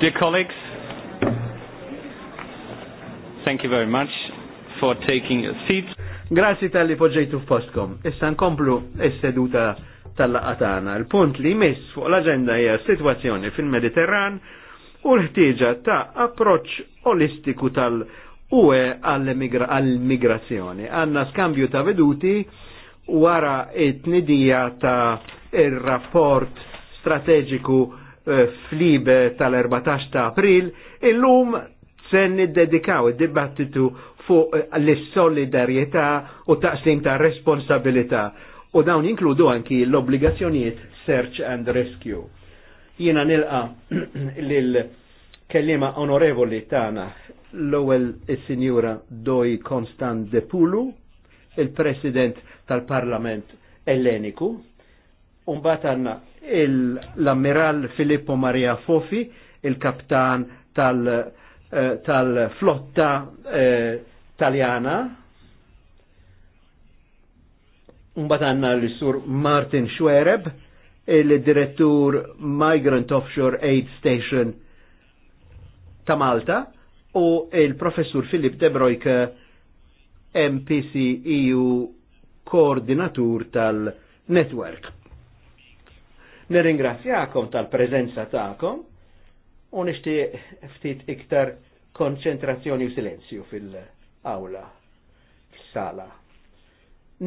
Dear colleagues, thank you very much for taking a seat. Grazzi tal-li poġġejtu f'postkom. Issa nkomplu s-seduta tal-laqatana. Il-punt li jmiss fuq l-agenda hija situazzjoni fil-Mediterran u l-ħtieġa ta' approċċ olistiku tal-UE għall-migrazzjoni. Għanna skambju ta' veduti wara it nidija ta' il-rapport strateġiku Eh, flib tal-14 ta' april, illum se niddedikaw id-dibattitu fuq eh, l solidarieta u taqsim ta' responsabilità u dawn jinkludu anki l-obbligazzjonijiet search and rescue. Jiena nilqa lil-kellima onorevoli tana l-ewwel is-sinjura Doi Konstant de Pulu, il-President tal-Parlament Elleniku, un għanna l-ammiral Filippo Maria Fofi, il-kaptan eh, tal-flotta tal eh, taljana. Umbat għanna l-sur Martin Schwereb, il-direttur Migrant Offshore Aid Station ta' Malta, u il-professur Filip Debrojk, MPC EU koordinatur tal-network. Nirringrazzjakom tal-prezenza ta'kom u nixtieq ftit iktar konċentrazzjoni u silenzju fil-awla, fil-sala.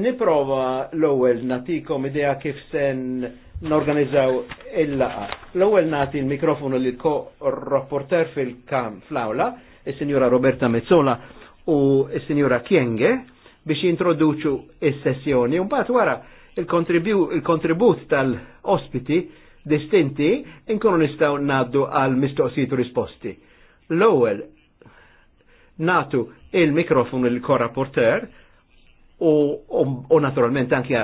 Niprova l-ewwel natikom idea kif sen norganizzaw il-laqa. L-ewwel nati l-mikrofonu lil ko-rapporter fil-kam fl-awla, il-senjura Roberta Mezzola u il-senjura Kienge biex jintroduċu il sessjoni Un bat wara il-kontribut tal-ospiti distinti inkunu nistaw naddu għal mistoqsitu risposti. L-ewwel natu il-mikrofon il-korrapporter u, naturalment anki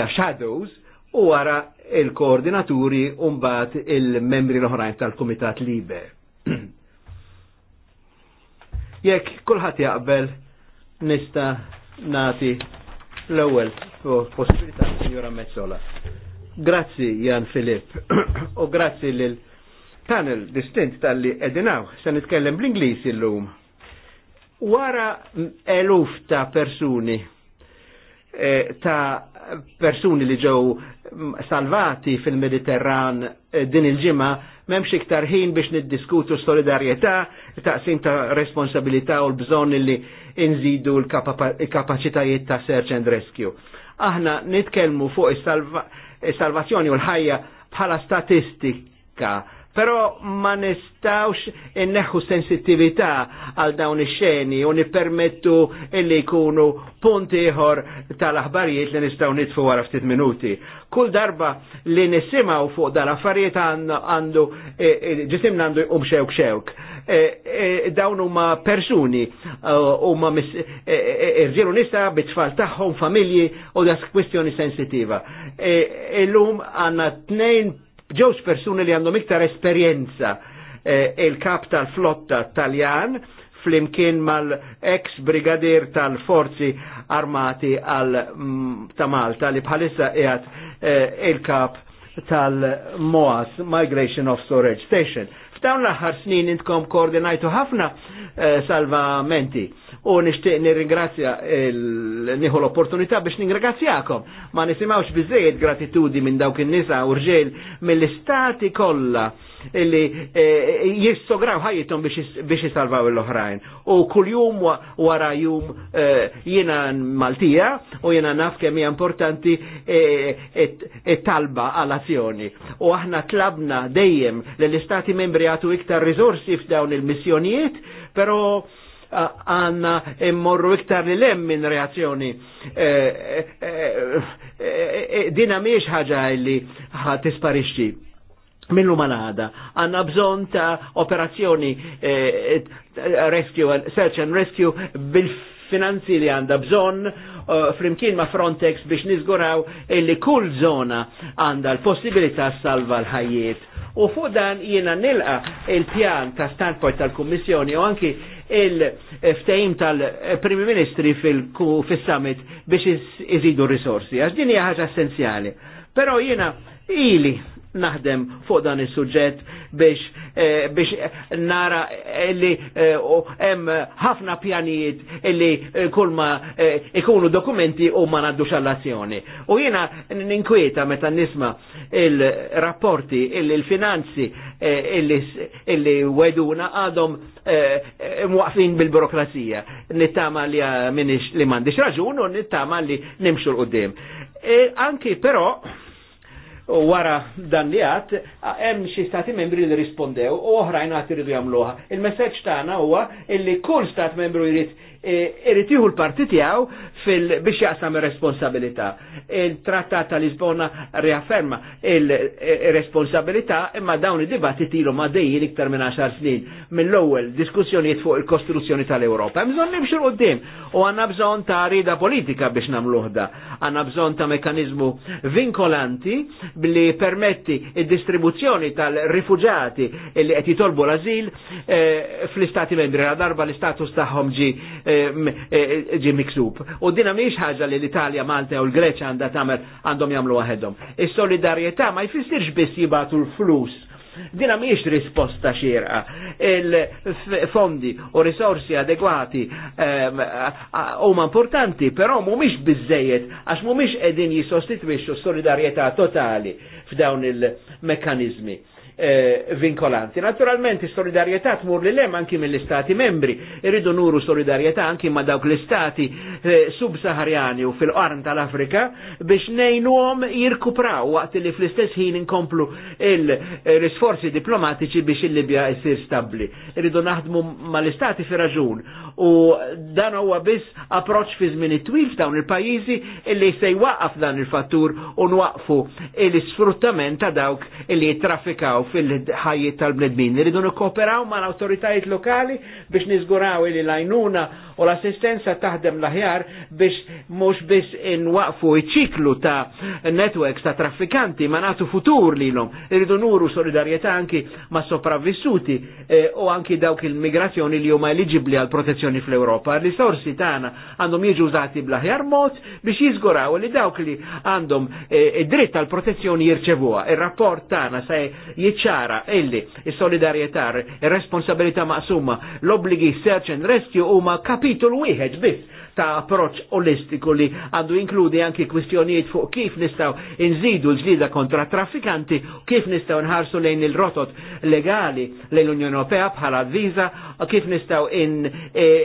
għa shadows u għara il-koordinaturi un-bat il-membri l-oħrajn tal-Komitat Libe. Jekk kulħadd jaqbel nista nati l-ewwel possibilità signora Mezzola. Grazzi Jan Filip u grazzi lil panel distint tal-li edinaw, se nitkellem bl-Inglisi l-lum. Wara eluf ta' persuni Eh, ta' persuni li ġew salvati fil-Mediterran eh, din il-ġimma memx iktar ħin biex niddiskutu solidarjetà, taqsim ta' responsabilità u l-bżon li inżidu l-kapacitajiet ta' search and rescue. Aħna nitkelmu fuq is-salvazzjoni u l-ħajja bħala statistika Pero ma nistawx inneħu sensitività għal dawn ix-xeni u nippermettu illi jkunu punti ieħor tal-aħbarijiet li nistgħu nitfu wara ftit minuti. Kull darba li nisimgħu fuq dal-affarijiet għandu e, e, ġisim għandu jqum xewk xewk. E, dawn huma persuni huma irġielu nisa bit-tfal tagħhom familji u das kwistjoni sensitiva. Illum għandna tnejn ġewx persuni li għandhom iktar esperjenza eh, il-kap tal-flotta taljan flimkien mal-ex brigadir tal-forzi armati għal mm, ta' Malta li bħalissa qiegħed eh, il-kap tal-MOAS Migration of Storage Station F'dawn l-aħħar snin intkom koordinajtu ħafna eh, salvamenti u nishtiq nirringrazzja nieħu l-opportunità biex ningrazzjakom. Ma nisimgħux biżejjed gratitudi minn dawk in-nisa u rġiel mill-istati kollha illi eh, jistograw ħajjithom biex jisalvaw l-oħrajn. U kuljum wara jum eh, jiena Maltija u jiena naf kemm hija importanti eh, talba għal azzjoni. U aħna tlabna dejjem l-istati membri għatu iktar rizorsi f'dawn il-missjonijiet, però għanna immorru iktar li lem minn reazzjoni. Dina miex ħaġa illi ħat isparixxi millu manada. Għanna bżon ta' operazzjoni eh, rescue, search and rescue bil-finanzi li għanda bżon frimkien eh, flimkien ma' Frontex biex nizguraw illi kull zona għanda l-possibilità salva l-ħajiet. U fuq dan jiena nilqa il-pjan ta' standpoint tal-Kummissjoni u anki il ftajim tal-Primi Ministri fil-summit biex iżidu risorsi. Għax din hija ħaġa essenzjali. Però jiena ili naħdem fuq dan is-suġġett biex eh, biex nara eh, li eh, hemm ħafna pjanijiet li kulma ikunu dokumenti u ma ngħaddux għall-azzjoni. U jiena ninkwieta meta nisma il-rapporti illi l-finanzi illi weduna għadhom mwaqfin bil-burokrazija. Nittama li minix li m'għandix raġun u nittama li nimxu l-qudiem. anki però wara dan li għat, hemm xi stati membri li rispondew u oħrajn għat irridu jagħmluha. Il-messaġġ tagħna huwa illi kull stat membru jrid eh, irid jieħu l-parti tiegħu fil biex jaqsam responsabilità. Il-trattat ta' Lisbona riafferma il-responsabilità imma dawn id-dibattiti ilu ma dejjin iktar minn 10 snin mill-ewwel diskussjonijiet fuq il-kostruzzjoni tal-Ewropa. Bżonn nimxu l-qudiem u għandna bżonn ta' rida politika biex nagħmluħda. Għandna bżonn ta' mekanizmu vinkolanti li permetti id-distribuzzjoni tal-rifuġati li qed jitolbu l-azil eh, fl-istati membri, darba l-istatus tagħhom ġi eh, eh, miksub. U U dina miex ħaġa li l-Italja, Malta u l-Greċa għanda tamer għandhom jagħmlu waħedhom. Is-solidarjetà ma jfissirx biss jibatu l-flus. Dina miex risposta xierqa. Il-fondi u risorsi adegwati ehm, huma importanti, però mhumiex biżejjed għax mhumiex qegħdin jissostitwixxu u solidarieta totali f'dawn il-mekkaniżmi. Eh, vinkolanti. Naturalment solidarjetà tmur li lem anki mill-istati membri, irridu nuru solidarjetà anki ma dawk l-istati sub eh, subsaharjani u fil-qarn tal-Afrika biex nejnuhom jirkupraw waqt li fl-istess ħin inkomplu l-isforzi diplomatiċi biex il-Libja jsir stabli. Irridu naħdmu mal-istati fi raġun u dan huwa biss approċ fi żmien twil f'dawn il-pajjiżi illi se jwaqaf dan il-fattur u nwaqfu l-isfruttament ta' dawk illi jittraffikaw fil-ħajjiet tal-bnedmin. Irridu nikkooperaw mal-awtoritajiet lokali biex niżguraw illi lajnuna u l-assistenza taħdem l-aħjar biex mhux biss inwaqfu iċ-ċiklu ta' networks ta' traffikanti ma natu futur lilhom. Irridu nuru solidarieta anki ma' sopravvissuti e, u anki dawk il-migrazzjoni li huma eligibli għal protezzjoni fl europa Risorsi tana għandhom jiġu użati bl-aħjar mod biex jiżguraw li dawk li għandhom e, id-dritt għal protezzjoni jirċevuha. il rapport tana sa jiċċara illi is-solidarjetà, ir-responsabilità maqsuma, l obligi search and rescue huma kapi kapitolu wieħed biss ta' approċ olistiku li għandu inkludi anki kwistjonijiet fuq kif nistaw inżidu l-ġlida kontra traffikanti, kif nistaw nħarsu lejn il-rotot legali lejn l-Unjoni Ewropea bħala viza, kif nistaw e,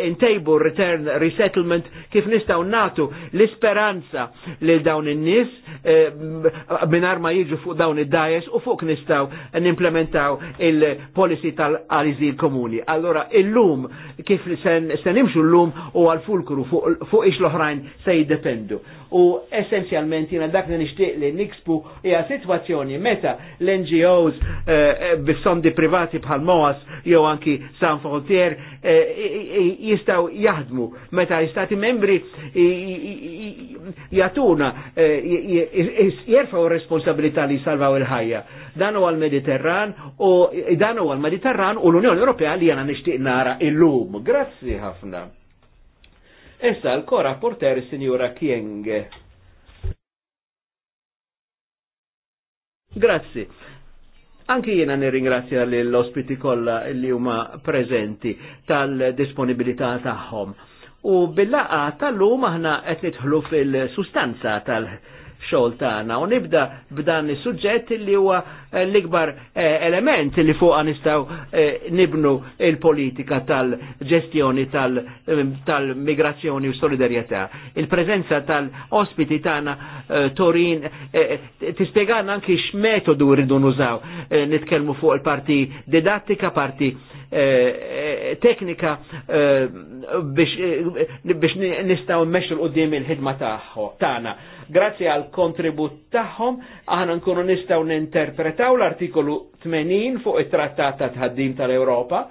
intejbu in return resettlement, kif nistaw natu l-isperanza lil dawn in-nies eh, minar ma jiġu fuq dawn id-dajes u fuq nistaw n-implementaw il-policy tal-għalizil komuni. Allora, il-lum, kif sen, sen imxu l-lum u għal-fulkru fuq fuq ix l-oħrajn se jiddependu. U essenzjalment jina dak li nixtieq li nikspu hija sitwazzjoni meta l-NGOs eh, eh, bis-sondi privati bħal MOAS jew anki San Frontier eh, jistaw jaħdmu meta l-istati membri jatuna jerfaw responsabilità li salvaw il-ħajja. Dan huwa l-Mediterran u dan huwa l-Mediterran u l-Unjoni Ewropea li jana nixtieq nara illum. Grazzi ħafna. Issa l-kora porter signora Kieng. Grazzi. Anki jiena nirringrazzja l-ospiti kollha li huma prezenti tal-disponibilità tagħhom. U bil-laqa tal-lum aħna qed nidħlu fil-sustanza tal-, -sustanza tal xogħol tagħna u nibda b'dan is-suġġett li huwa eh, l-ikbar eh, element li fuqha nistgħu eh, nibnu il-politika tal-ġestjoni tal-migrazzjoni u solidarjetà. Il-preżenza tal-ospiti tagħna Torin tispjegana anki x'metodu rridu nużaw. Nitkellmu fuq il-parti didattika, parti teknika biex nistaw mmexxu l-qudiem il-ħidma tagħna Grazzi għal kontribut tagħhom aħna nkunu nistgħu ninterpretaw l-artikolu 80 fuq it-Trattat ta' tħaddim tal-Ewropa,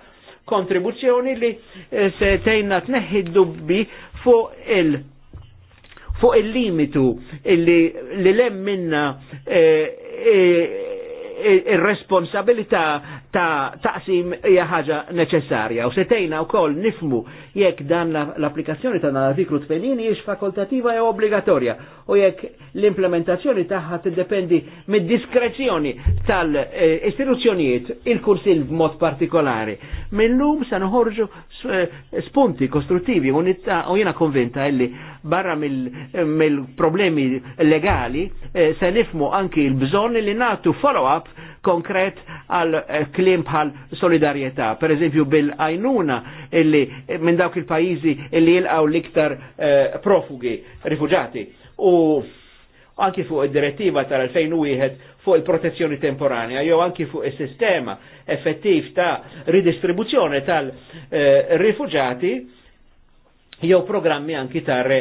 kontribuzzjoni li eh, se tejna tneħħi dubbi fuq il- fuq il-limitu li li lem minna eh, eh, il-responsabilità ta' taqsim hija ħaġa neċessarja u setejna wkoll nifmu jekk dan l-applikazzjoni ta' l-artiklu 80 hiex fakultativa jew obbligatorja u jekk l-implementazzjoni tagħha tiddependi mid-diskrezzjoni tal-istituzzjonijiet il-kursil b'mod partikolari. Millum se noħorġu eh, spunti kostruttivi u jiena konvinta illi barra mill-problemi legali eh, se nifmu anki l-bżonn li natu follow-up konkret għal eh, klim bħal solidarietà. Per eżempju bil-ajnuna illi eh, minn dawk il-pajizi illi jilqaw liktar eh, profugi, rifugiati. U anki fuq id-direttiva tal-2001 fuq il-protezzjoni temporanja, jew anki fuq il-sistema effettiv ta' ridistribuzzjoni tal-rifugiati, jew programmi anki ta', re,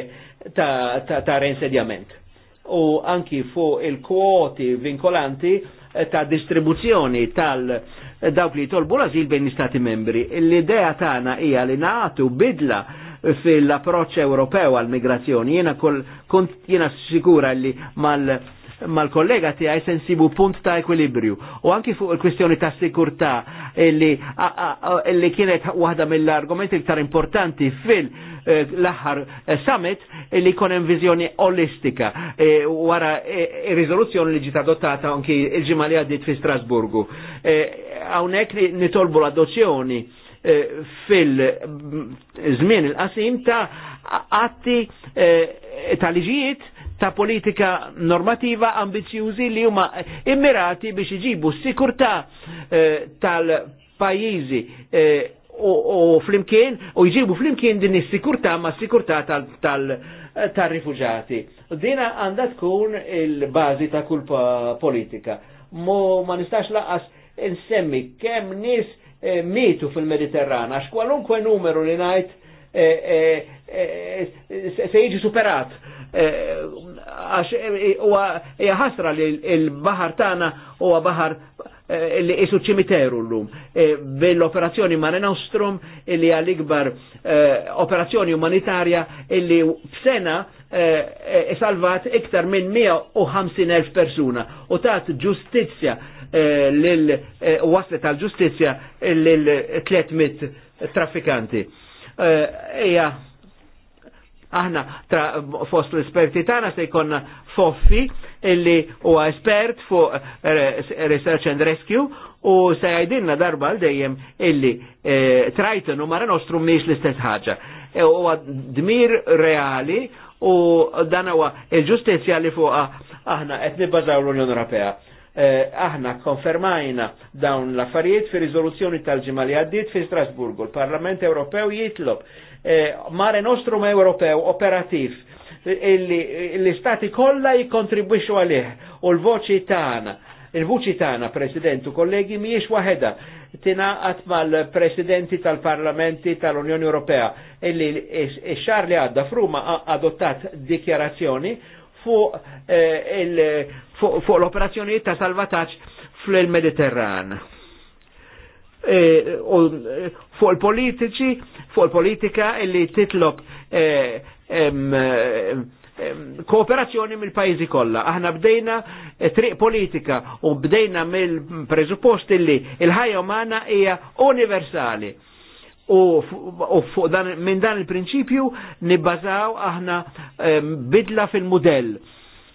ta, ta, ta reinsedjament. U anki fuq il-kwoti vinkolanti ta' distribuzzjoni tal- dawk li tolbu l-azil bejn l-Istati membri. L-idea tagħna hija li nagħtu bidla fil-approċċ Ewropew għal migrazzjoni. Jiena kont jiena sikura li mal mal-kollega ti għaj sensibu punt ta' ekwilibrju. U anki fuq il-kwistjoni ta' sikurtà illi, kienet wahda mill-argumenti iktar importanti fil- eh, l-aħħar eh, summit li konem viżjoni olistika eh, wara ir li ġiet adottata anki il ġimali li fi Strasburgu. Hawnhekk nitolbu l-adozzjoni fil-żmien mm, il-qasim ta' atti tal liġijiet ta' politika normativa ambizjużi li huma immirati biex iġibu s-sikurtà eh, tal-pajjiżi eh, u flimkien u jġibu flimkien din is-sikurtà ma' s-sikurtà tal-rifuġati. Tal, Dina għandha tkun il-bażi ta' kull politika. Mo ma nistax laqas insemmi kemm nies eh, mitu fil-Mediterran għax kwalunkwe numeru li ngħid se jiġi superat għax eh, huwa ħasra li l-baħar tagħna huwa baħar eh, li isu ċimiteru l-lum. Eh, bil-operazzjoni Mare Nostrum li għal-ikbar operazzjoni umanitarja illi f'sena e salvat iktar minn 150.000 persuna u tat ġustizja lil waslet tal-ġustizja l-300 traffikanti. Ija, Aħna tra fost l-esperti tana se jkonna Foffi illi huwa espert fuq eh, Research and Rescue u se jgħidilna darba għal dejjem illi eh, Triton u Mara nostru mhix l-istess ħaġa. Eh, huwa dmir reali u dan huwa il ġustizja li fuqa aħna qed nibbażaw l-Unjoni Ewropea Eh, aħna konfermajna dawn l-affarijiet fi riżoluzzjoni tal-ġimma li għaddit fi Strasburgu. Il-Parlament Ewropew jitlob eh, mare nostrum Ewropew operativ l-istati kollha jikontribwixxu għalih u l-voċi tana. Il-vuċi tagħna, Presidentu, kollegi, miex waħedha Tinaqat mal-Presidenti tal-Parlamenti tal-Unjoni Ewropea illi xar li għadda fruma adottat dikjarazzjoni fuq eh, fu l operazzjoni ta' salvataġġ fl-Mediterran. E, fuq il-politiċi, fuq il-politika illi titlob eh, em, kooperazzjoni mill-pajzi kollha. Aħna bdejna eh, triq politika u bdejna mill-preżuppost li il-ħajja umana hija universali u fuq dan minn dan il-prinċipju nibbażaw aħna bidla fil-modell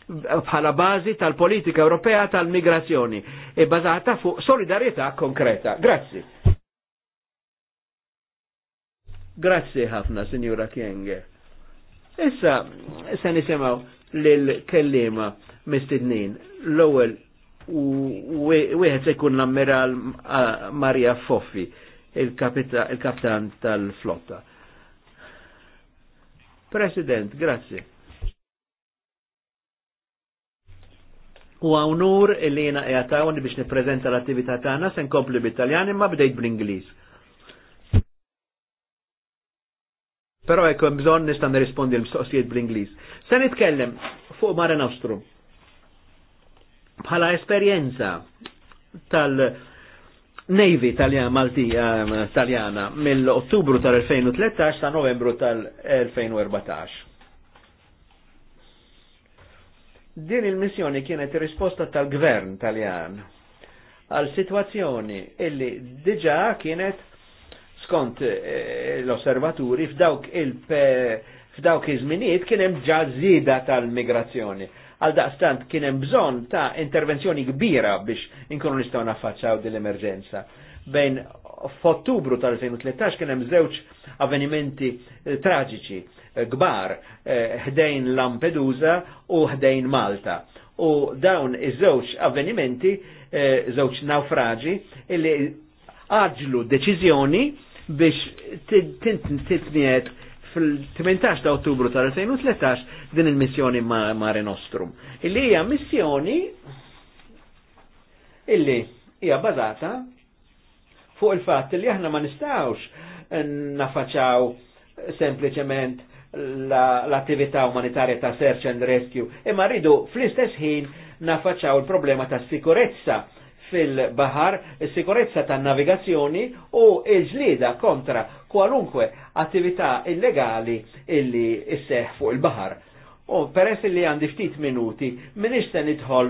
bħala bażi tal-politika Ewropea tal-migrazzjoni, e bazata fuq solidarietà konkreta. Grazzi. Grazzi ħafna, signora Kienge. Issa, se nisimaw l kellima mistednin. L-ewwel wieħed se jkun l-ammiral Maria Foffi il-kaptan tal-flotta. President, grazie. U għawnur il-lina e għatawni biex niprezenta l-attività tagħna se nkompli bit-Taljan imma bdejt bl-Ingliż. Però hekk hemm bżonn nista' nirrispondi l-mistoqsijiet bl-Ingliż. Sen nitkellem fuq Mare Nostrum. Bħala esperjenza tal- Navy Taljan Maltija ehm, Taljana mill-Ottubru tal-2013 ta' Novembru tal-2014. Din il-missjoni kienet risposta tal-Gvern Taljan għal situazzjoni illi diġa kienet skont eh, l-osservaturi f'dawk il- f'dawk iż-żminijiet kien hemm ġażida tal-migrazzjoni għal daqstant kien hemm bżonn ta' intervenzjoni kbira biex inkunu nistgħu naffaċċaw din l-emerġenza. Bejn f'Ottubru tal-2013 kien hemm żewġ avvenimenti eh, traġiċi eh, kbar eh, ħdejn Lampedusa u ħdejn Malta. U dawn iż-żewġ avvenimenti, żewġ naufraġi, illi għaġlu deċiżjoni biex titniet fil-18 ta' ottubru tal-2013 din il-missjoni ma Mare Nostrum. Illi hija missjoni illi hija bazata fuq il-fatt li aħna ma nistawx nafaċaw sempliċement l-attività umanitarja ta' search and rescue, imma rridu fl-istess ħin nafaċaw il-problema ta' sikurezza fil-bahar, sikurezza ta' navigazzjoni u il-ġlida kontra kwalunkwe attività illegali illi isseħ fuq il-bahar. U peress li għandi ftit minuti, minix se nidħol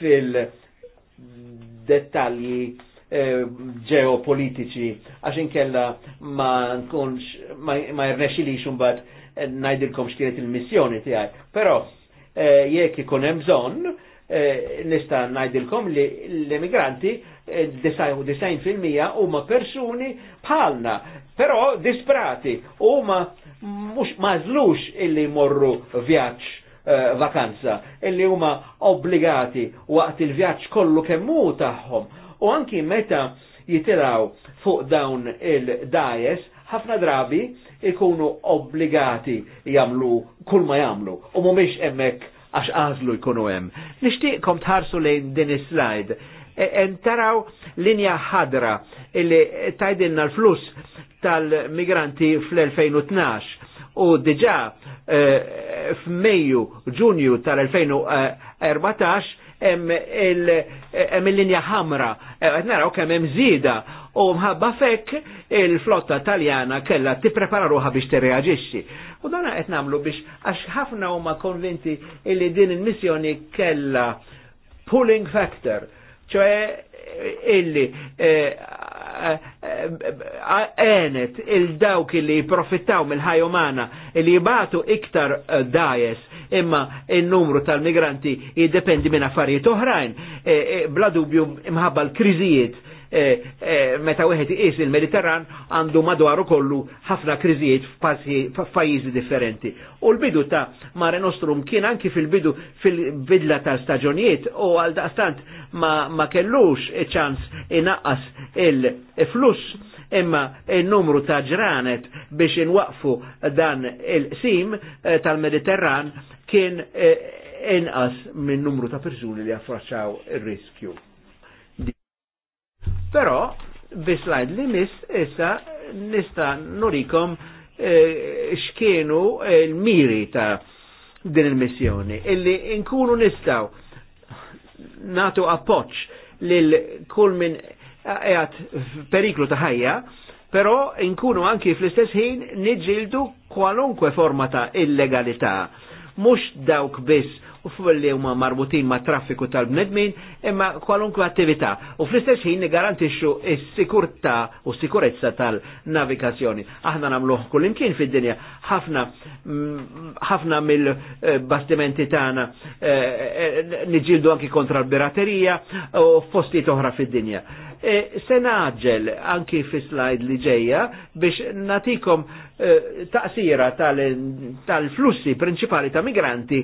fil-dettalji eh, ġeopolitiċi, għaxin kella ma nkunx, ma jirnexi li xumbat eh, najdilkom xkienet il-missjoni tijaj. Pero, jek eh, jekk ikun hemm bżonn, Eh, nista' ngħidilkom li l-immigranti eh, disajn fil-mija huma persuni bħalna, però disprati, huma mażlux illi morru vjaġġ eh, vakanza, illi huma obbligati waqt il-vjaġġ kollu kemmu tagħhom. U anki meta jitilaw fuq dawn il-dajes, ħafna drabi ikunu obbligati jamlu kull ma jamlu u mumiex emmek għax għazlu jkunu hemm. Nixtieqkom tħarsu lejn din is-slide. E, e, taraw linja ħadra illi tajdinna l-flus tal-migranti fl-2012 u diġa e, f'Mejju, Ġunju tal-2014 hemm il-linja ħamra, qed naraw kemm hemm żieda u mħabba fekk il-flotta Taljana kellha tipprepara ruħha biex tirreaġixxi. U dan qed nagħmlu biex għax ħafna huma konvinti illi din il-missjoni kella pulling factor, ċoħe illi għenet eh, eh, eh, il-dawk li jiprofittaw mill-ħaj umana li jibatu iktar dajes imma il-numru tal-migranti jiddependi minn affarijiet oħrajn bla dubju imħabba l-kriżijiet Eh, eh, meta wieħed iqis il-Mediterran għandu madwaru kollu ħafna kriżijiet f'pajjiżi differenti. U l-bidu ta' Mare Nostrum kien anki fil-bidu fil-bidla ta' staġonijiet u għal daqstant ma, ma kellux ċans inaqqas il flus, imma il-numru ta' ġranet biex inwaqfu dan il-sim eh, tal-Mediterran kien inqas minn numru ta' persuni li affraċċaw ir-riskju. Però bislajd li mis issa nista nurikom eh, xkienu eh, l-miri ta' din il-missjoni illi nkunu nistaw natu appoċ lil kull min għajat periklu ta' ħajja, pero nkunu anki fl-istess ħin nidġildu kwalunkwe forma ta' illegalità. Mux dawk biss u fuq li huma marbutin ma' traffiku tal-bnedmin imma kwalunkwe attività u fl-istess ħin garantixxu s-sikurtà u sikurezza tal-navigazzjoni. Aħna nagħmlu kullimkien fid-dinja ħafna mm, ħafna mill-bastimenti tagħna eh, eh, niġildu anki kontra l-biraterija u fostijiet oħra fid-dinja E, se senaġel anki fi slide li ġeja biex natikom e, taqsira tal-flussi principali ta' migranti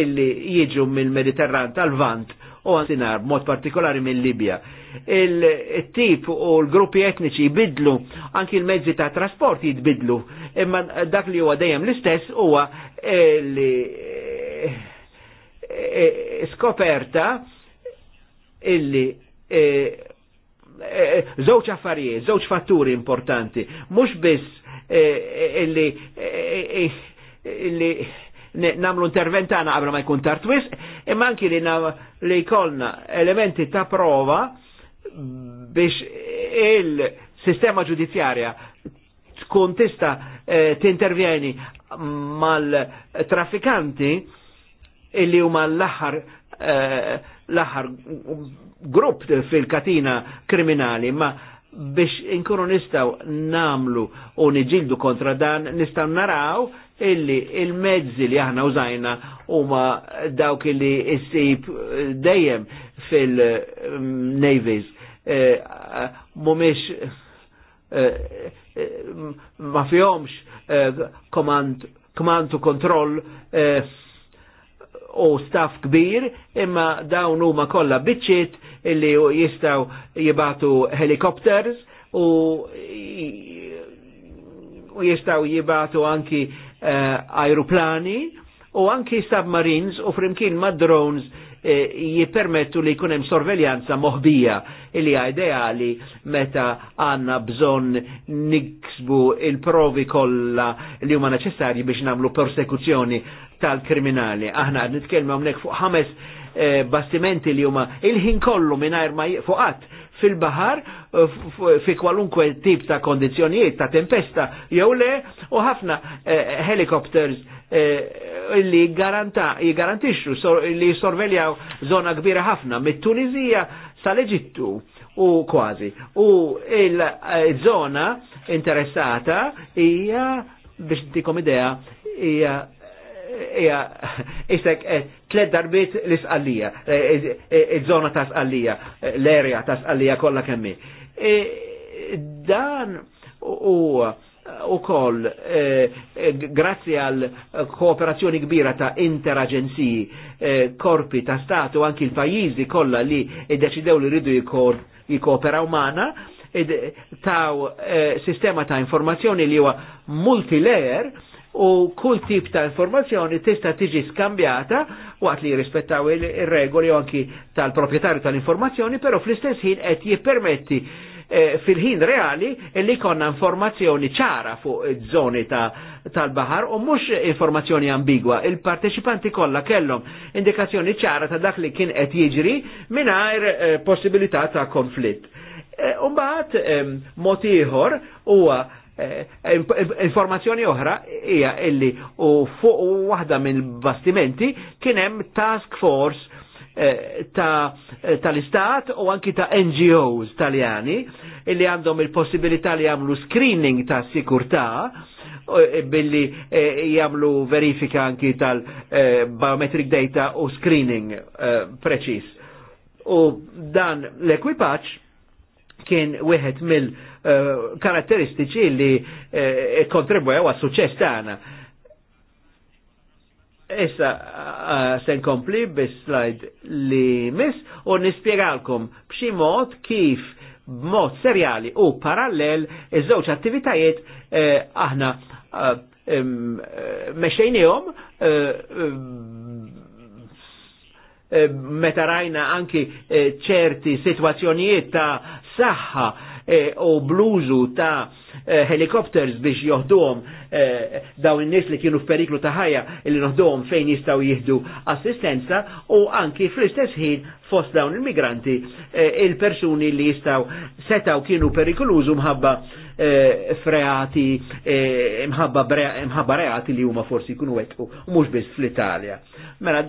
illi jiġu mill-Mediterran tal-Vant u għansinar mod partikolari mill Libja. Il-tip u l-gruppi etniċi jibidlu, anki l-mezzi ta' trasport jibidlu, imma dak li huwa dejjem l-istess huwa e, li skoperta illi żewġ eh, affarijiet, żewġ fatturi importanti, mux biss eh, eh, illi illi namlu interventana għabra ma jkun tartwis, imma anki li li jkollna elementi ta' prova biex il-sistema ġudizzjarja tkun tista t-intervjeni mal trafikanti illi huma l-aħħar l-aħħar grupp fil-katina kriminali, ma biex inkunu nistaw namlu u niġildu kontra dan, nistaw naraw illi il-mezzi li aħna użajna huma dawk li issib dejjem fil-navies. Eh, mumiex eh, ma fjomx komand, eh, komandu kontroll u staff kbir, imma dawn huma kollha biċċiet illi jistgħu jibatu helikopters u u jistaw jibatu anki uh, eh, aeroplani u anki submarines u frimkien ma' drones eh, jipermettu li kunem sorveljanza moħbija li ideali meta għanna bżon niksbu il-provi kolla li huma neċessarji biex namlu persekuzzjoni tal-kriminali. Aħna għad nitkellmu hawnhekk fuq ħames eh, bastimenti li huma il-ħin kollu mingħajr ma fuqat fil-bahar eh, fi kwalunkwe tip ta' kondizjonijiet ta' tempesta jew le u ħafna eh, helikopters li garantixxu li jisorveljaw zona kbira ħafna mit-Tunizija sal-Eġittu u kważi. U il-zona interessata hija biex tikom idea hija ija, isek eh, tled darbit l-isqallija, iż eh, eh, zona ta' sqallija, l-erja ta' sqallija kollha kemm Dan u u koll grazzi għal kooperazzjoni kbira ta' interagenziji, korpi ta' statu, anki l-pajizi kollha li id-deċidew li ridu jikooperaw mana, ta' sistema ta' informazzjoni li huwa multilayer u kull tip ta' informazzjoni tista' tiġi skambjata waqt li rispettaw il-regoli u anki tal-proprjetarju tal-informazzjoni, però fl-istess ħin qed jippermetti eh, fil-ħin reali li konna informazzjoni ċara fuq żoni tal-bahar u mhux informazzjoni ambigwa. Il-parteċipanti kollha kellhom indikazzjoni ċara ta' dak li kien qed jiġri mingħajr eh, possibilità ta' konflitt. Eh, Umbagħad mod ieħor huwa Eh, informazzjoni oħra hija illi u fuq waħda mill-bastimenti kien hemm task force eh, eh, tal-istat u anki ta' NGOs taljani illi għandhom il-possibilità li jagħmlu screening ta' sikurtà billi jagħmlu verifika anki tal-biometric data u screening preċis. U dan l-ekwipaċ kien wieħed mill- Eh, karakteristiċi li eh, kontribwew għas suċess tagħna. Issa eh, se nkompli slide li miss u nispjegalkom b'xi mod kif b'mod serjali u parallel iż-żewġ attivitajiet aħna mexejnihom meta rajna anki ċerti situazzjonijiet ta' saħħa E, u bluzu ta' e, helikopters biex joħduhom e, daw in-nies li kienu f'periklu ta' ħajja li noħduhom fejn jistgħu jieħdu assistenza u anki fl-istess ħin fost dawn il-migranti il-persuni li jistgħu setaw kienu perikolużu mħabba freati mħabba reati li huma forsi jkunu wettqu mhux biss fl-Italja. Mela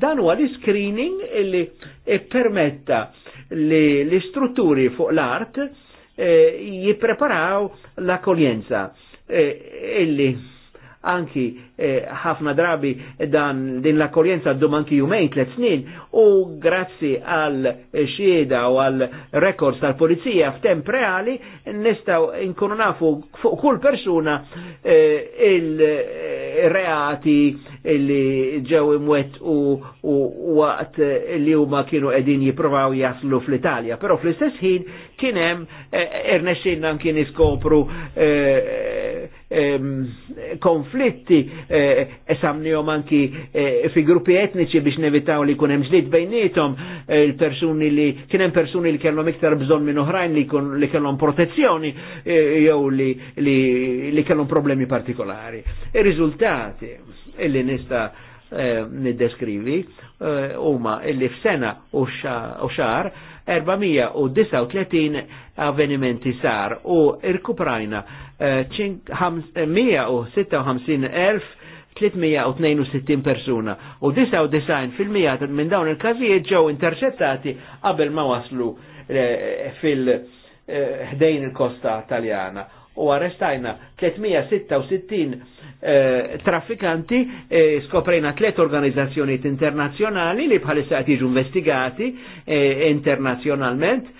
dan huwa l-screening li permetta li l-istrutturi fuq l-art Eh, jippreparaw l-akkoljenza eh, illi anki eh, ħafna drabi dan din l-akkoljenza dum anki jumejn tlet snin u grazzi għal xieda u għal records tal-polizija f'temp reali nistaw nkunu nafu fuq kull persuna eh, il-reati li ġew imwet u, waqt li huma kienu qegħdin jipruvaw jaslu fl-Italja. Però fl-istess ħin kien hemm eh, irnexxinna kien iskopru eh, Ehm, konflitti eh, esamni jom anki eh, fi gruppi etnici biex nevitaw li kunem ġdid bejnietom eh, il-persuni li kienem persuni li kellom iktar bżon minn uħrajn li kellom protezzjoni jew li kellom problemi partikolari. ir rizultati li nista' niddeskrivi li f-sena u xar 439 avvenimenti sar u irkuprajna 156.362 eh, eh, persuna u 99% minn dawn il-każijiet ġew interċettati qabel ma waslu eh, fil- ħdejn il-kosta taljana u arrestajna 366 trafikanti, eh, traffikanti, eh, skoprejna tlet organizzazzjoniet internazzjonali li bħalissa qed jiġu investigati eh, internazzjonalment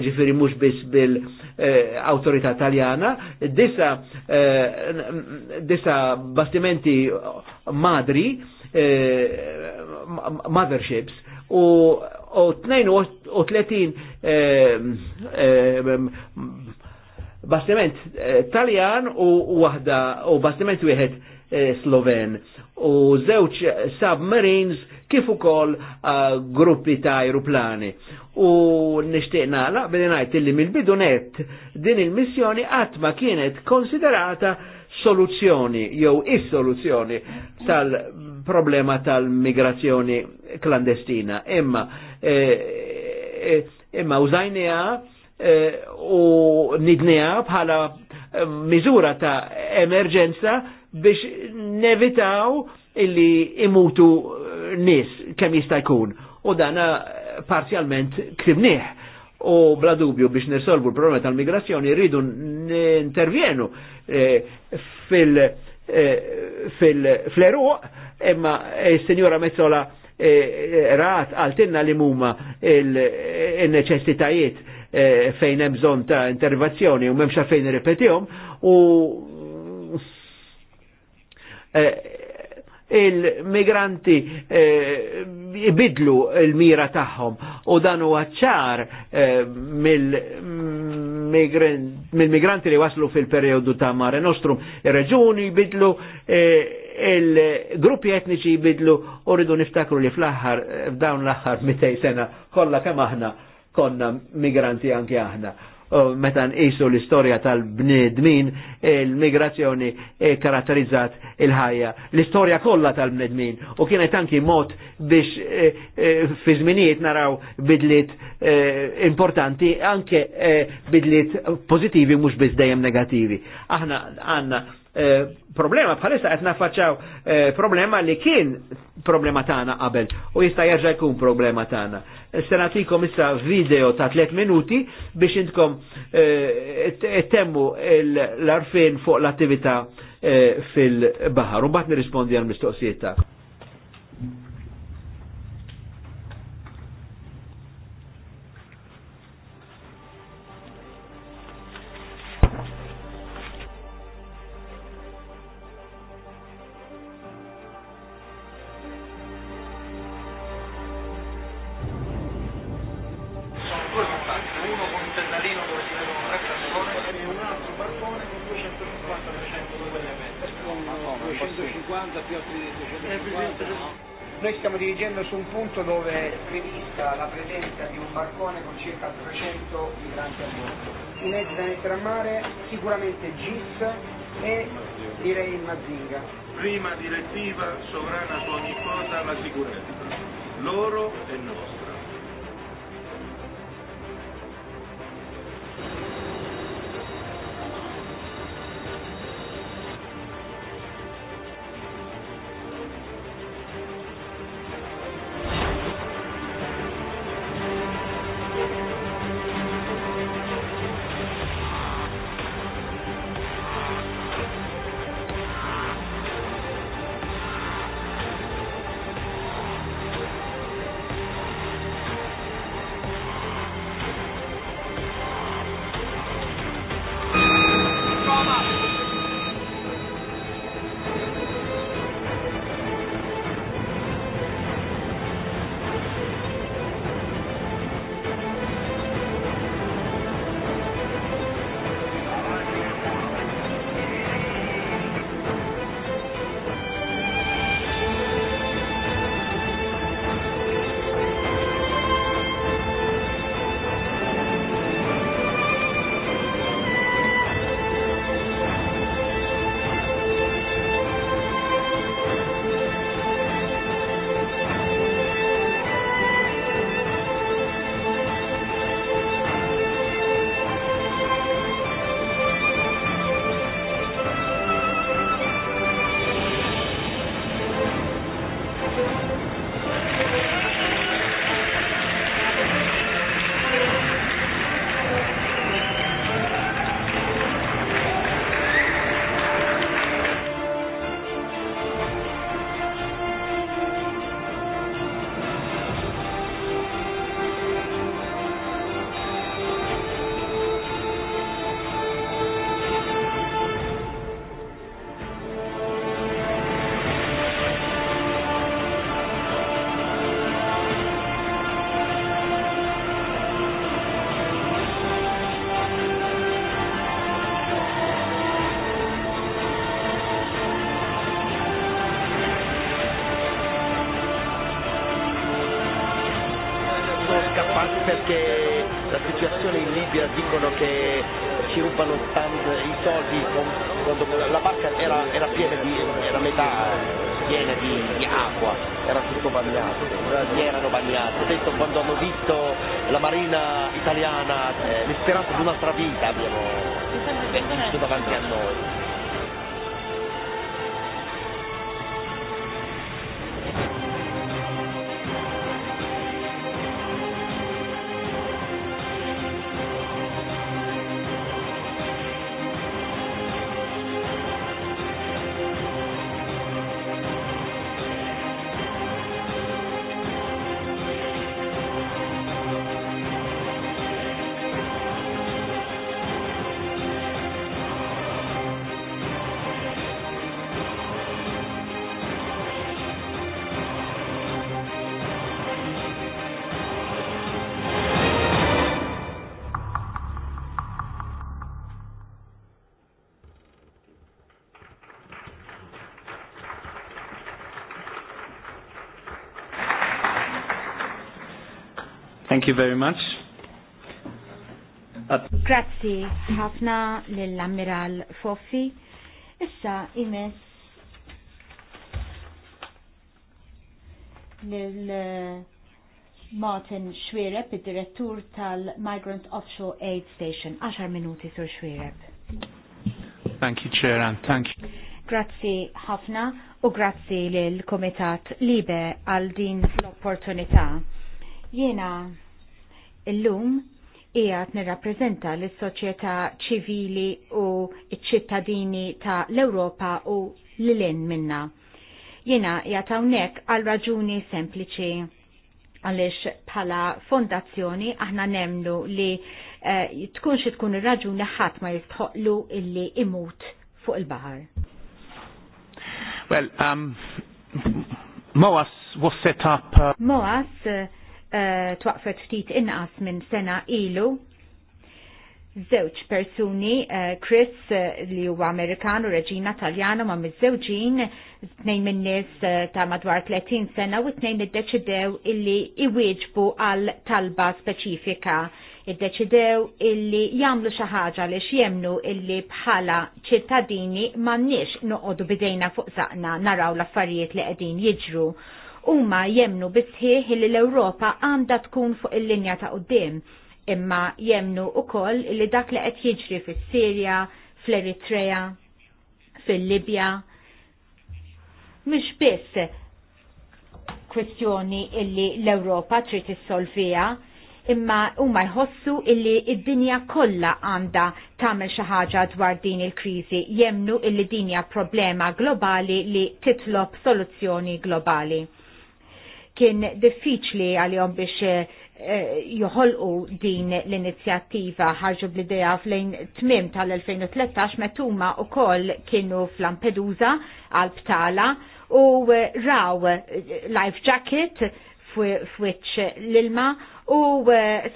ġifiri mux biss bil-autorita taljana, disa, disa bastimenti madri, motherships, u 32 bastiment eh, taljan u wahda u bastiment wieħed eh, sloven u żewġ submarines kif ukoll eh, gruppi ta' aeroplani. U nishtiqna la' bidinajt ngħid illi mill-bidunet din il-missjoni qatt ma kienet konsiderata soluzzjoni jew is-soluzzjoni tal-problema tal-migrazzjoni klandestina. Imma imma użajnija u nidnija bħala eh, miżura ta' emerġenza biex nevitaw illi imutu eh, nis kemm jista' jkun. U dana parzjalment krimniħ. U bla dubju biex nirsolvu l-problema tal-migrazzjoni rridu intervjenu eh, fil- fleruq imma il-senjora Mezzola rat għaltinna li mumma il-neċessitajiet Eh, fejn hemm bżonn ta' intervazzjoni u m'hemmx fejn irrepetihom u eh, il-migranti eh, ibidlu il-mira tagħhom u dan huwa ċar mill-migranti li waslu fil-perjodu ta' Mare Nostrum, ir-reġuni jbidlu il-gruppi etniċi jibidlu u rridu niftakru li fl-aħħar f'dawn l-aħħar 200 sena kollha kemm aħna konna migranti anke aħna. Meta nqisu l-istorja tal-bnedmin, il-migrazzjoni e, karatterizzat il-ħajja. L-istorja kollha tal-bnedmin u kienet anki mod biex e, e, fi żminijiet naraw bidliet importanti anke bidliet pożittivi mhux biss dejjem negativi. Aħna għandna Eh, problema bħalissa qed naffaċċaw eh, problema li kien problema tagħna qabel u jista' jerġa' jkun problema tagħna. Se nagħtikom issa video ta' tliet minuti biex intkom eh, temmu l-arfin fuq l-attività fil-baħar u mbagħad nirrispondi għall-mistoqsijiet tagħkom. speranza di un'altra vita abbiamo visto davanti a noi. Thank you very much. Grazzi ħafna lill-Ammiral Foffi. Issa imes lil Martin Xwireb, id-direttur tal-Migrant Offshore Aid Station. 10 minuti sur Xwireb. Thank you, Chair, and thank you. Grazzi ħafna u grazie lill Komitat Libe għal din l-opportunità. Jena Illum qiegħed nirrappreżenta lis soċjetà ċivili u ċ-ċittadini ta' l-Ewropa u l-lin minna. Jiena qiegħed hawnhekk għal raġuni sempliċi għaliex bħala fondazzjoni aħna nemnu li eh, tkun xi tkun ir-raġuni ħadd ma jistħoqlu illi imut fuq il-baħar. Well, um, MOAS was set up. Uh... MOAS eh, Eh, twaqfet ftit inqas minn sena ilu żewġ persuni, eh, Chris eh, li huwa Amerikan u Reġina Taljana ma miż-żewġin, tnejn min-nies ta' madwar 30 sena u tnejn iddeċidew illi iwieġbu għal talba speċifika. Iddeċidew illi jagħmlu xi ħaġa li xiemnu illi bħala ċittadini m'għandniex noqogħdu bidejna fuq saqna naraw l-affarijiet li qegħdin jiġru huma jemnu bisħieħ li l-Ewropa għandha tkun fuq il-linja ta' qudiem imma jemnu ukoll li dak li qed jiġri fis-Sirja, fl-Eritrea, fil-Libja. Mhux biss kwestjoni illi l-Ewropa trid issolvija, imma huma jħossu illi id-dinja kollha għandha tagħmel xi ħaġa dwar din il-kriżi jemnu illi dinja problema globali li titlob soluzzjoni globali kien diffiċli għalihom biex eh, eh, joħolqu din l-inizjattiva ħarġu bl-idea fl-lejn tmim tal-2013 metuma u koll kienu fl-Lampedusa għal-Btala u raw eh, life jacket f'wiċ l-ilma u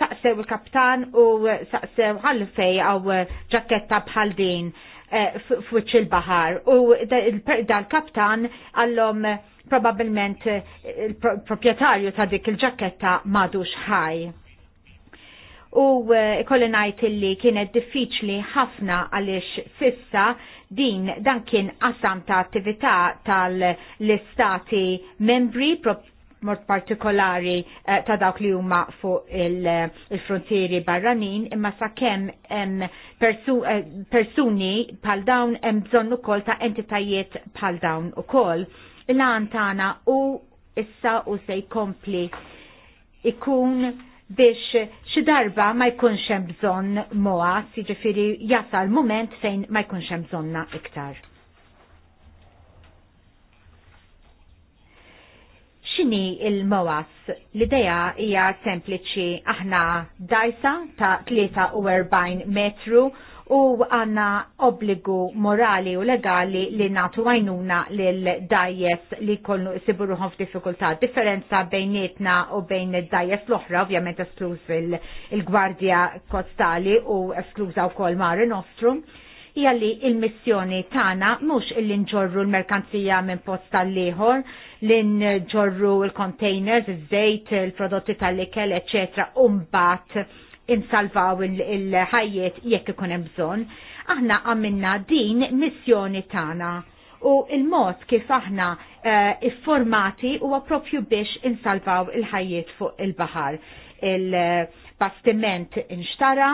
saqsew il-kaptan u saqsew għal-fej għaw ġaketta bħal din f'wiċ il-bahar u dal-kaptan għallom Probabilment eh, il-proprjetarju ta' dik il-ġaketta madux ħaj. U eh, ikolli najt illi kienet diffiċli ħafna għaliex sissa din dan kien qasam ta' attività tal-istati membri mod partikolari eh, ta' dawk li huma fuq il-frontieri il barranin, imma sa' kem em, persu, eh, persuni pal dawn hemm bżonn ukoll ta' entitajiet pal dawn ukoll l-għan tagħna u issa u se jkompli ikun biex xi darba ma jkunx hemm bżonn moa, jiġifieri jasal mument fejn ma jkunx hemm bżonna iktar. X'inhi il-moas? L-idea hija sempliċi aħna dajsa ta' 43 metru u għanna obbligu morali u legali li natu għajnuna l-dajes li kollu siburuħom f'diffikultà. Differenza bejnietna u bejn id-dajes l-oħra, ovvjament esklus il-Gwardja Kostali u esklusa u kol Mare Nostrum hija li il-missjoni tagħna mhux illi nġorru l-merkanzija minn post l ieħor li nġorru l-containers, iż-żejt, il-prodotti tal likel eċetera, u mbagħad insalvaw il ħajiet jekk ikun hemm bżonn. Aħna għamilna din missjoni tagħna u il-mod kif aħna uh, iffurmati huwa proprju biex insalvaw il-ħajjiet fuq il-baħar. Il-bastiment inxtara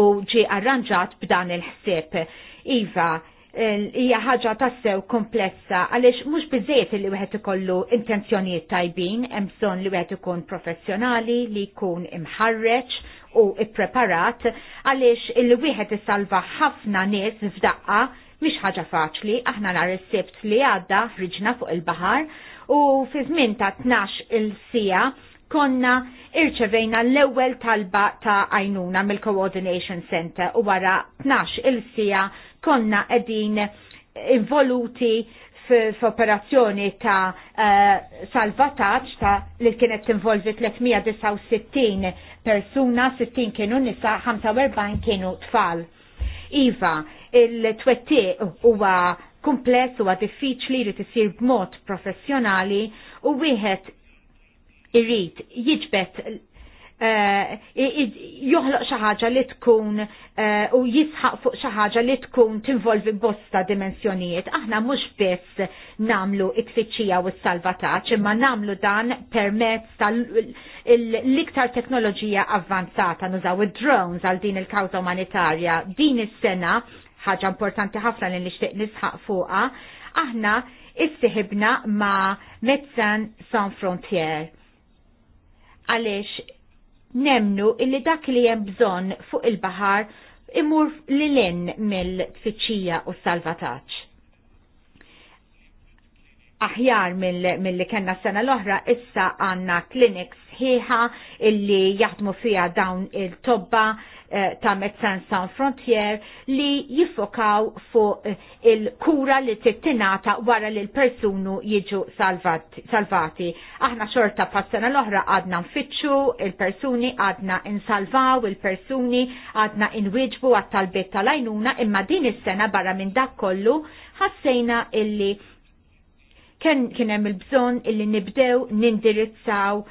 u ġi arranġat b'dan il-ħsieb. Iva, Eh, hija ħaġa tassew komplessa għaliex mhux bizzejt li wieħed ikollu intenzjonijiet tajbin, hemm bżonn li wieħed ikun professjonali, li jkun imħarreġ u ippreparat għaliex il wieħed isalva ħafna nies f'daqqa mhix ħaġa faċli, aħna nhar is-sibt li għadda ħriġna fuq il-baħar u fi żmien ta' 12 il-sija konna irċevejna l-ewwel talba ta' għajnuna mill-Coordination Center u wara 12 il-sija konna edin involuti f'operazzjoni ta' uh, eh, salvataċ ta' li kienet involvi 369 persuna, 60 kienu nisa, 45 kienu tfal. Iva, il-twetti huwa kumpless huwa diffiċli li tisir b'mod professjonali u wieħed irrid jiġbet Eh, joħloq xi ħaġa li tkun eh, u jisħaq fuq xi ħaġa li tkun tinvolvi bosta dimensjonijiet. Aħna mhux biss namlu it-tfittxija u s-salvataġġ, imma namlu dan permezz tal-iktar teknoloġija avvanzata nużaw id-drones għal din il-kawża umanitarja. Din is-sena ħaġa importanti ħafna li nixtieq nisħaq fuqha, aħna istihibna ma' Mezzan San Frontier. Għaliex nemnu illi dak li hemm bżonn fuq il-baħar imur lilin mill-tfittxija u salvataġġ. Aħjar mill-li kena sena l-oħra issa għanna kliniks ħieħa illi jaħdmu fija dawn il-tobba Eh, ta' Metzans Sans Frontier li jiffokaw fuq eh, il-kura li tittinata wara li l personu jiġu salvati. Aħna xorta pas-sena l-oħra għadna nfittxu il-persuni, għadna insalvaw il-persuni, għadna inwiġbu għat-talbiet tal-ajnuna, imma din is-sena barra minn dak kollu ħassejna illi kien hemm il-bżonn illi nibdew nindirizzaw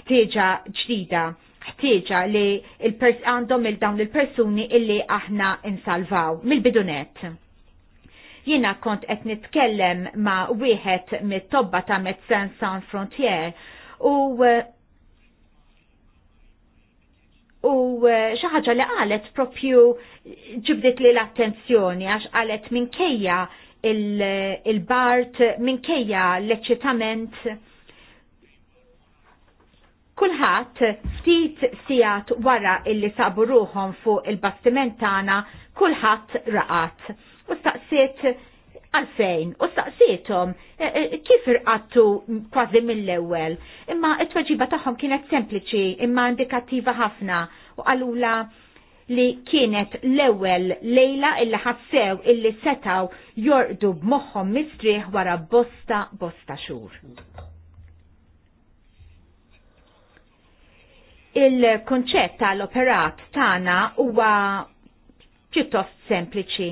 ħtieġa ġdida ħtieġa li għandhom il dawn il-persuni illi aħna insalvaw mill-bidunet. Jina kont qed nitkellem ma' wieħed mit-tobba ta' Medecins Sans Frontier u u xaħġa li qalet propju ġibdit li l-attenzjoni għax qalet minkejja il-bart, il minkejja l-eċitament Kulħadd ftit sigħat wara illi sabu ruhom fuq il-bastiment tagħna, kulħadd raqat. U staqsiet għalfejn, u staqsietom e, e, kif irqattu kważi mill-ewwel. Imma t-tweġiba tagħhom kienet sempliċi imma indikattiva ħafna u għalula li kienet l-ewwel lejla illi ħassew illi setaw jorqdu b'moħħhom mistrieħ wara bosta bosta xhur. Il-konċett tal-operat tagħna huwa piuttost sempliċi.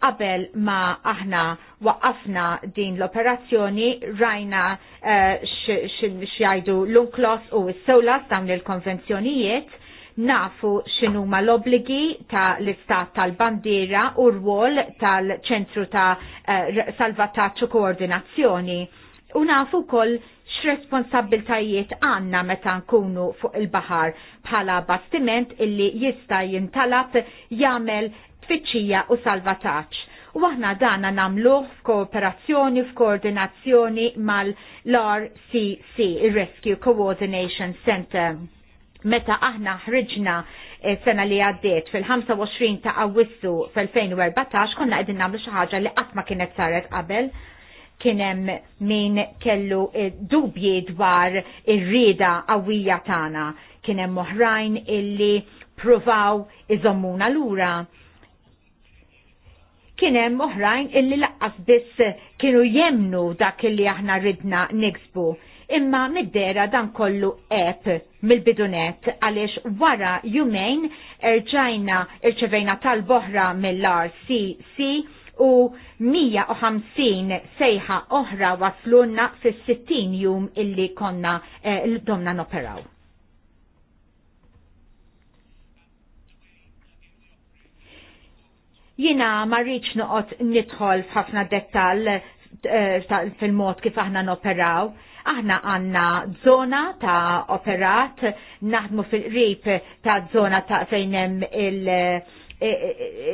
Qabel ma aħna waqafna din l-operazzjoni rajna uh, eh, xjajdu l-unklos u s sewlas dawn il-konvenzjonijiet nafu xinu ma l-obligi ta' l-istat tal-bandira u rwol tal-ċentru ta' eh, salvataċċu koordinazzjoni. U nafu kol x'responsabiltajiet għandna meta nkunu fuq il-baħar bħala bastiment illi jista' jintalab jagħmel tfittxija u salvataġġ. U aħna dana namluħ f'kooperazzjoni, f'koordinazzjoni mal-RCC, il-Rescue Coordination Center. Meta aħna ħriġna eh, sena li għaddiet fil-25 ta' Awwissu fil-2014 konna qegħdin nagħmlu xi ħaġa li qatt ma kienet saret qabel kienem min kellu dubji dwar ir-rieda qawwija tagħna, kienem oħrajn illi provaw iżommuna lura. Kienem oħrajn illi laqqas biss kienu jemnu dak illi aħna ridna niksbu. Imma middera dan kollu eb mill-bidunet għaliex wara jumejn erġajna irċevejna tal-boħra mill-RCC u 150 sejħa oħra waslunna fis 60 jum illi konna eh, l-domna noperaw. Jina marriċ nuqot nidħol f'ħafna dettal eh, fil-mod kif aħna noperaw. Aħna għanna zona ta' operat, naħdmu fil rip ta' zona ta' fejnem eh,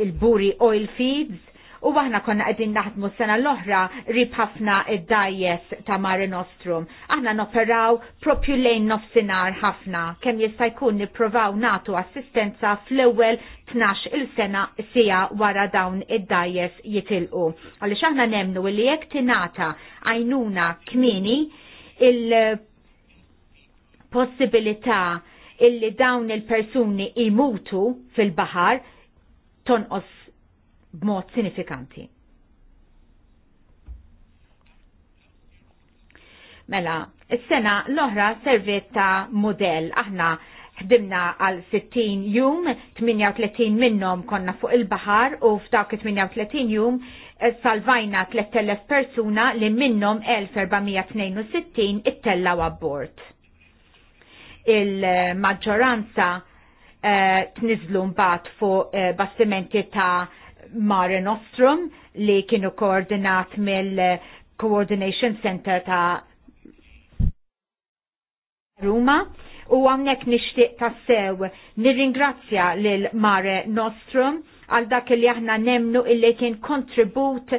il-buri oil feeds, U aħna konna qegħdin naħdmu s-sena l-oħra rib ħafna id-dajes ta' Mare Nostrum. Aħna noperaw propju lejn nofsinar ħafna kemm jista' jkun nippruvaw nagħtu assistenza fl-ewwel 12 il-sena sija wara dawn id-dajes jitilqu. Għaliex aħna nemnu li jekk tingħata għajnuna kmini il-possibilità illi dawn il-persuni imutu fil-bahar tonqos b'mod sinifikanti. Mela, is-sena l-oħra serviet ta' model aħna ħdimna għal 60 jum, 38 minnom konna fuq il-bahar u f'dawk 38 jum eh, salvajna 3000 persuna li minnom 1462 ittellaw abbord. Il-maġġoranza eh, t-nizlu mbagħad fuq eh, bastimenti ta' Mare Nostrum li kienu koordinat mill-Coordination Center ta' Ruma u għamnek nishtiq ta' sew nirringrazzja lil Mare Nostrum għal dak li aħna nemnu illi kien kontribut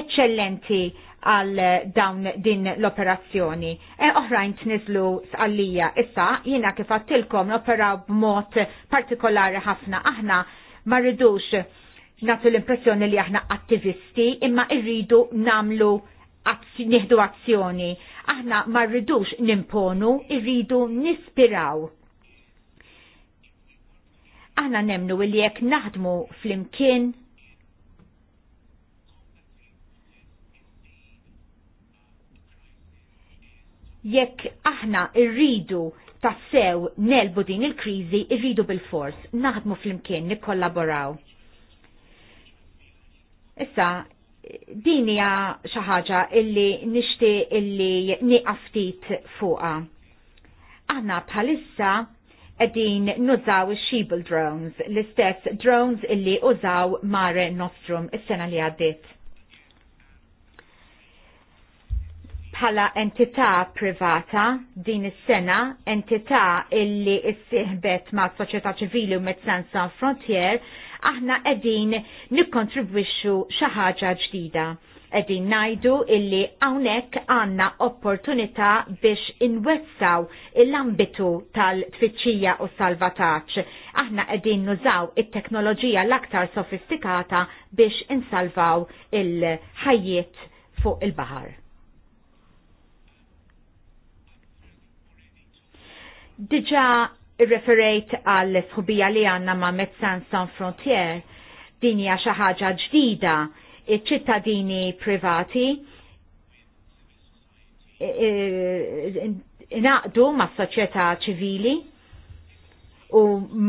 eccellenti għal dawn din l-operazzjoni. E oħrajn s-għallija issa jina kif għattilkom operaw b'mod partikolari ħafna aħna ma rridux natu l-impressjoni li aħna attivisti imma irridu namlu nieħdu azzjoni. Aħna ma rridux nimponu, irridu nispiraw. Aħna nemnu li jekk naħdmu fl-imkien jekk aħna irridu tassew nelbu din il-krizi irridu bil-fors, naħdmu fl-imkien nikkollaboraw. Issa, din hija xi ħaġa illi nixtieq illi niqaftit fuqha. Aħna bħalissa qegħdin nużaw ix-sheeple drones, l-istess drones illi użaw Mare Nostrum is-sena li għaddiet bħala entità privata din is-sena, entità illi issieħbet ma' soċjetà ċivili u Medecins Sans Frontier, aħna qegħdin nikkontribwixxu xi ħaġa ġdida. Qegħdin ngħidu illi hawnhekk għandna opportunità biex inwessaw l-ambitu tal-tfittxija u salvataġġ. Aħna qegħdin nużaw it-teknoloġija l-aktar sofistikata biex insalvaw il-ħajjiet fuq il baħar Diġa referejt għall sħubija li għanna ma' Mezzan San Frontier, dini xi ħaġa ġdida, ċittadini privati inaqdu ma' soċjetà ċivili u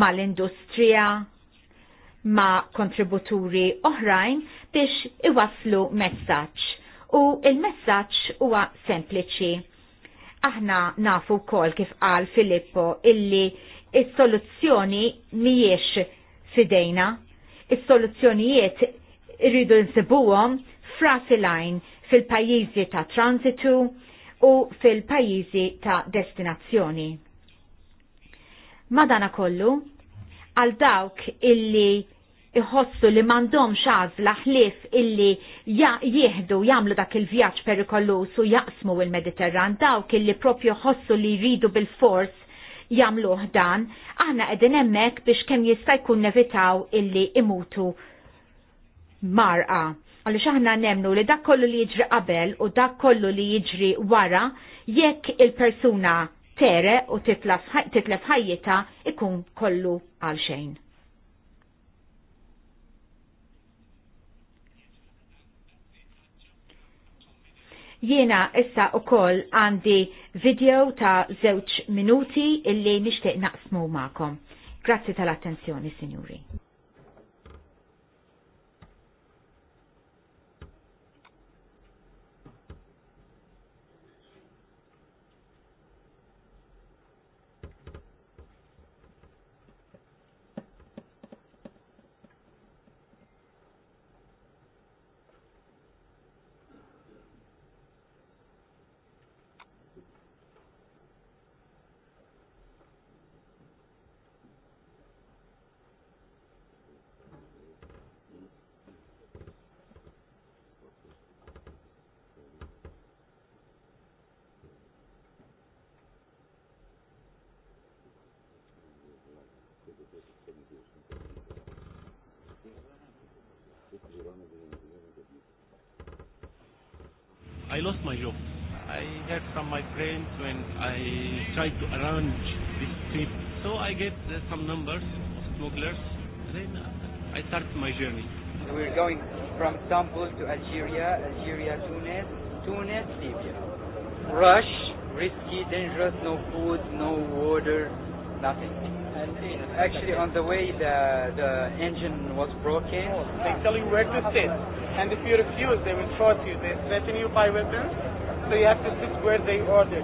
mal-industrija ma' kontributuri oħrajn biex iwaslu messaġġ. U il-messaġġ huwa sempliċi Aħna nafu kol kif qal Filippo illi il soluzzjoni mhijiex fidejna, is-soluzzjonijiet rridu nsibuhom frasilajn fil-pajjiżi ta' transitu u fil-pajjiżi ta' destinazzjoni. Madana kollu, għal dawk illi iħossu li mandom xaz laħlif illi jieħdu jamlu dak il-vjaċ perikolus u jaqsmu il-Mediterran dawk illi propju ħossu li jridu bil-fors jamlu dan, aħna edin emmek biex kem jista' jkun nevitaw illi imutu marqa. Għallu xaħna nemnu li dak kollu li jiġri qabel u dak kollu li jiġri wara jekk il-persuna tere u titlef ħajjita ikun kollu għal xejn. Jiena issa u koll għandi video ta' zewċ minuti illi nishtiq naqsmu ma'kom. Grazzi tal-attenzjoni, signori. try to arrange this trip. So I get uh, some numbers of smugglers. And then uh, I start my journey. So we're going from Istanbul to Algeria, Algeria, Tunis, Tunis, Libya. Rush, risky, dangerous, no food, no water, nothing. And actually, on the way, the, the engine was broken. Oh, they tell you where to sit. And if you refuse, they will shoot you. They threaten you by weapons, so you have to sit where they ordered.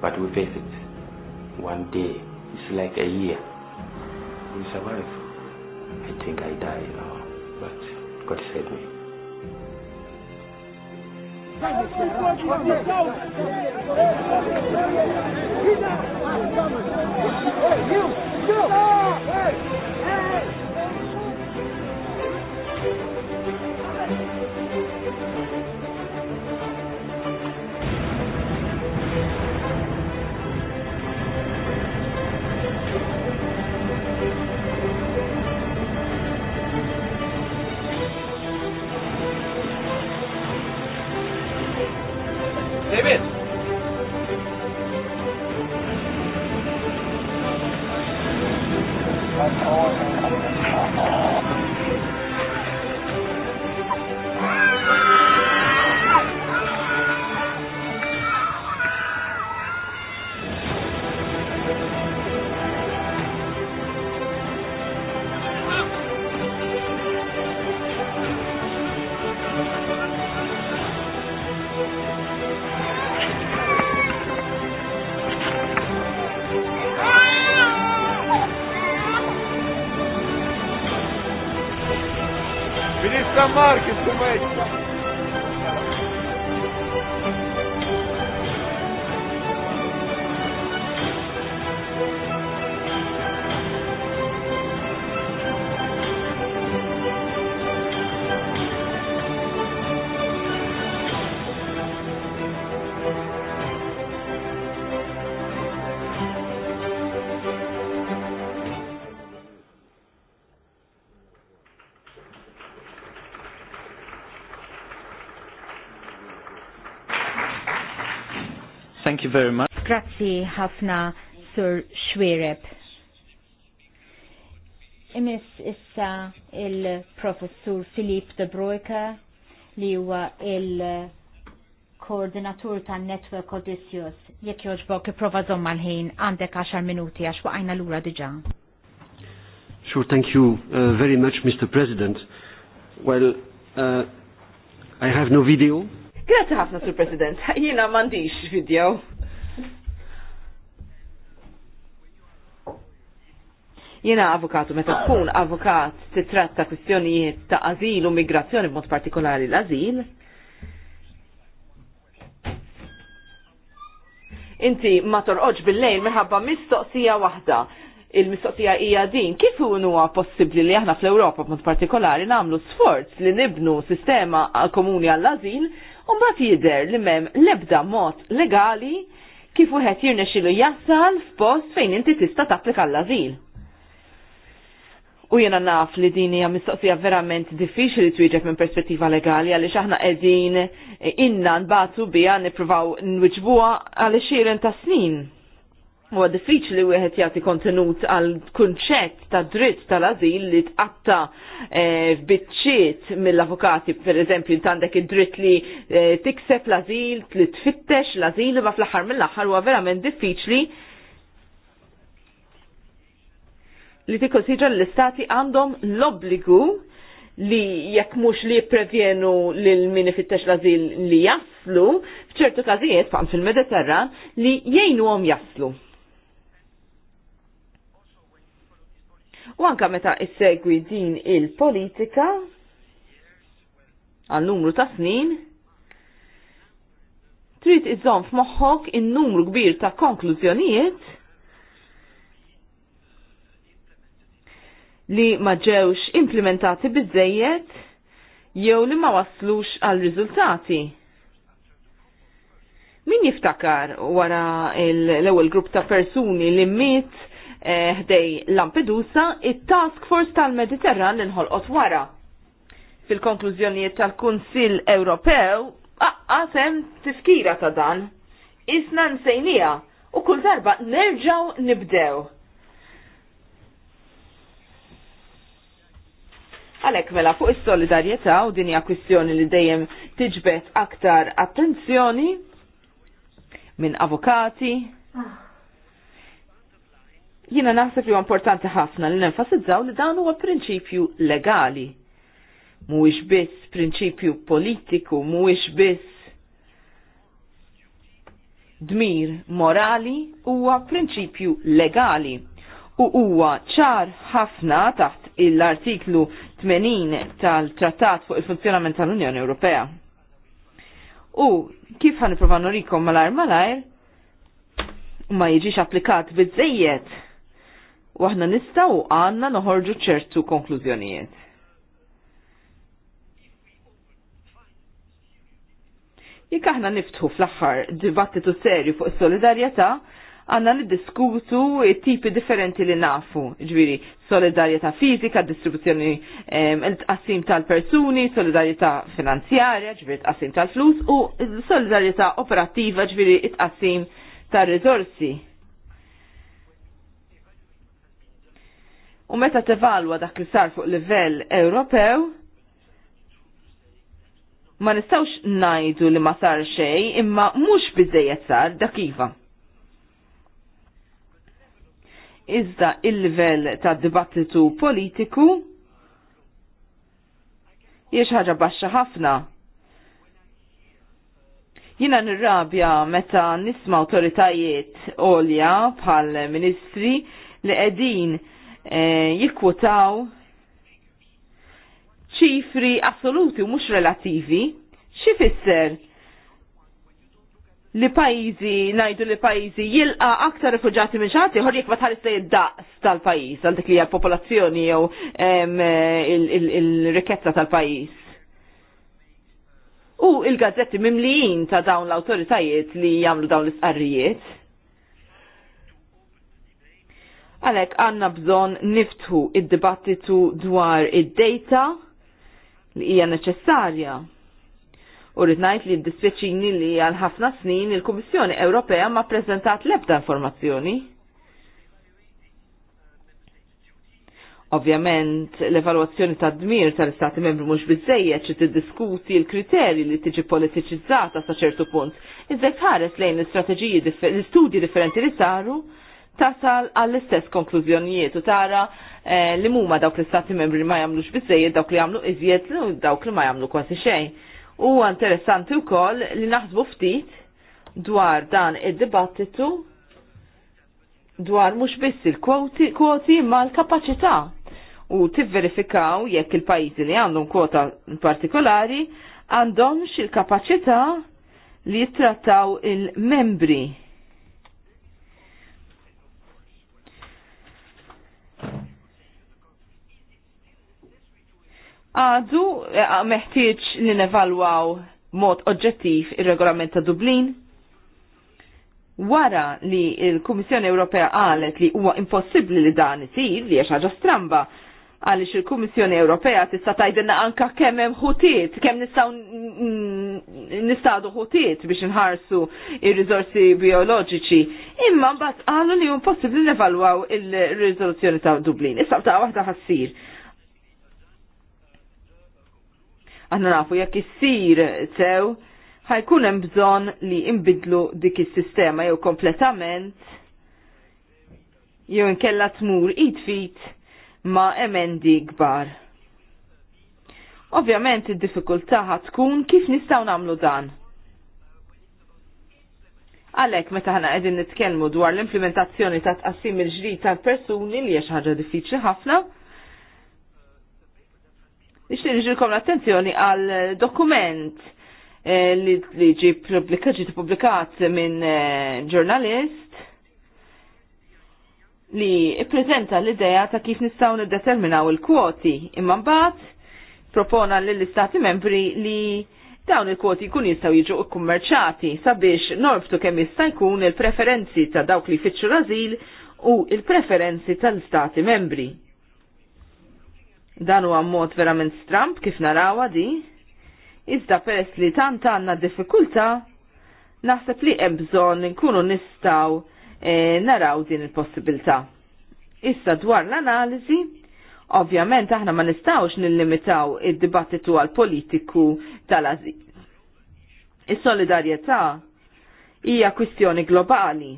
But we face it. One day, it's like a year. We survive. I think I die now, but God save me. Hey, you! You! Hey! Oh, you very much. Grazie ħafna Sir Schwereb. Imis issa il-professur Filip de Broeke li huwa il-koordinatur ta' Network Odysseus. Jek joġbok iprova żomm mal-ħin għandek 10 minuti għax waqajna l-ura diġà. Sure, thank you uh, very much, Mr. President. Well, uh, I have no video. Grazie ħafna, Sir President. Jina m'għandix video. Jena avukatu, meta tkun avukat titratta kwistjonijiet ta' azil u migrazzjoni b'mod partikolari l-azil, inti ma torqodx bil-lejl minħabba mistoqsija waħda. Il-mistoqsija hija din, kif huwa possibbli li aħna fl-Ewropa b'mod partikolari nagħmlu sforz li nibnu sistema komuni għall-azil u mbagħad jidher li mem lebda mod legali kif wieħed jirnexxilu jasal f'post fejn inti tista' tapplika l-azil. U jena naf li din hija mistoqsija verament diffiċli twieġeb minn perspettiva legali għaliex aħna qegħdin inna nbatu biha nippruvaw nwiġbuha għal xieren ta' snin. Huwa diffiċli wieħed jagħti kontenut għal kunċett ta' dritt tal-azil li tqatta eh, f'biċċiet mill-avukati pereżempju tandek għandek id-dritt li eh, tikseb l-azil, li tfittex l-azil, ma fl-aħħar mill-aħħar huwa verament diffiċli li tikkonsidra l-istati għandhom l-obbligu li jekk mhux li jipprevjenu lil min ifittex l-azil li jaslu, f'ċertu każijiet fam fil-Mediterran li jgħinuhom jaslu. U anka meta issegwi din il-politika għal numru ta' snin, trid iżomm f'moħħok in-numru kbir ta' konklużjonijiet li ma ġewx implementati bizzejiet jew li ma waslux għal riżultati. Min jiftakar wara l-ewwel grupp ta' persuni li miet eh, ħdej eh, Lampedusa it-Task Force tal-Mediterran li nħolqot wara. Fil-konklużjonijiet tal-Kunsill Ewropew għasem tifkira ta' dan. Isna nsejnija u kull darba nerġaw nibdew Għalek mela fuq is-solidarjetà u dinja kwistjoni li dejjem tiġbet aktar attenzjoni minn avukati. Jiena naħseb li huwa importanti ħafna li nenfasizzaw li dan huwa prinċipju legali. Mhuwiex biss prinċipju politiku, mhuwiex biss dmir morali huwa prinċipju legali u huwa ċar ħafna taħt l-artiklu 80 tal-Trattat fuq il-funzjonament tal-Unjoni Ewropea. U kif ħan iprofa norikom malajr malajr, ma jiġix applikat bizzejiet, u aħna nistaw għanna noħorġu ċertu konklużjonijiet. Jek aħna niftħu fl-axħar dibattitu serju fuq is-solidarjetà, għanna niddiskutu tipi differenti li nafu, ġviri, solidarjetà fizika, distribuzzjoni l tqassim tal-persuni, solidarjetà finanzjarja, ġviri, tqassim tal-flus, u solidarjetà operattiva, ġviri, tqassim tal-rizorsi. U meta tevalwa dak li sar fuq livell Ewropew, ma nistawx najdu li ma sar xej, imma mhux bizzejet sar dak iva iżda il-livell ta' dibattitu politiku jiex ħaġa baxxa ħafna. Jina nirrabja meta nisma autoritajiet olja bħal ministri li qegħdin e, eh, jikwotaw ċifri assoluti u mhux relativi, x'ifisser? li pajizi, najdu li pajizi jilqa aktar rifugġati minn xati, ħor jek ma tħares li daqs tal-pajiz, għandek li għal-popolazzjoni jew il rikketta tal-pajiz. U il-gazzetti mimlijin ta' dawn l-autoritajiet li jamlu dawn l-isqarrijiet. Għalek għanna bżon niftħu id-dibattitu dwar id-data li hija neċessarja U rridnajt li d-dispieċini li għal ħafna snin il-Kummissjoni Ewropea ma prezentat lebda informazzjoni. Ovvjament, l-evaluazzjoni ta' dmir tal-Istati membri mhux ċi xi tiddiskuti l-kriterji li tiġi politiċizzata sa' ċertu punt. Iżek ħares lejn l-istrateġiji, l-istudji differenti li saru, tasal għall-istess konklużjonijiet u tara eh, li muma dawk l-istati membri ma jagħmlux bizzeje, dawk li jagħmlu iżjed dawk li ma jagħmlu kważi xejn. U interessanti wkoll li naħsbu ftit dwar dan id-dibattitu dwar mhux biss il-kwoti ma l-kapaċità u tivverifikaw jekk il-pajjiżi li għandhom kwota partikolari għandhomx il-kapaċità li jittrattaw il-membri għadu e, meħtieġ li nevalwaw mod oġġettiv ir-regolament ta' Dublin. Wara li il-Kummissjoni Ewropea qalet li huwa impossibbli li dan isir li għax ħaġa stramba għaliex il-Kummissjoni Ewropea tista' tgħidilna anka kemm hemm ħutiet, kemm nistgħu nistgħu ħutiet biex inħarsu ir-riżorsi bioloġiċi. Imma mbagħad qalu li impossibbli nevalwaw il-riżoluzzjoni ta' Dublin. Issa ta' waħda ħassir aħna nafu jekk issir sew ħajkun hemm bżonn li imbidlu dik is-sistema jew kompletament jew inkella tmur id-fit ma' emendi kbar. Ovvjament id-diffikultà tkun kif nistgħu nagħmlu dan. Għalhekk meta ħana qegħdin nitkellmu dwar l-implementazzjoni ta' tqassim il-ġrid tal-persuni li hija xi ħaġa diffiċli ħafna, Nixtieq niġilkom l-attenzjoni għal dokument eh, li ġi pubblikat ġi pubblikat minn eh, ġurnalist li ippreżenta l-idea ta' kif nistgħu niddeterminaw il-kwoti imma mbagħad propona lill-istati membri li dawn il-kwoti kun jistaw jiġu kummerċati sabiex norbtu kemm jista' jkun il-preferenzi ta' dawk li fitxu razil u il-preferenzi tal istati membri. Dan huwa mod verament stramp kif narawa di. Iżda peress li tant għandna diffikultà, naħseb li hemm bżonn nkunu nistgħu e, naraw din il-possibilità. Issa dwar l-analiżi, ovvjament aħna ma nistgħux nillimitaw id-dibattitu għal politiku tal-azil. Is-solidarjetà hija kwistjoni globali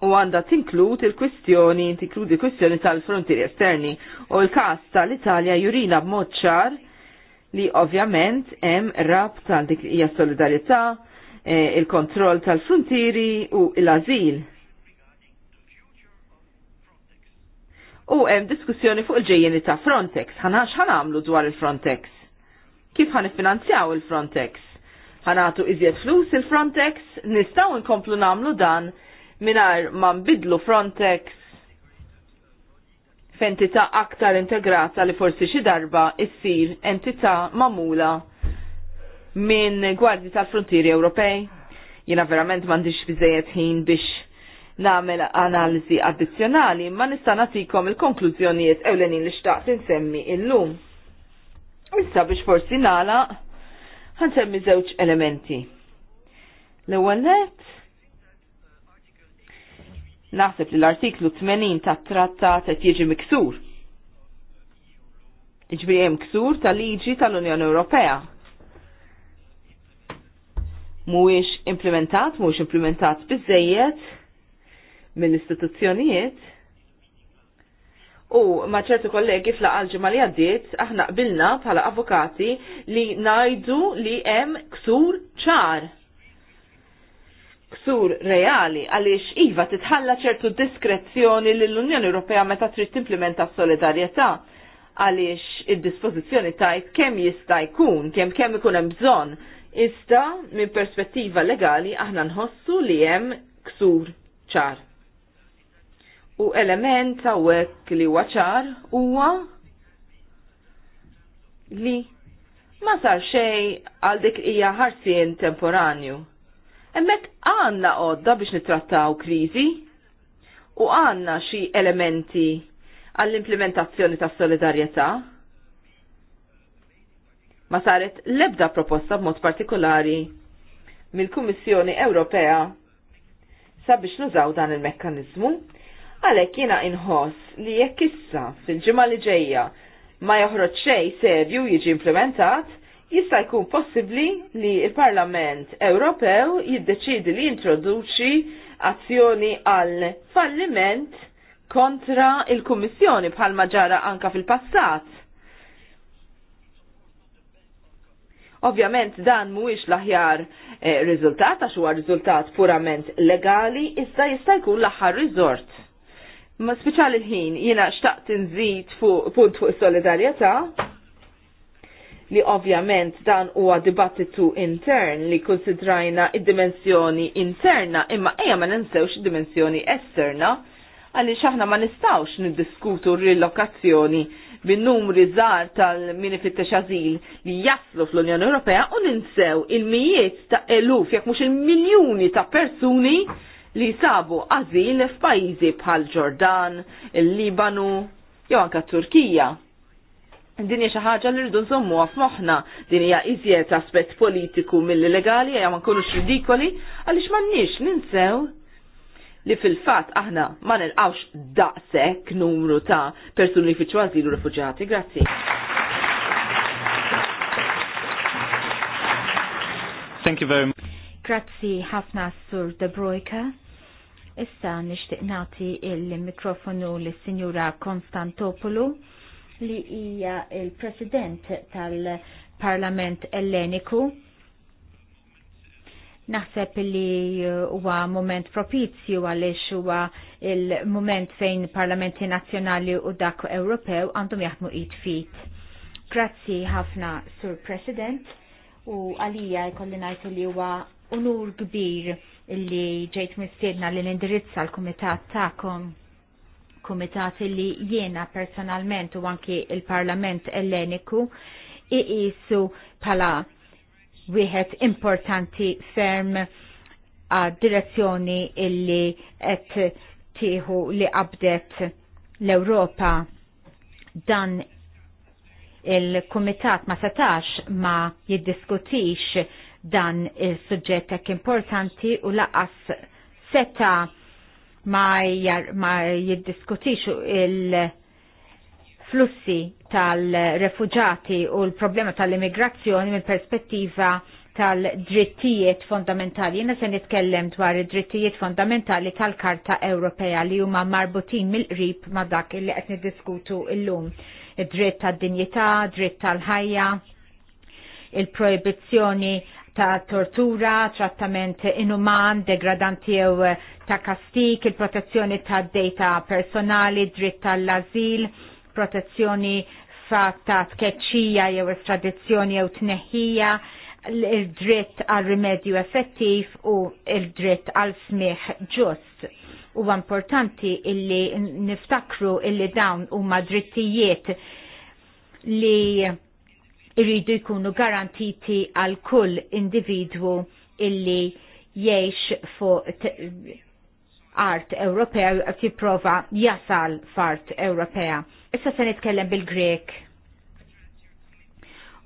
u għanda tinklud il-kwistjoni, tinkludi il-kwistjoni tal-frontieri esterni. U l-kas tal-Italja jurina b'mod ċar li ovvjament hemm rab tal dik hija solidarità, eh, il-kontroll tal-frontieri u l-azil. U hemm diskussjoni fuq il-ġejjeni ta' Frontex. Ħanax ħanamlu dwar il-Frontex? Kif ħan finanzjaw il-Frontex? ħanatu iżjed flus il-Frontex? Nistaw nkomplu namlu dan minar ma bidlu Frontex f'entità aktar integrata li forsi xi darba issir entità mamula minn Gwardji tal-Frontieri Ewropej. Jiena verament m'għandix biżejjed ħin biex nagħmel analiżi addizzjonali, ma nista' nagħtikom il-konklużjonijiet ewlenin li xtaqt insemmi illum. Issa biex forsi nagħlaq ħansemmi żewġ elementi. L-ewwel nett Naħseb li l-artiklu 80 tat trattat qed jiġi miksur. Iġbri hemm ksur tal-liġi tal-Unjoni Ewropea. Mhuwiex implementat, mhuwiex implementat biżejjed mill-istituzzjonijiet. U ma' ċertu kollegi fl ġimma li għaddiet, aħna qbilna bħala avukati li najdu li hemm ksur ċar ksur reali għaliex iva titħalla ċertu diskrezzjoni l unjoni Ewropea meta trid timplementa solidarjetà għaliex id-dispożizzjoni tajt kemm jista' jkun, kemm kemm ikun hemm bżonn. Iżda minn perspettiva legali aħna nħossu li hemm ksur ċar. U element hawnhekk li huwa ċar huwa li ma sar xejn għal dik hija ħarsien temporanju emmet għanna għodda biex nitrattaw krizi u għanna xi elementi għall-implementazzjoni ta' solidarjetà. Ma saret lebda proposta b'mod partikolari mill-Kummissjoni Ewropea sabiex nużaw dan il-mekkanizmu, għalhekk jiena inħoss li jekk issa fil-ġimgħa li ġejja ma joħroġ xejn serju jiġi implementat, jista' jkun possibbli li il-Parlament Ewropew jiddeċidi li jintroduċi azzjoni għal falliment kontra il-Kummissjoni bħalma ġara anka fil-passat. Ovvjament dan mhuwiex l-aħjar eh, riżultat għax huwa riżultat purament legali, issa jista' jkun l-aħħar riżort. Ma speċjali l-ħin jiena xtaqt inżid fuq punt fuq is-solidarjetà li ovvjament dan huwa dibattitu intern li konsidrajna id-dimensjoni interna imma ejja ma ninsewx id-dimensjoni esterna għaliex aħna ma nistawx niddiskutu rilokazzjoni bin-numri żgħar tal-mini fittex azil li jaslu fl-Unjoni Ewropea u ninsew il-mijiet ta' eluf jekk mhux il-miljuni ta' persuni li sabu azil f'pajjiżi bħal Ġordan, il-Libanu jew anka Turkija Dinja xi ħaġa li rridu nżommuha f'moħħna. Din hija iżjed aspett politiku mill-legali hija ma nkunux ridikoli għaliex m'għandniex ninsew li fil-fatt aħna ma nilqawx daqshekk numru ta' persuni fi ċważil u rifuġati. Grazzi. Thank you very much. Grazzi ħafna Sur De Broika. Issa nixtieq nagħti il-mikrofonu lis-Sinjura Konstantopolu li hija il-President tal-Parlament Elleniku. Naħseb li huwa moment propizju għaliex huwa il-moment fejn parlamenti nazzjonali u dak Ewropew għandhom jaħdmu id fit. Grazzi ħafna, Sur President, u għalija jkolli ngħidu li huwa unur kbir li ġejt mistiedna li l-indirizza l-Kumitat ta'kom kumitati li jiena personalment u anki il-Parlament Elleniku iqisu pala wieħed importanti ferm għad direzzjoni illi qed tieħu li qabdet l-Ewropa dan il-Kumitat ma setax ma jiddiskutix dan il-suġġett hekk importanti u laqas seta' ma, ma jiddiskutix il-flussi tal refugjati u l-problema tal-immigrazzjoni mill perspettiva tal-drittijiet fondamentali. Jena se nitkellem dwar id-drittijiet fondamentali tal-Karta Ewropea li huma marbutin mill-qrib ma dak li qed niddiskutu illum. Id-dritt tad-dinjità, dritt tal-ħajja, il-proibizzjoni ta' tortura, trattament inuman, degradanti jew ta' kastik, il-protezzjoni ta' data personali, dritt tal-azil, protezzjoni ta' tkeċċija jew estradizzjoni jew tneħħija, il-dritt għal rimedju effettiv u il-dritt għal smiħ ġust. U importanti illi niftakru illi dawn huma drittijiet li irridu jkunu garantiti għal kull individwu illi jiex fuq art Ewropew tipprova jasal f'art Ewropea. Issa se nitkellem bil-Grek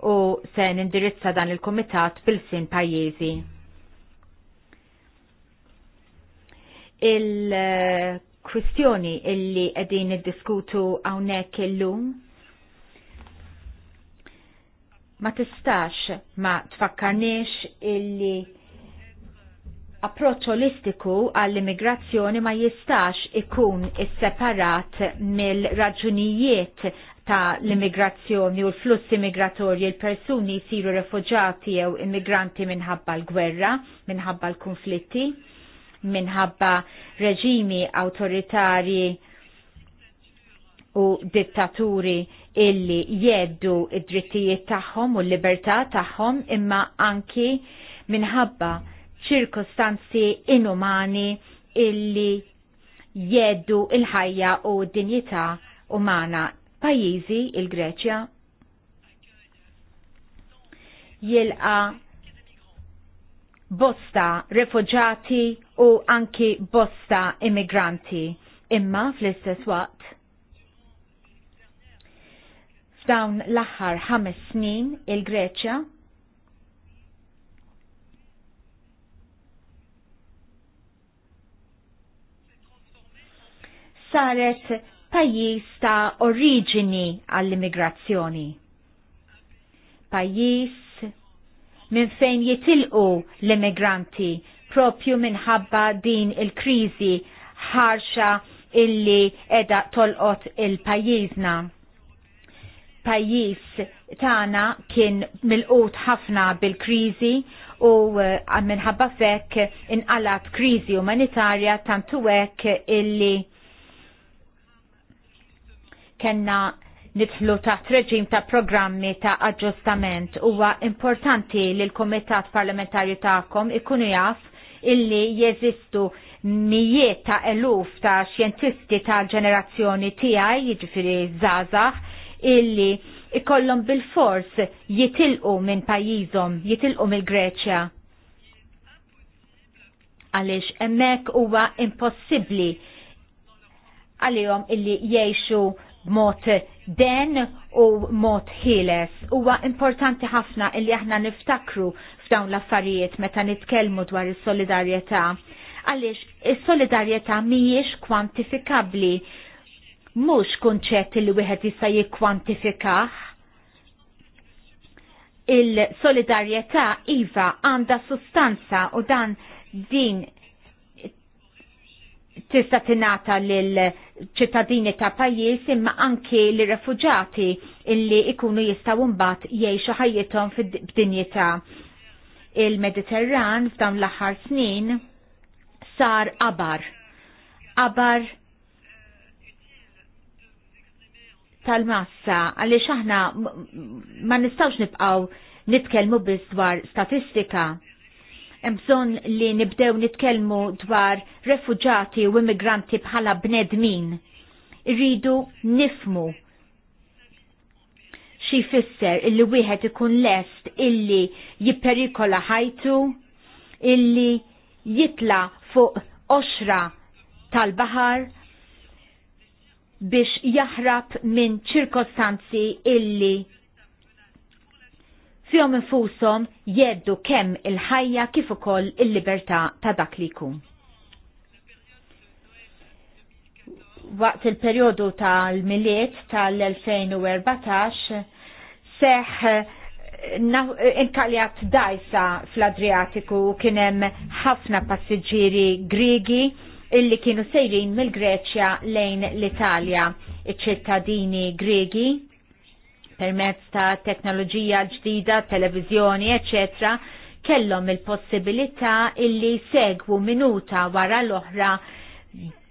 u se nindirizza dan il-Komitat bil-sin pajjiżi. Il-kwistjoni eh, illi qegħdin niddiskutu hawnhekk illum ma tistax ma tfakkarniex illi approċċ olistiku għall-immigrazzjoni ma jistax ikun is-separat mill-raġunijiet ta' l-immigrazzjoni u l-flussi migratorji l-persuni jisiru refugjati jew immigranti minħabba l-gwerra, minħabba l-konflitti, minħabba reġimi autoritarji u dittaturi illi jeddu id-drittijiet tagħhom u l-libertà tagħhom imma anki minħabba ċirkostanzi inumani illi jeddu il-ħajja u d-dinjità umana. Pajjiżi il-Greċja jilqa bosta refuġati u anki bosta immigranti imma fl-istess waqt F'dawn l-aħħar ħames snin il-Greċja saret pajjiż ta' oriġini għall-immigrazzjoni. Pajjiż minn fejn jitilqu l-immigranti propju minħabba din il-kriżi ħarxa illi edha tolqot il-pajjiżna pajis pajjiż tagħna kien qut ħafna bil-kriżi u eh, minħabba fekk inqalat kriżi umanitarja tantu hekk illi kena nidħlu taħt reġim ta' programmi ta' aġġustament huwa importanti li l-Komitat Parlamentarju tagħkom ikunu jaf illi jeżistu mijiet ta' eluf ta' xjentisti ta' ġenerazzjoni tiegħi jiġifieri żgħażagħ illi ikollhom bil-fors jitilqu minn pajjiżhom, jitilqu mill-Greċja. Għaliex hemmhekk huwa impossibbli għalihom illi jgħixu b'mod den u mod ħieles. Huwa importanti ħafna illi aħna niftakru f'dawn l-affarijiet meta nitkellmu dwar is-solidarjetà għaliex is-solidarjetà mhijiex kwantifikabbli mhux kunċett li wieħed jista' jikkwantifikah. Il-solidarjetà iva għandha sustanza u dan din tista' tingħata lil ċittadini ta' pajjiż imma anke l refuġati illi jkunu jistgħu mbagħad jgħixu ħajjithom fid-dinjità. Il-Mediterran f'dawn l-aħħar snin sar qabar. Qabar tal-massa għaliex aħna ma nistgħux nibqgħu nitkellmu biss dwar statistika. Hemm bżonn li nibdew nitkellmu dwar refugġati u immigranti bħala bnedmin. Irridu nifmu xi jfisser illi wieħed ikun lest illi jipperikola ħajtu, illi jitla fuq oxra tal-bahar biex jaħrab minn ċirkostanzi illi fihom infushom jeddu kemm il-ħajja kif ukoll il-libertà ta' dak li jkun. Waqt il-perjodu tal-miliet tal-2014 seħ inkaljat dajsa fl-Adriatiku kienem ħafna passiġġieri Grigi illi kienu sejrin mill-Greċja lejn l-Italja. Iċ-ċittadini Gregi permezz ta' teknoloġija ġdida, televizjoni, eccetera, kellhom il-possibilità illi segwu minuta wara l-oħra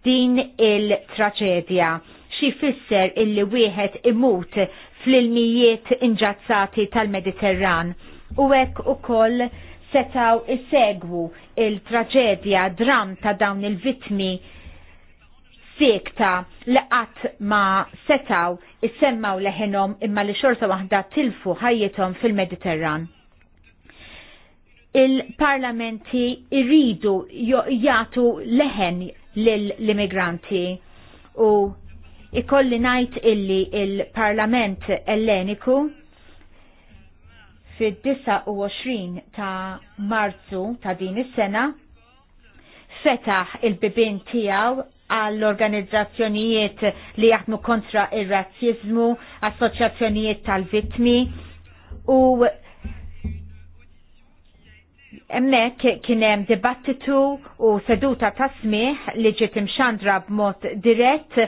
din il-traċedja. Xi fisser illi wieħed imut fl-ilmijiet inġazzati tal-Mediterran. U hekk ukoll setaw isegwu il-traġedja dram ta' dawn il-vitmi sekta li qatt ma setaw issemmaw leħenom imma li xorta waħda tilfu ħajjithom fil-Mediterran. Il-parlamenti irridu jagħtu leħen lill-immigranti u ikolli najt illi il-parlament elleniku fid-29 ta' Marzu ta' din is-sena fetaħ il-bibin tiegħu għall-organizzazzjonijiet li jaħdmu kontra ir-razzizmu, assoċjazzjonijiet tal-vittmi u emmek kienem dibattitu u seduta tasmiħ li ġiet imxandra b'mod dirett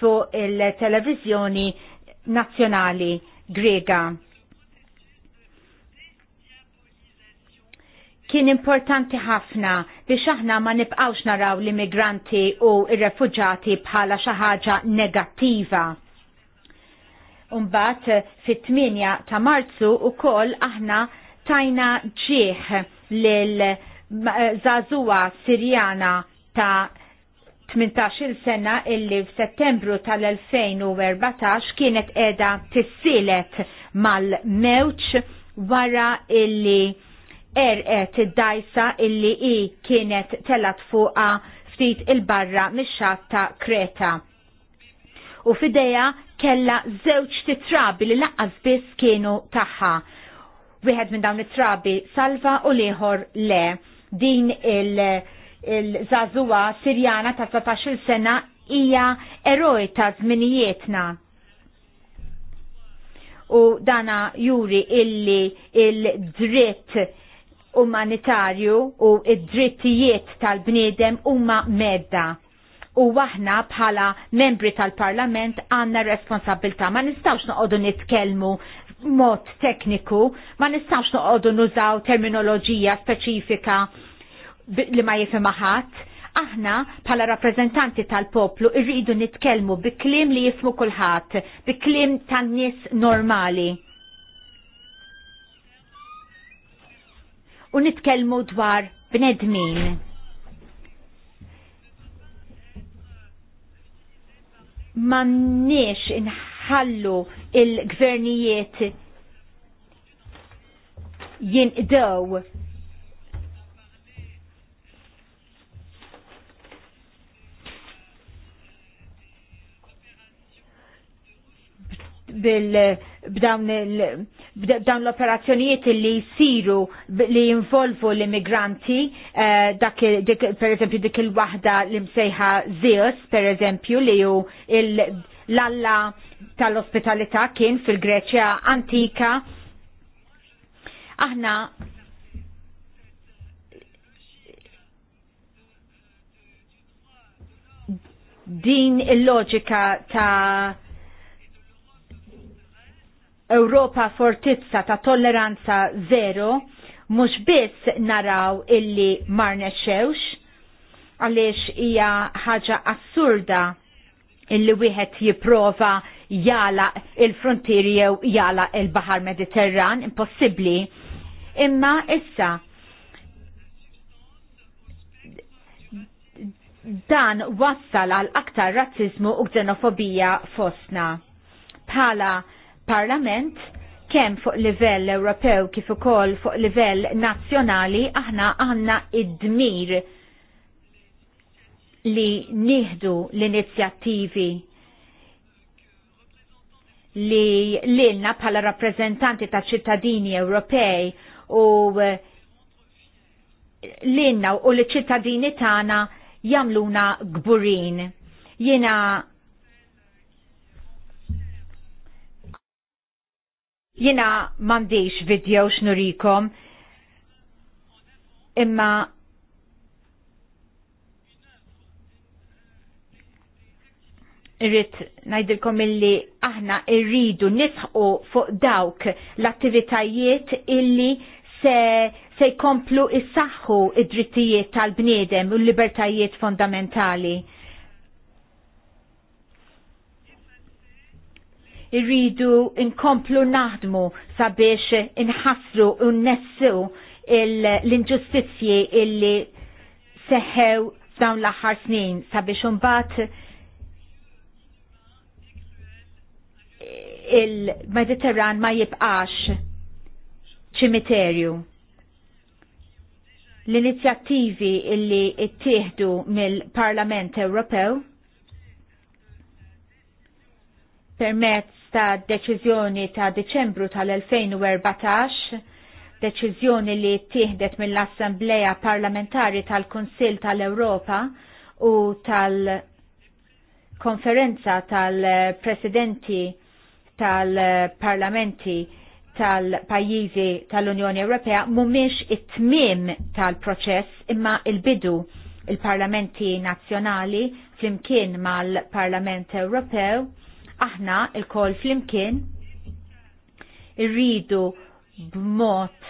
fuq il-televizjoni nazzjonali Grega. kien importanti ħafna biex aħna ma nibqawx naraw l-immigranti u r refugġati bħala xi ħaġa negattiva. Umbat fit-8 ta' Marzu u koll aħna tajna ġieħ lil Zazua Sirjana ta' 18 sena illi f'Settembru tal-2014 kienet edha tissilet mal-mewċ wara illi erqet id-dajsa illi i kienet telat fuqa ftit il-barra mix xatta ta' Kreta. U fideja kella żewġ titrabi li laqqas biss kienu tagħha. Wieħed minn dawn it-trabi salva u lieħor le. Din il-żażuwa il Sirjana ta' 17 sena hija eroj ta' żminijietna u dana juri illi il-dritt umanitarju u id-drittijiet tal-bniedem huma medda u waħna bħala membri tal-parlament għanna responsabilta. Ma nistawx noqodu nitkelmu mod tekniku, ma nistawx noqodu nużaw terminoloġija speċifika li ma jifhem ħadd. Aħna bħala rappreżentanti tal-poplu irridu nitkellmu bi klim li jismu kulħadd, bi klim tan-nies normali u nitkellmu dwar bnedmin. Mannix inħallu il-gvernijiet jinqdew b'dawn l-operazzjonijiet li jisiru li jinvolvu l-immigranti, eh, per eżempju dik il-wahda li msejħa Zeus, per eżempju, li ju l-alla tal-ospitalità kien fil-Greċja antika. Aħna din il-loġika ta' Ewropa fortizza ta' tolleranza zero mhux biss naraw illi marne xewx, għaliex hija ħaġa assurda illi wieħed jipprova jala il-frontieri jew jala il-Bahar Mediterran, impossibbli. Imma issa dan wassal għal aktar razzizmu u xenofobija fosna. Bħala parlament kemm fuq livell Ewropew kif ukoll fuq livell nazzjonali aħna għandna id-dmir li nieħdu l-inizjattivi li lilna bħala rappreżentanti ta' ċittadini Ewropej u eh, lilna u l-ċittadini tagħna jagħmluna gburin. Jiena Jina mandiċ video xnurikom imma irrit najdilkom illi aħna irridu nisħu fuq dawk l-attivitajiet illi se, se jkomplu issaħħu id-drittijiet tal-bniedem u l-libertajiet fondamentali. irridu inkomplu naħdmu sabiex inħassru u nessu l-inġustizji illi seħew dawn l-aħħar snin sabiex imbagħad il-Mediterran ma jibqax ċimiterju. L-inizjattivi illi ittieħdu mill-Parlament Ewropew permezz ta' deċiżjoni ta' Deċembru tal-2014, deċiżjoni li tieħdet mill-Assembleja Parlamentari tal-Kunsill tal-Ewropa u tal-Konferenza tal-Presidenti tal-Parlamenti tal-pajjiżi tal-Unjoni Ewropea mhumiex it-tmiem tal-proċess imma il-bidu il-parlamenti nazzjonali flimkien mal-Parlament Ewropew aħna il-kol flimkien irridu b'mod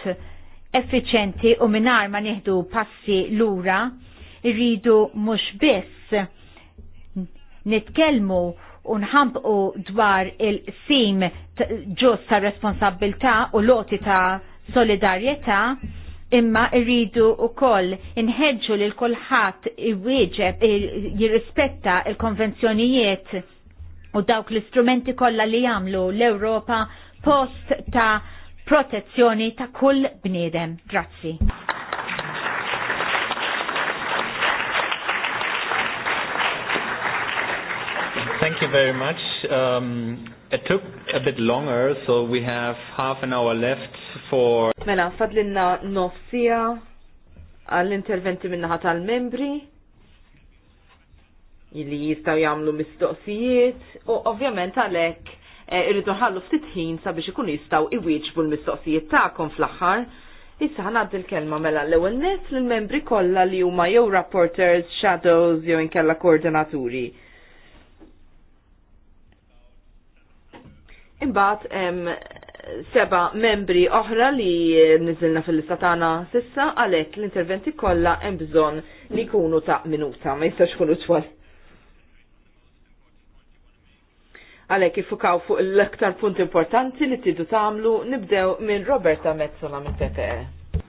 effiċenti u minar ma nieħdu passi lura irridu mhux biss nitkellmu u dwar il-sim ġust ta' responsabilta u loti ta' solidarjetà imma irridu u koll inħedġu li l-kolħat jirrispetta il-konvenzjonijiet u dawk l-istrumenti kollha li jagħmlu l-Ewropa post ta' protezzjoni ta' kull bniedem. Grazzi. Thank you very much. Um, it took a bit longer, so we have half an hour left for... Mela, fadlinna nofsija għall-interventi minnaħat tal-membri li jistaw jamlu mistoqsijiet u ovvjament għalek eh, irridu ħallu ftit ħin sabiex ikun jistaw iwieġbu l-mistoqsijiet tagħkom fl-aħħar. Issa ħanad il-kelma mela l-ewwel net lill-membri kollha li huma jew rapporters, shadows jew inkella koordinaturi. Imbagħad seba membri oħra li niżilna fil-lista tagħna sissa għalhekk l-interventi kollha hemm bżonn li jkunu ta' minuta, ma jistax ikunu twal Għalek jifukaw fuq l-aktar punt importanti li tiddu tamlu nibdew minn Roberta Mezzola minn PPE.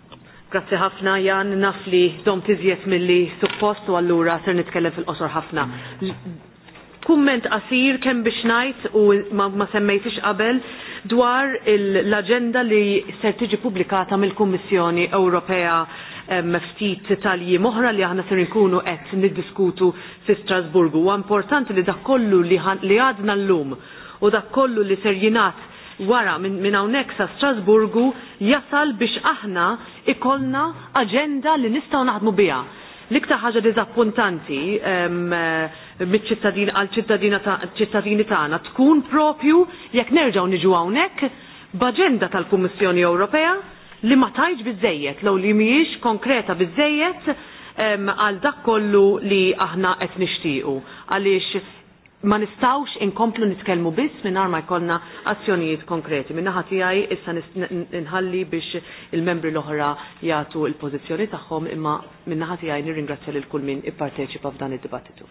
Grazzi ħafna, Jan, naf li dom tizjet mill-li suppost u għallura ser nitkellem fil-qosor ħafna. Kumment qasir kemm biex ngħid u ma, ma semmejtix qabel dwar l-aġenda li ser tiġi pubblikata mill-Kummissjoni Ewropea Eh, ftit talji moħra li aħna ser nkunu qed niddiskutu fi Strasburgu. U importanti li dak kollu li għadna llum u dak kollu li ser jingħad wara minn min hawnhekk sa Strasburgu jasal biex aħna ikollna aġenda li nistgħu naħdmu biha. L-iktar ħaġa diżappuntanti eh, mill-ċittadin għal ċittadini tagħna tkun propju jekk nerġgħu niġu hawnhekk b'aġenda tal-Kummissjoni Ewropea li ma tajġ bizzejiet, law li miex konkreta bizzejiet għal dak kollu li aħna qed nixtiequ. Għaliex ma nistawx inkomplu nitkellmu biss minn ma jkollna azzjonijiet konkreti. Minna ħatijaj issa nħalli biex il-membri l-oħra jagħtu l-pożizzjoni tagħhom imma minna ħatijaj nirringrazzja lil kull min ipparteċipa f'dan id-dibattitu.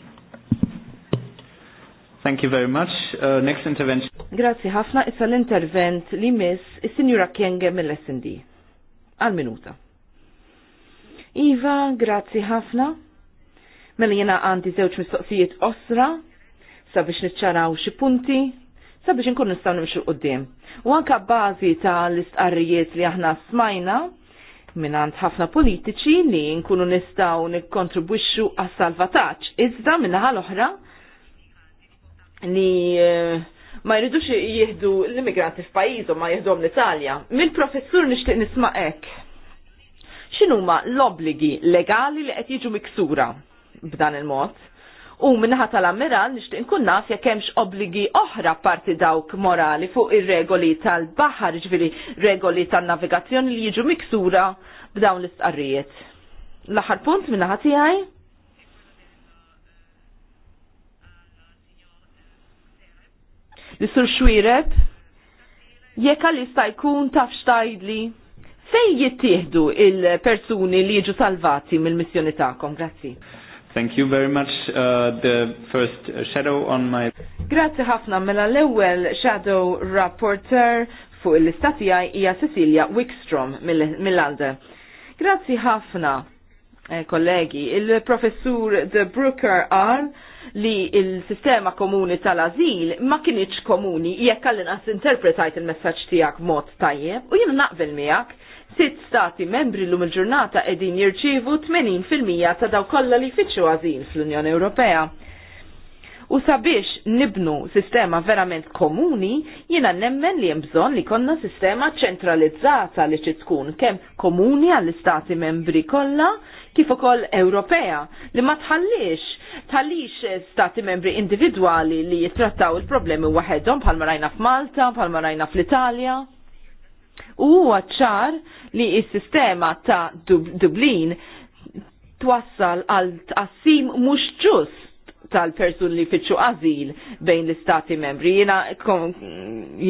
Thank you very much. Uh, next intervention. Grazzi ħafna issa l-intervent li miss is-Sinjura Kienge mill-SND għal-minuta. Iva, grazzi ħafna. Mela jena għandi zewċ mistoqsijiet osra, sabiex nitċaraw xi punti, sabiex nkun nistgħu nimxu qudiem. U anka bażi tal-istqarrijiet li aħna smajna għand ħafna politiċi li nkunu nistgħu nikkontribwixxu għas-salvataġġ. Iżda minnaħa l-oħra li eh, ma jridux jieħdu l-immigranti f'pajjiżhom ma jieħdhom l-Italja. Mill-professur nixtieq nisma' hekk. X'inhuma l-obbligi legali li qed jiġu miksura b'dan il-mod? U minħa tal-ammiral nixtieq nkun naf jekk hemmx obbligi oħra parti dawk morali fuq ir-regoli tal-baħar, ġifieri regoli tan-navigazzjoni li jiġu miksura b'dawn l-istqarrijiet. L-aħħar punt minnaħa tiegħi li sur xwiret, jekka li jkun taf xtajdli fej jittieħdu il-persuni li jiġu salvati mill-missjoni ta'kom. Grazzi. Thank you very much. Uh, the first shadow on my... Grazzi ħafna mela l-ewel shadow rapporter fuq l-istati għaj hija Cecilia Wickstrom mill-Alde. Grazzi ħafna, eh, kollegi. Il-professur De Brooker għal li il-sistema komuni tal-azil ma kienieċ komuni jekk għallin għas interpretajt il-messagġ tijak mod tajjeb u jenna naqbel miegħek sitt stati membri l-lum il-ġurnata edin jirċivu 80% ta' daw kollha li fitxu għazil fl-Unjoni Ewropea. U sabiex nibnu sistema verament komuni, jina nemmen li jembżon li konna sistema ċentralizzata li tkun kem komuni għall-istati membri kolla kif ukoll Ewropea li ma tħallix talix stati membri individuali li jittrattaw il-problemi waħedhom bħalma rajna f'Malta, bħalma rajna fl-Italja. U huwa ċar li s-sistema ta' Dublin twassal għal tqassim mhux ġust tal-persuni li fitxu azil bejn l-istati membri. Jina,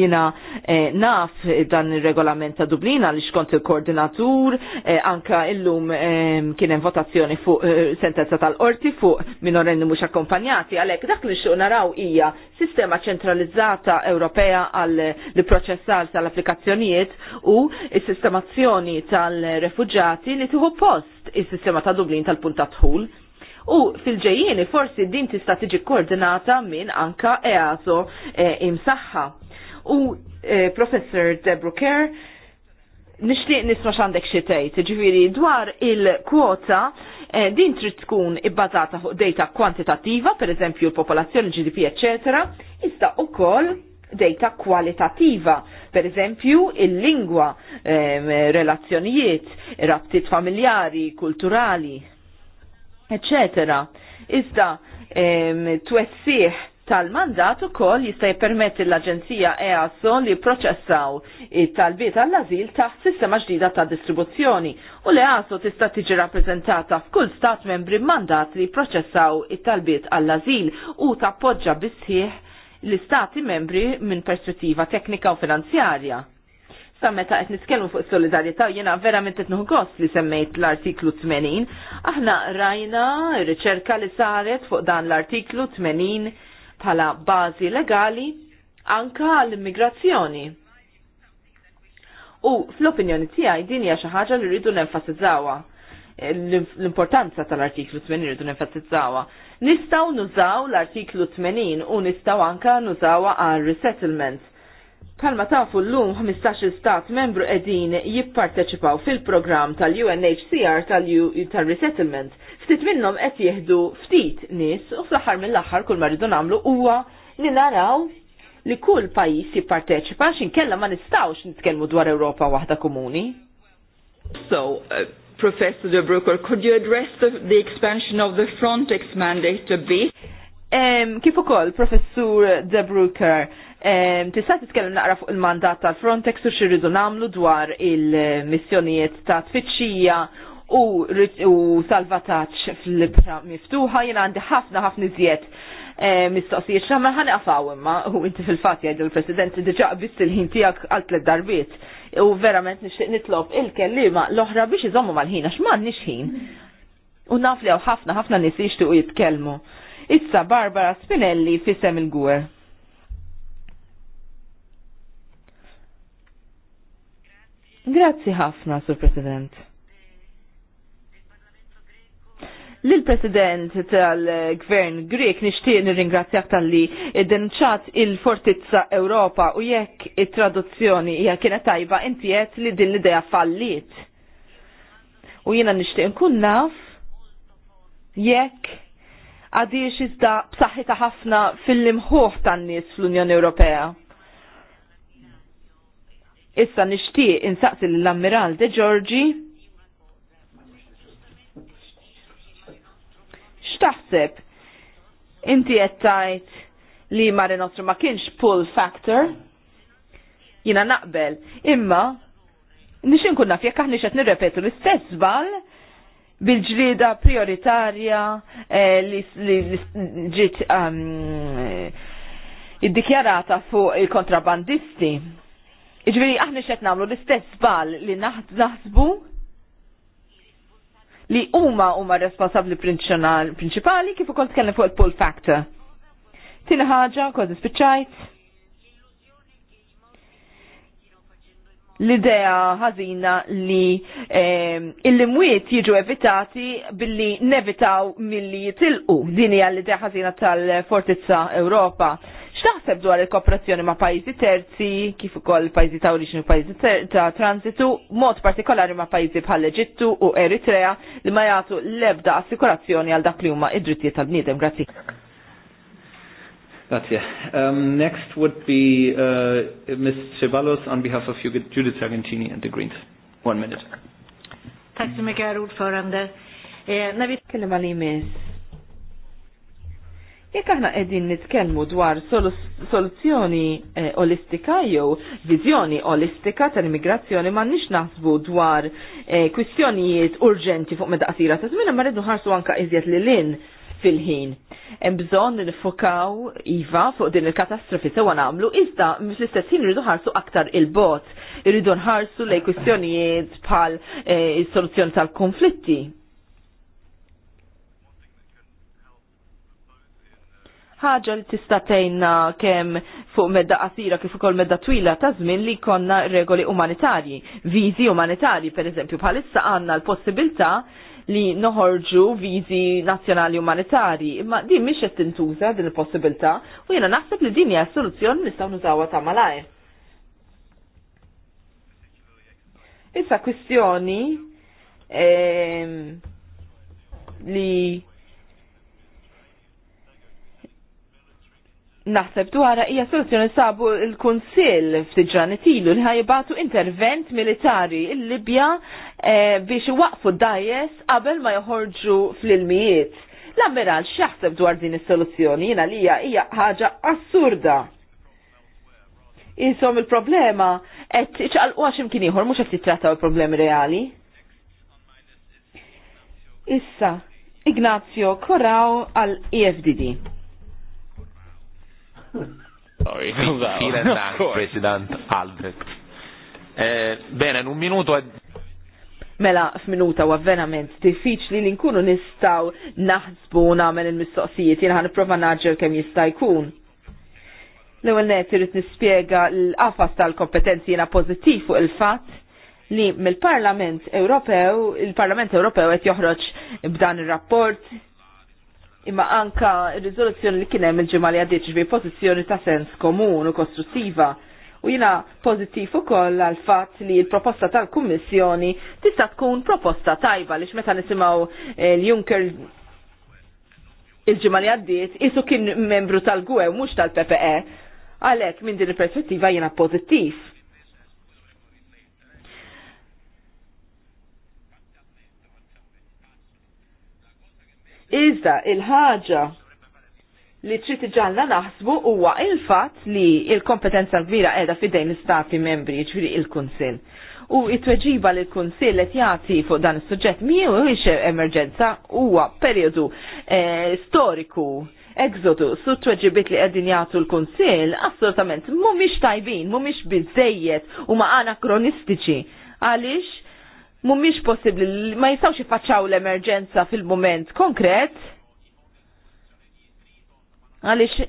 jina eh, naf dan il-regolament ta' Dublina li xkont il-koordinatur, eh, anka illum eh, kienem votazzjoni fuq eh, sentenza tal-orti fuq minorenni mux akkompanjati, għalek dak li xo naraw ija sistema Centralizzata Ewropea għal li proċessal tal-applikazzjonijiet u il-sistemazzjoni tal-refugġati li tuħu post il-sistema ta' Dublin tal puntat u fil-ġejjieni forsi din tista' tiġi koordinata minn anka EASO eh, imsaħħa. U eh, Professor Debra Kerr nishtiq nisma xandek xitejt, ġifiri dwar il-kwota eh, din trid tkun ibbażata fuq data kwantitativa, per eżempju l-popolazzjoni, GDP, eccetera, iżda ukoll data kwalitativa, per eżempju il-lingwa, eh, relazzjonijiet, rabtiet familjari, kulturali, eccetera. Iżda ehm, twessih tal-mandat u koll jista' jippermetti l-Aġenzija EASO li proċessaw it-talbiet għall-azil taħt sistema ġdida ta' distribuzzjoni u l EASO tista' tiġi rappreżentata f'kull stat membri mandat li proċessaw it-talbiet għall-azil u tappoġġa bisħieħ l-istati membri minn perspettiva teknika u finanzjarja ħafna meta qed nitkellmu fuq solidarjetà jiena verament qed nħu gost li semmejt l-artiklu 80. Aħna rajna riċerka li saret fuq dan l-artiklu 80 bħala bażi legali anka l-immigrazzjoni. U fl-opinjoni tiegħi din hija xi ħaġa li rridu nenfasizzawha l-importanza tal-artiklu 80 rridu nenfasizzawha. Nistaw nużaw l-artiklu 80 u nistaw anka nużawha għal resettlement. Palma tafu l-lum 15 stat membru edin jipparteċipaw fil-program tal-UNHCR tal-Resettlement. Ftit minnom qed jihdu ftit nis u fl-aħħar mill-aħħar kull marridu namlu huwa li naraw li kull pajjiż jipparteċipa kella ma nistawx nitkellmu dwar Ewropa waħda komuni. So, uh, Professor De Brucker, could you address the, the expansion of the Frontex mandate a bit? kif ukoll professur De Brucker, tista' titkellem naqra fuq il-mandat tal-Frontex u xirridu nagħmlu dwar il-missjonijiet ta' tfittxija u, salvataċ fl-libra miftuħa, jena għandi ħafna ħafna iżjed mistoqsijiet xamma ħan għafaw imma u inti fil-fat jgħidu l-president diġa biss il-ħin tijak għal darbiet u verament nixtieq nitlob il-kellima l-oħra biex iżommu mal-ħin għax m'għandniex ħin. U nafli ħafna ħafna nies jixtiequ jitkellmu. Issa Barbara Spinelli fissem il-gwer. Grazzi ħafna, Sur President. Lil-President tal-Gvern Grek nixtieq nirringrazzjak tal-li denċat il-Fortizza Ewropa u jekk it-traduzzjoni hija kienet tajba inti qed li din l-idea fallit. U jiena nixtieq nkun naf jekk għadiex iżda b'saħħitha ħafna fil limħuħ tan-nies fl-Unjoni Ewropea. Issa nixtieq insaqsi l-Ammiral De Giorgi x'taħseb inti qed tgħid li Mare Nostrum ma kienx pull factor jina naqbel imma nix nkun naf jekk aħna qed nirrepetu l-istess żball bil-ġrida prioritarja eh, li ġiet um, iddikjarata fuq il-kontrabandisti. Iġviri, aħna xet namlu l-istess bal li naħsbu li huma huma responsabli prinċipali kif ukoll tkellem fuq il-pull factor. Tina ħaġa, kważi spiċċajt? l-idea ħażina li ehm, il-limwiet jiġu evitati billi nevitaw milli jitilqu. Din hija l-idea ħażina tal-Fortizza Ewropa. X'taħseb dwar il-kooperazzjoni ma' pajjiżi terzi, kif ukoll pajjiżi ta' oriġini u pajzi ta' transitu, mod partikolari ma' pajjiżi bħal Eġittu u Eritrea li ma jagħtu l-ebda assikurazzjoni għal dak li huma id-drittijiet tal-bniedem. Grazie. Grazie. Um, next would be uh, Ms. Ceballos on behalf of Judith Sargentini and the Greens. One minute. Tack så mycket, herr ordförande. Eh, när vi aħna qegħdin nitkellmu dwar soluzzjoni eh, olistika jew viżjoni olistika tal-immigrazzjoni m'għandniex naħsbu dwar eh, kwistjonijiet urġenti fuq meda qasira ta' żmien, ma rridu ħarsu anke iżjed lil fil-ħin. Hemm bżonn nifukaw iva fuq din il-katastrofi sewa nagħmlu iżda fl-istess ħin rridu ħarsu aktar il-bot, irridu nħarsu lej kwistjonijiet bħal eh, is-soluzzjoni tal-konflitti. ħaġa li tista' tgħinna kemm fuq medda qasira kif ukoll medda twila ta' żmien li konna regoli umanitarji, viżi umanitarji pereżempju bħalissa għandna l-possibilità li noħorġu viżi nazzjonali umanitari. Imma din mhix qed tintuża din il-possibilità u jiena naħseb li din hija soluzzjoni nistgħu nużawha ta' malajr. Issa kwistjoni ehm, li naħseb dwarha hija soluzzjoni sabu l-Kunsill f ġranet li ħajbatu intervent militari l-Libja eh, biex waqfu dajes qabel ma joħorġu fl-ilmijiet. L-ammiral x'jaħseb dwar din is-soluzzjoni jiena li hija ħaġa assurda. Isom il-problema qed iċqalqu għax imkien ieħor mhux qed titrattaw il-problemi reali. Issa, Ignazio Koraw għal EFDD. President Albert. Eh, bene, in un minuto Mela, f'minuta wa verament diffiċli li nkunu nistaw naħsbu namen il-mistoqsijiet, jien ħan nipprova naġġel kemm jista' jkun. L-ewwel net irid nispjega l-qafas tal-kompetenzi jiena pożittiv fuq il-fatt li mill-Parlament Ewropew, il-Parlament Ewropew qed joħroġ b'dan ir-rapport imma anka rizoluzzjoni li kienem il-ġimma li għaddiet ġbi pozizjoni ta' sens komun u kostruttiva. U jina pozittif u koll għal fat li l-proposta tal-Kummissjoni tista' tkun proposta tajba li meta nisimaw eh, l-Junker il-ġimma li għaddiet isu kien membru tal-GUE mux tal-PPE. Għalek minn din il-perspettiva jina pozittif. Iżda il-ħaġa li trid iġalla naħsbu huwa il-fatt li il-kompetenza kbira qiegħda fidejn l-istati membri, ġifieri il-Kunsill. U it-tweġiba li l-Kunsill qed jagħti fuq dan is-suġġett miex emerġenza huwa perjodu eh, storiku Exodu, su tweġibit li qegħdin jagħtu l-Kunsill assolutament mhumiex tajbin, mhumiex biżejjed u ma anakronistiċi. Għaliex mumiex possibli, ma jistawx jifacċaw l-emerġenza fil-moment konkret. Għalix,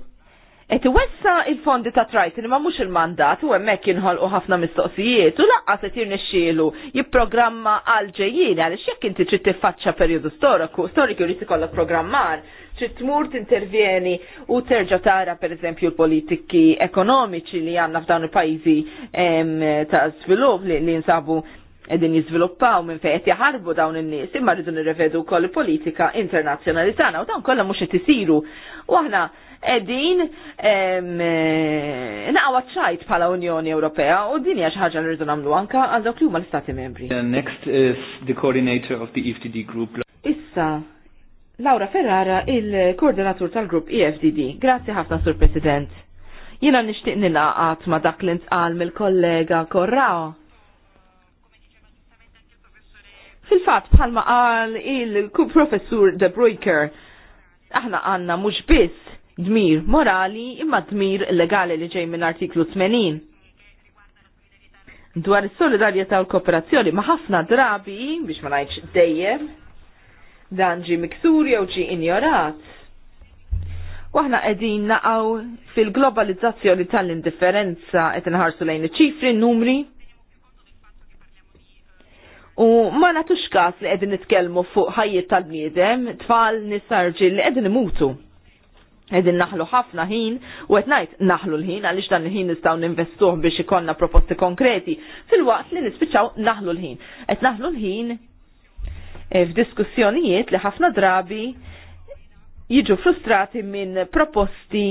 et wessa il-fondi ta' trajt li ma mux il-mandat u għemmek jinħol u ħafna mistoqsijiet u laqqa se tirni xilu, jipprogramma għal ġejjini għalix jekk inti trid tiffaċċa periodu storiku, storiku li tikollok programmar ċi tmur tintervjeni u terġa tara per eżempju l-politiki ekonomiċi li għanna f'dan il-pajzi ta' svilup li, li nsabu edin jizviluppaw minn fejn qed jaħarbu dawn in-nies imma rridu nirrevedu wkoll politika internazzjonali tagħna u dawn kollha mhux qed isiru. U aħna qegħdin eh, naqgħu ċajt bħala Unjoni Ewropea u din hija xi ħaġa li rridu nagħmlu anke għal dawk li huma l-Stati Membri. Next is the coordinator of the EFTD group. Issa, Laura Ferrara, il-koordinatur tal-grupp EFDD. Grazzi ħafna, Sur President. Jiena nixtieq nilaqat ma dak li ntqal mill-kollega Korrao Fil-fat, bħalma għal il-professur De Bruyker, aħna għanna mux biss dmir morali imma dmir legali li ġej minn artiklu 80. Dwar is-solidarjetà u l-kooperazzjoni ma' ħafna drabi biex ma ngħidx dejjem dan ġi miksur jew ġi injorat. Waħna qegħdin naqgħu fil-globalizzazzjoni tal-indifferenza qed inħarsu lejn iċ-ċifri, numri, U ma natux kas li qegħdin nitkellmu fuq ħajjiet tal-bniedem, tfal nisarġi li qegħdin imutu. Edin naħlu ħafna ħin u qed ngħid naħlu l-ħin għaliex dan il-ħin nistgħu ninvestuh biex ikollna proposti konkreti fil-waqt li nispiċċaw naħlu l-ħin. Qed naħlu l-ħin eh, f'diskussjonijiet li ħafna drabi jiġu frustrati minn proposti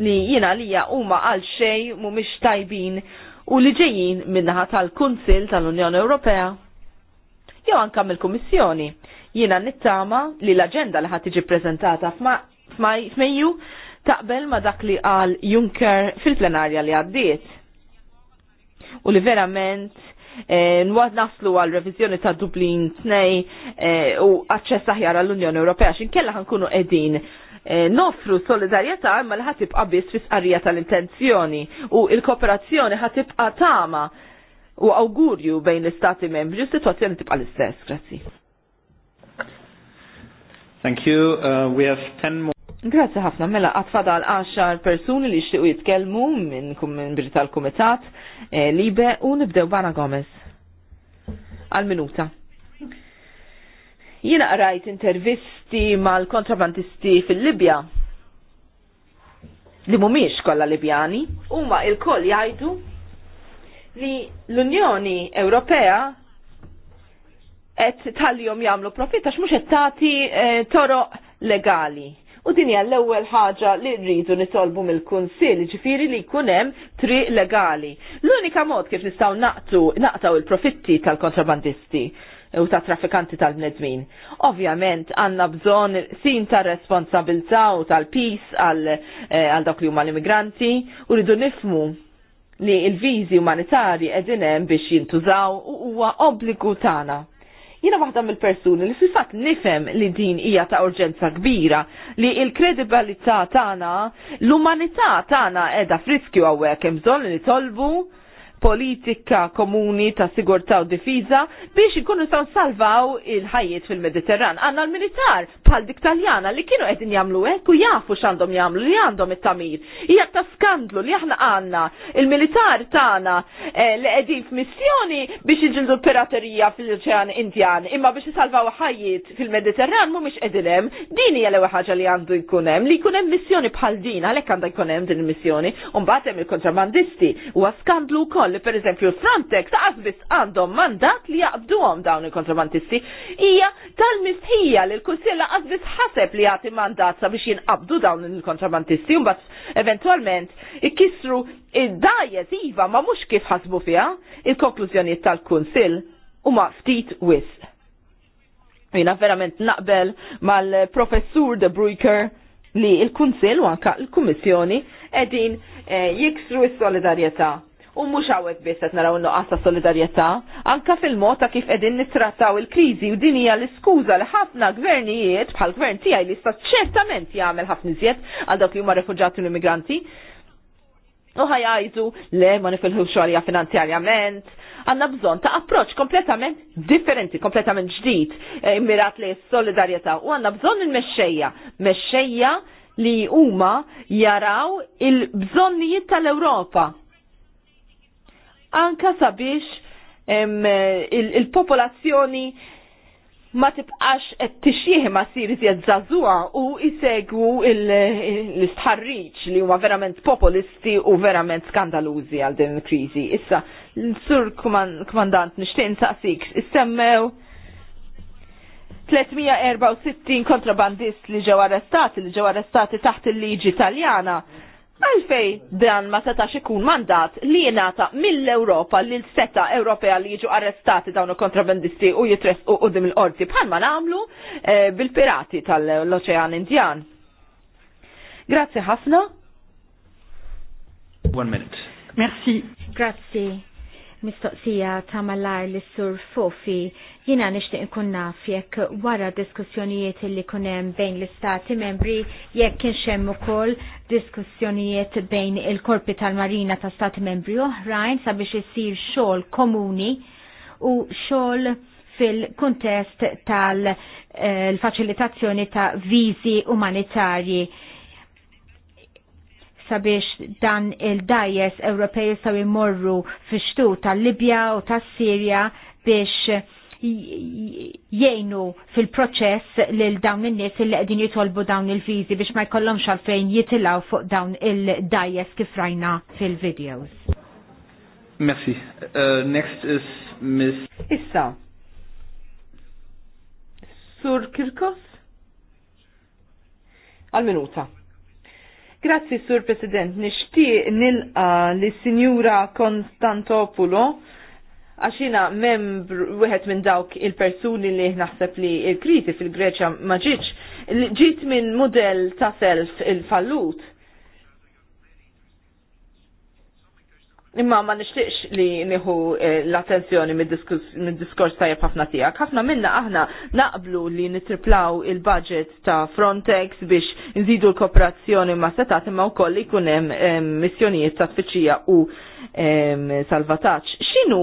li jina li huma għal xej mhumiex tajbin u li ġejjin minnaħa tal-Kunsil tal-Unjoni Ewropea. Jew anka mill-Kummissjoni. Jiena nittama li l-aġenda li ħad tiġi preżentata f'Mejju taqbel ma dak li qal Juncker fil-plenarja li għaddiet. U li verament eh, nwad naslu għal revizjoni ta' Dublin 2 eh, u aċċess aħjar għall-Unjoni Ewropea xinkella ħankunu edin Eh, nofru solidarjetà imma li ħatibqa' biss fi qarrija tal-intenzjoni u il-kooperazzjoni ħatibqa' tama u awgurju bejn l-istati membri u situazzjoni tibqa' l-istess. Grazzi. Thank you. Uh, we have 10 more. Grazzi ħafna, mela għatfadal 10 persuni li xtiqu jitkellmu minn min tal-Kumitat, eh, Libe, u nibdew Bana Gomez. Għal-minuta jina qrajt intervisti mal-kontrabandisti fil-Libja li mhumiex kollha Libjani, huma il-koll jgħidu li l-Unjoni Ewropea qed tal-jom jagħmlu profitt għax mhux qed tagħti eh, toro legali. U din hija l-ewwel ħaġa li rridu nitolbu mill-Kunsill, ġifieri li jkun hemm triq legali. L-unika mod kif nistgħu naqtu naqtaw il-profitti tal-kontrabandisti u ta' trafikanti tal-bnedmin. Ovvjament għanna bżon sin ta' responsabilta u tal-pis għal eh, dak li huma l-immigranti u rridu nifmu li il-viżi umanitari edinem biex jintużaw u huwa obbligu tagħna. Jina waħda mill-persuni li fil fat nifhem li din hija ta' urġenza kbira li il-kredibilità tagħna, l-umanità tagħna qiegħda friskju għawek hemm bżonn li tolbu politika komuni ta' sigurtà u difiża biex ikunu san salvaw il-ħajiet fil-Mediterran. Għanna l-militar bħal dik taljana li kienu qegħdin jagħmlu hekk u jafu x'għandhom jagħmlu li għandhom it-tamir. Hija ta' skandlu li aħna għandna il-militar tagħna eh, li qegħdin f'missjoni biex iġildu piraterija fil ċean Indjan imma biex isalvaw ħajiet fil-Mediterran mhumiex miex hemm. Din hija l ħaġa li għandu jkun hemm li jkun hemm missjoni bħal din għalhekk għandu jkun hemm din il-missjoni u mbagħad hemm il-kontrabandisti huwa skandlu wkoll li per eżempju Frontex għazbis għandhom mandat li jaqbduhom dawn il-kontrabantisti hija tal-mistħija li l-Kunsilla għazbis ħaseb li jagħti mandat sabiex jinqabdu dawn il-kontrabantisti un mbagħad eventwalment ikissru id dajet iva ma mhux kif ħasbu fiha il-konklużjonijiet tal-Kunsill huma ftit wisq. Jina verament naqbel mal-professur De Bruyker li il-Kunsil u anka il-Kummissjoni edin eh, jiksru s-solidarieta. U mhux hawnhekk biss qed naraw nuqqas ta' solidarjetà, anka fil-mod ta' kif qegħdin nittrattaw il-kriżi u din hija l-iskuża li ħafna gvernijiet bħal gvern tiegħi li sta ċertament jagħmel ħafna iżjed għal dawk li huma refuġjati u l-immigranti. U ħajajdu le ma nifilħu xorja finanzjarjament, għanna bżon ta' approċ kompletament differenti, kompletament ġdid, e, immirat li solidarieta u għanna bżon il-mesċeja, mesċeja li huma jaraw il-bżonnijiet tal-Europa anka sabiex il-popolazzjoni ma tibqax qed tixjih ma sir iżjed żagħżugħa u jsegwu l-istħarriġ li huma verament populisti u verament skandalużi għal din il-kriżi. Issa, l-sur Kumandant nixtieq insaqsik, issemmew 364 kontrabandist li ġew arrestati, li ġew arrestati taħt il-liġi Taljana Għalfej dan ma setax ikun mandat li jenata mill-Europa li l-seta Ewropea li jiġu arrestati dawn kontrabandisti u jitres u qudiem il-qorti bħalma namlu eh, bil-pirati tal-Oċean Indjan. Grazzi ħafna. One minute. Merci. Grazzi. Mistoqsija ta' malar sur Fofi Jina nishtiq nkun naf jekk wara diskussjonijiet li kunem bejn l-istati membri jekk kien xemm ukoll diskussjonijiet bejn il-korpi tal-marina ta' stati membri oħrajn sabiex isir xogħol komuni u xogħol fil-kuntest tal-faċilitazzjoni eh, ta' viżi umanitarji sabiex dan il-dajes Ewropej jistaw imorru fi xtu tal-Libja u tas-Sirja biex jgħinu fil-proċess lil dawn in-nies li qegħdin jitolbu dawn il-viżi biex ma jkollhomx għalfejn jitilgħu fuq dawn il-dajjes kif rajna fil-videos. Merci. Uh, next is Miss Issa. Sur Kirkos? Għal-minuta. Grazzi, Sur President. Nishtiq nilqa li Signora Konstantopoulos għaxina membru wieħed minn dawk il-persuni li naħseb li il-kriti fil-Greċja ma ġietx ġiet minn model ta' self il-fallut Imma ma nishtiqx li nieħu eh, l-attenzjoni mid-diskors tajjeb ħafna tiegħek. Ħafna minna aħna naqblu li nitriplaw il-budget ta' Frontex biex nżidu l-kooperazzjoni ma' setat imma wkoll li jkun hemm missjonijiet ta' tfittxija u salvataġġ. X'inhu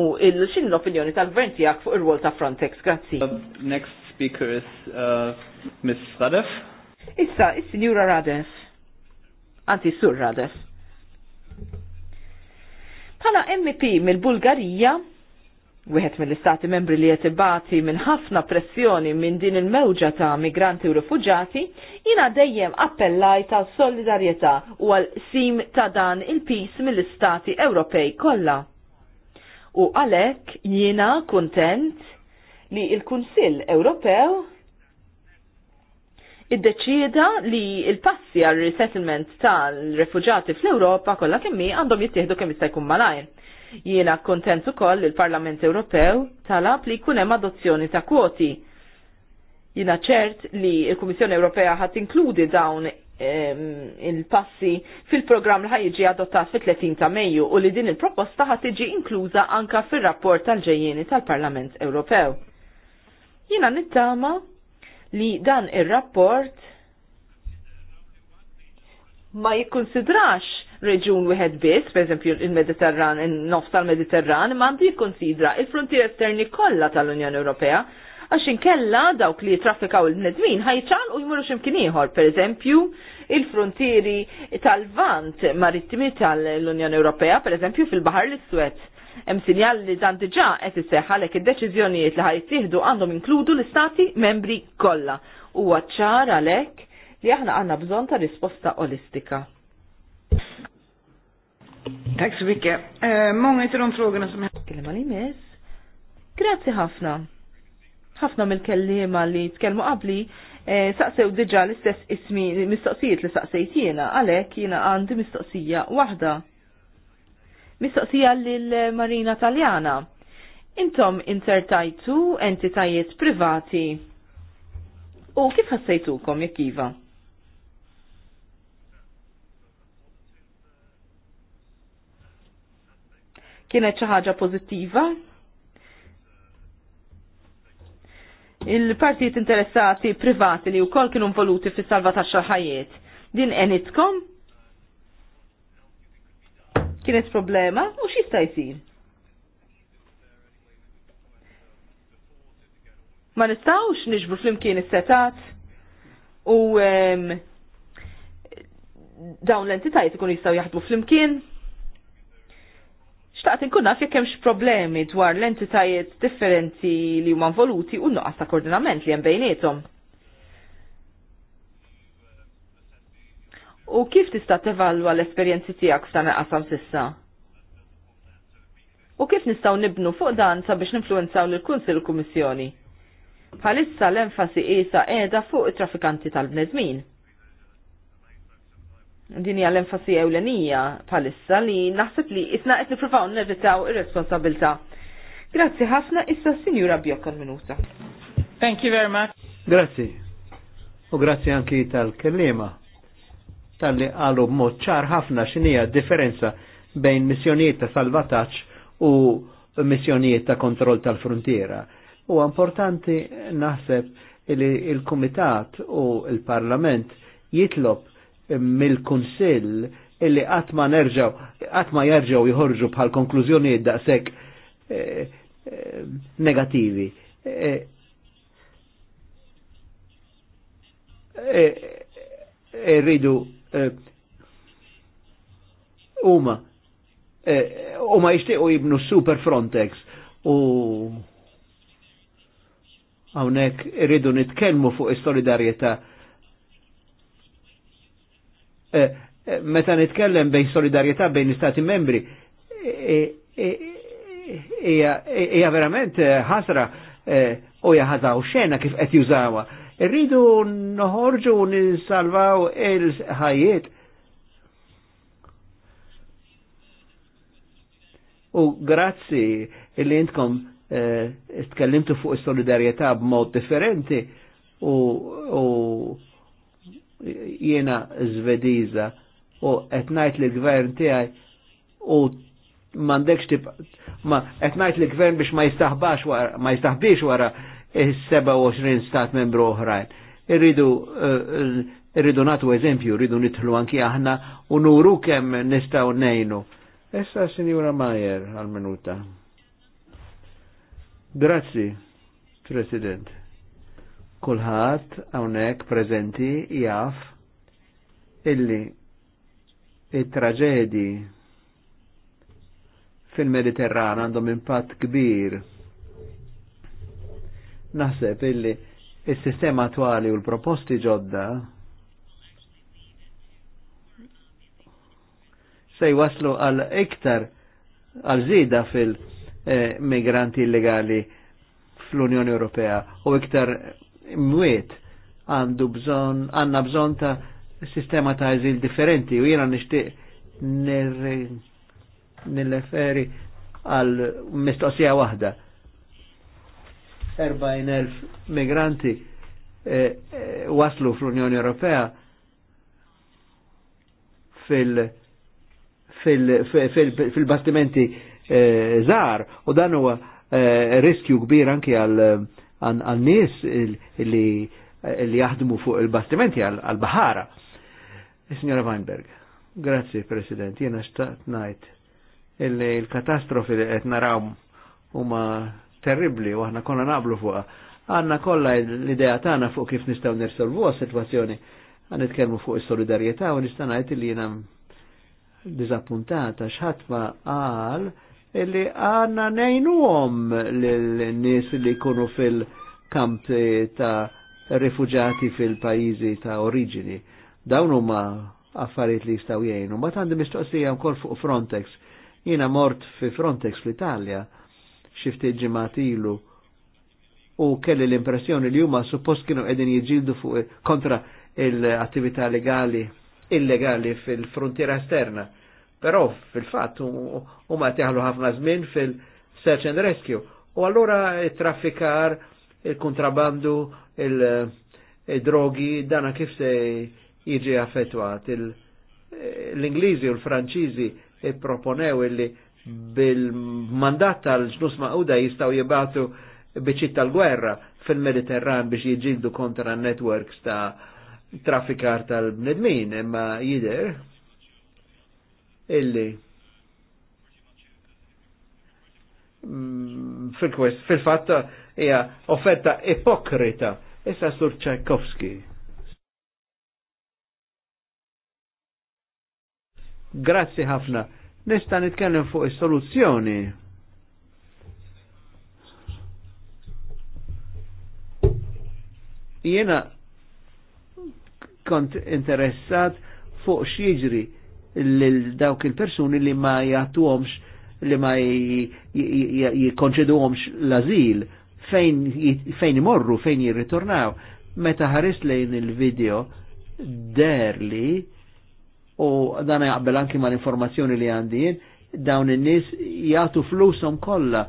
l-opinjoni tal-gvern tiegħek fuq ir-rwol ta' Frontex? Grazzi. Uh, next speaker is uh, Miss Radef. Issa, is-Sinjura Radef. Anzi, Sur Radef. Pala MP mill-Bulgarija, wieħed mill-istati membri li qed ibati minn ħafna pressjoni minn din il-mewġa ta' migranti u rifuġati, jiena dejjem appellaj għal solidarjetà u għal sim ta' dan il-pis mill-istati Ewropej kollha. U għalhekk jiena kuntent li il-Kunsill Ewropew iddeċieda li il-passi għal resettlement tal refugġati fl-Ewropa kollha kemm għandhom jittieħdu kemm jista' jkun malajn. Jiena kontent ukoll il-Parlament Ewropew talab li jkun hemm adozzjoni ta' kwoti. Jiena ċert li l-Kummissjoni Ewropea ħadd inkludi dawn ehm, il-passi fil-programm li ħajġi adottat fit-30 ta' Mejju u li din il-proposta ħadd tiġi inkluża anka fir-rapport tal-ġejjieni tal-Parlament Ewropew. Jiena nittama li dan ir-rapport ma jikkonsidrax reġun wieħed biss, pereżempju il-Mediterran, il nofs tal-Mediterran, ma għandu jikkonsidra il-frontier esterni kollha tal-Unjoni Ewropea għax inkella dawk li jitraffikaw il-nedmin ħajċan u jmurru ximkien ieħor, pereżempju il-frontieri tal-vant marittimi tal-Unjoni Ewropea, pereżempju fil-Baħar l-Iswed hemm sinjal li dan diġà qed isseħħ għalhekk id-deċiżjonijiet li ħajtieħdu għandhom inkludu l-istati membri kollha. Huwa ċar għalhekk li aħna għandna bżonn ta' risposta olistika. Tak så mycket. Eh, många av de frågorna Kelma li mis. grazzi ħafna. ħafna mill-kellima li tkellmu qabli eh, saqsew diġa l-istess ismi mistoqsijiet li saqsejt jiena, għalhekk jiena għandi mistoqsija waħda mistoqsija lill-Marina Taljana. Intom intertajtu entitajiet privati. U kif ħassejtukom jekk iva? Kienet xi ħaġa pożittiva? Il-partijiet interessati privati li wkoll kienu involuti fis-salvataġġ tal ħajjiet. Din enitkom? kienet problema u x'jista' jsir. Ma nistgħux niġbru flimkien is-setat u um, dawn l-entitajiet ikun jistgħu jaħdmu flimkien. Xtaqt inkun naf jekk hemmx problemi dwar l-entitajiet differenti li huma involuti u noqqas ta' koordinament li hemm bejniethom. U kif tista' tevalwa l-esperjenzi tiegħek f'dan il-qasam sissa? U kif nistgħu nibnu fuq dan sabiex ninfluwenzaw lil kunsil il kummissjoni? Bħalissa l-enfasi qiesa qiegħda fuq it-traffikanti tal-bnedmin. Din hija l-enfasi ewlenija bħalissa li naħseb li isna qed nippruvaw nevitaw ir-responsabilità. Grazzi ħafna issa Sinjura Bjokkan minuta. Thank you very much. Grazzi. U grazzi anki tal-kellima tal-li għalu mod ċar ħafna xinija differenza bejn missjonijiet ta' salvataċ u missjonijiet ta' kontroll tal-frontiera. U importanti naħseb li il-Kumitat u il-Parlament jitlob mill-Kunsill illi għatma nerġaw, għatma jarġaw jħorġu bħal konklużjoni daqsek eh, eh, negativi. Eh, irridu eh, eh, Eh, huma eh, huma jixtiequ jibnu super Frontex u hawnhekk irridu nitkellmu fuq is-solidarjetà eh, meta nitkellem bejn solidarieta bejn istati membri eja verament ħasra u jaħadaw xena kif qed jużawha Irridu noħorġu nisalvaw il-ħajiet. U grazzi li intkom eh, fuq is-solidarjetà b'mod differenti u, u zvediza u etnajt li gvern tijaj u mandekx tib ma etnajt li gvern biex ma jistahbax wara ma jistaħbix wara 27 stat membru oħrajn. Irridu eh, irridu natu eżempju, irridu nitħlu anki aħna u nuru kemm nistgħu nejnu. Essa Sinjura Majer għal-minuta. Grazzi, President. Kulħadd hawnhekk preżenti jaf illi it-traġedi fil-Mediterran għandhom impatt kbir naħseb illi il-sistema attuali u l-proposti ġodda se waslu għal iktar għal żida fil-migranti illegali fl-Unjoni Ewropea u iktar mwiet għandu bżon, għanna bżon ta' sistema ta' eżil differenti u jena nishtiq nir-referi għal mistoqsija wahda 40.000 migranti e, e, waslu fl-Unjoni Ewropea fil-bastimenti zar e, u dan huwa riskju kbir anki għal nies li jaħdmu fuq il-bastimenti għal bahara. Signora Weinberg, grazie President, jena xtaqt najt il-katastrofi li qed naraw huma terribli u aħna konna naqblu fuqha. Għanna kollha l-idea tagħna fuq kif nistgħu nirsolvuha s-sitwazzjoni. Għan nitkellmu fuq is-solidarjetà u nista' ngħid li jiena diżappuntata x'ħat ma qal illi għanna għom l-nies li jkunu fil-kamp ta' rifugjati fil-pajizi ta' oriġini. Dawn huma affarijiet li jistgħu jgħinu. Ma tandi mistoqsija wkoll fuq Frontex. Jiena mort fi Frontex fl-Italja xifti ilu. u kelli l-impressjoni li huma suppost kienu qegħdin jiġildu fuq kontra l-attività legali illegali fil-frontiera esterna. Però fil-fatt huma teħlu ħafna żmien fil-search and rescue. U allura traffikar, il-kontrabandu, il-drogi, dana kif se jiġi affettwat. L-Ingliżi u l-Franċiżi proponew illi bil-mandat tal-ġnus ma'uda jistaw jibatu biċit tal-gwerra fil-Mediterran biex jġildu kontra networks ta' traffikar tal-bnedmin, imma jider illi mm, fil fatta hija offerta ipokrita. Issa sur Tchaikovsky. Grazzi ħafna Nista' nitkellem fuq is-soluzzjoni. Jiena kont interessat fuq x'jiġri lil dawk il-persuni li ma jagħtuhomx li ma jikkonċeduhomx l-azil fejn fejn imorru, fejn jirritornaw. Meta ħares lejn il-video derli u dan jaqbel anki ma l-informazzjoni li għandijin, dawn in-nies jagħtu flusom kollha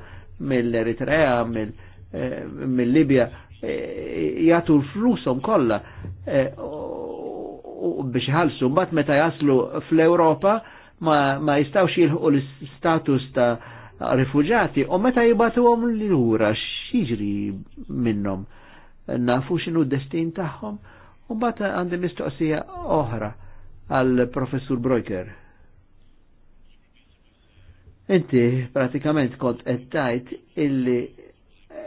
mill-Eritrea, eh, mill-Libja, eh, jgħatu l-flusom kollha eh, biex ħalsu, mbagħad meta jaslu fl-Ewropa ma jistawx jilħu l-status ta' rifugjati u meta jibatuhom lura x'jiġri minnhom nafu x'inhu d-destin tagħhom u mbagħad għandi mistoqsija oħra għal professur Broiker. Inti pratikament kont ettajt illi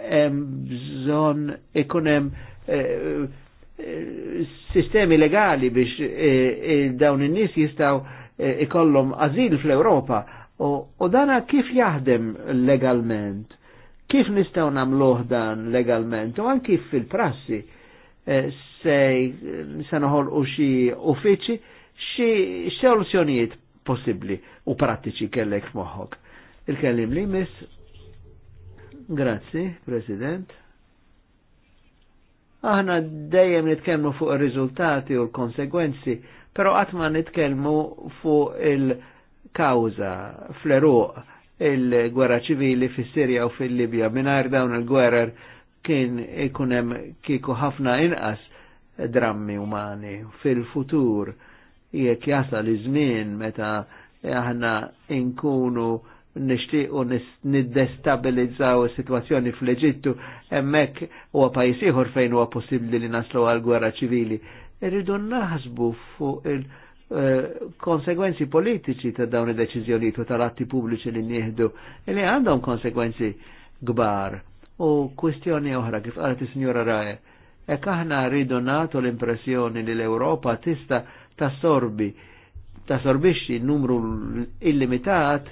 hemm bżonn ikun hemm eh, eh, sistemi legali biex eh, dawn in-nies jistgħu ikollhom azil fl-Ewropa u dana kif jaħdem legalment? Kif nistgħu nagħmluh dan legalment u anki fil-prassi se se noħolqu xi uffiċċji xi soluzzjonijiet possibbli u prattiċi kellek f'moħħok. Il-kellim li miss. Grazzi, President. Aħna dejjem nitkellmu fuq ir-riżultati u l-konsegwenzi, però qatt ma nitkellmu fuq il-kawża fl-eruq il-gwerra ċivili fis sirja u fil-Libja. Minar dawn il-gwerra kien ikunem kiku ħafna inqas drammi umani fil-futur jekk jasal li żmien meta eh, aħna inkunu nishtiqu niddestabilizzaw is-sitwazzjoni fl-Eġittu hemmhekk u għapajsiħor fejn huwa possibbli li naslu għal gwerra ċivili. Irridu naħsbu fuq il-konsegwenzi eh, politiċi ta' dawn id-deċiżjonijiet u tal-atti pubbliċi li njihdu li għandhom konsegwenzi kbar. U kwistjoni oħra kif qalet is-Sinjora Rae, Ek aħna rridu nagħtu l-impressjoni li l-Ewropa tista' tassorbi tassorbixxi numru illimitat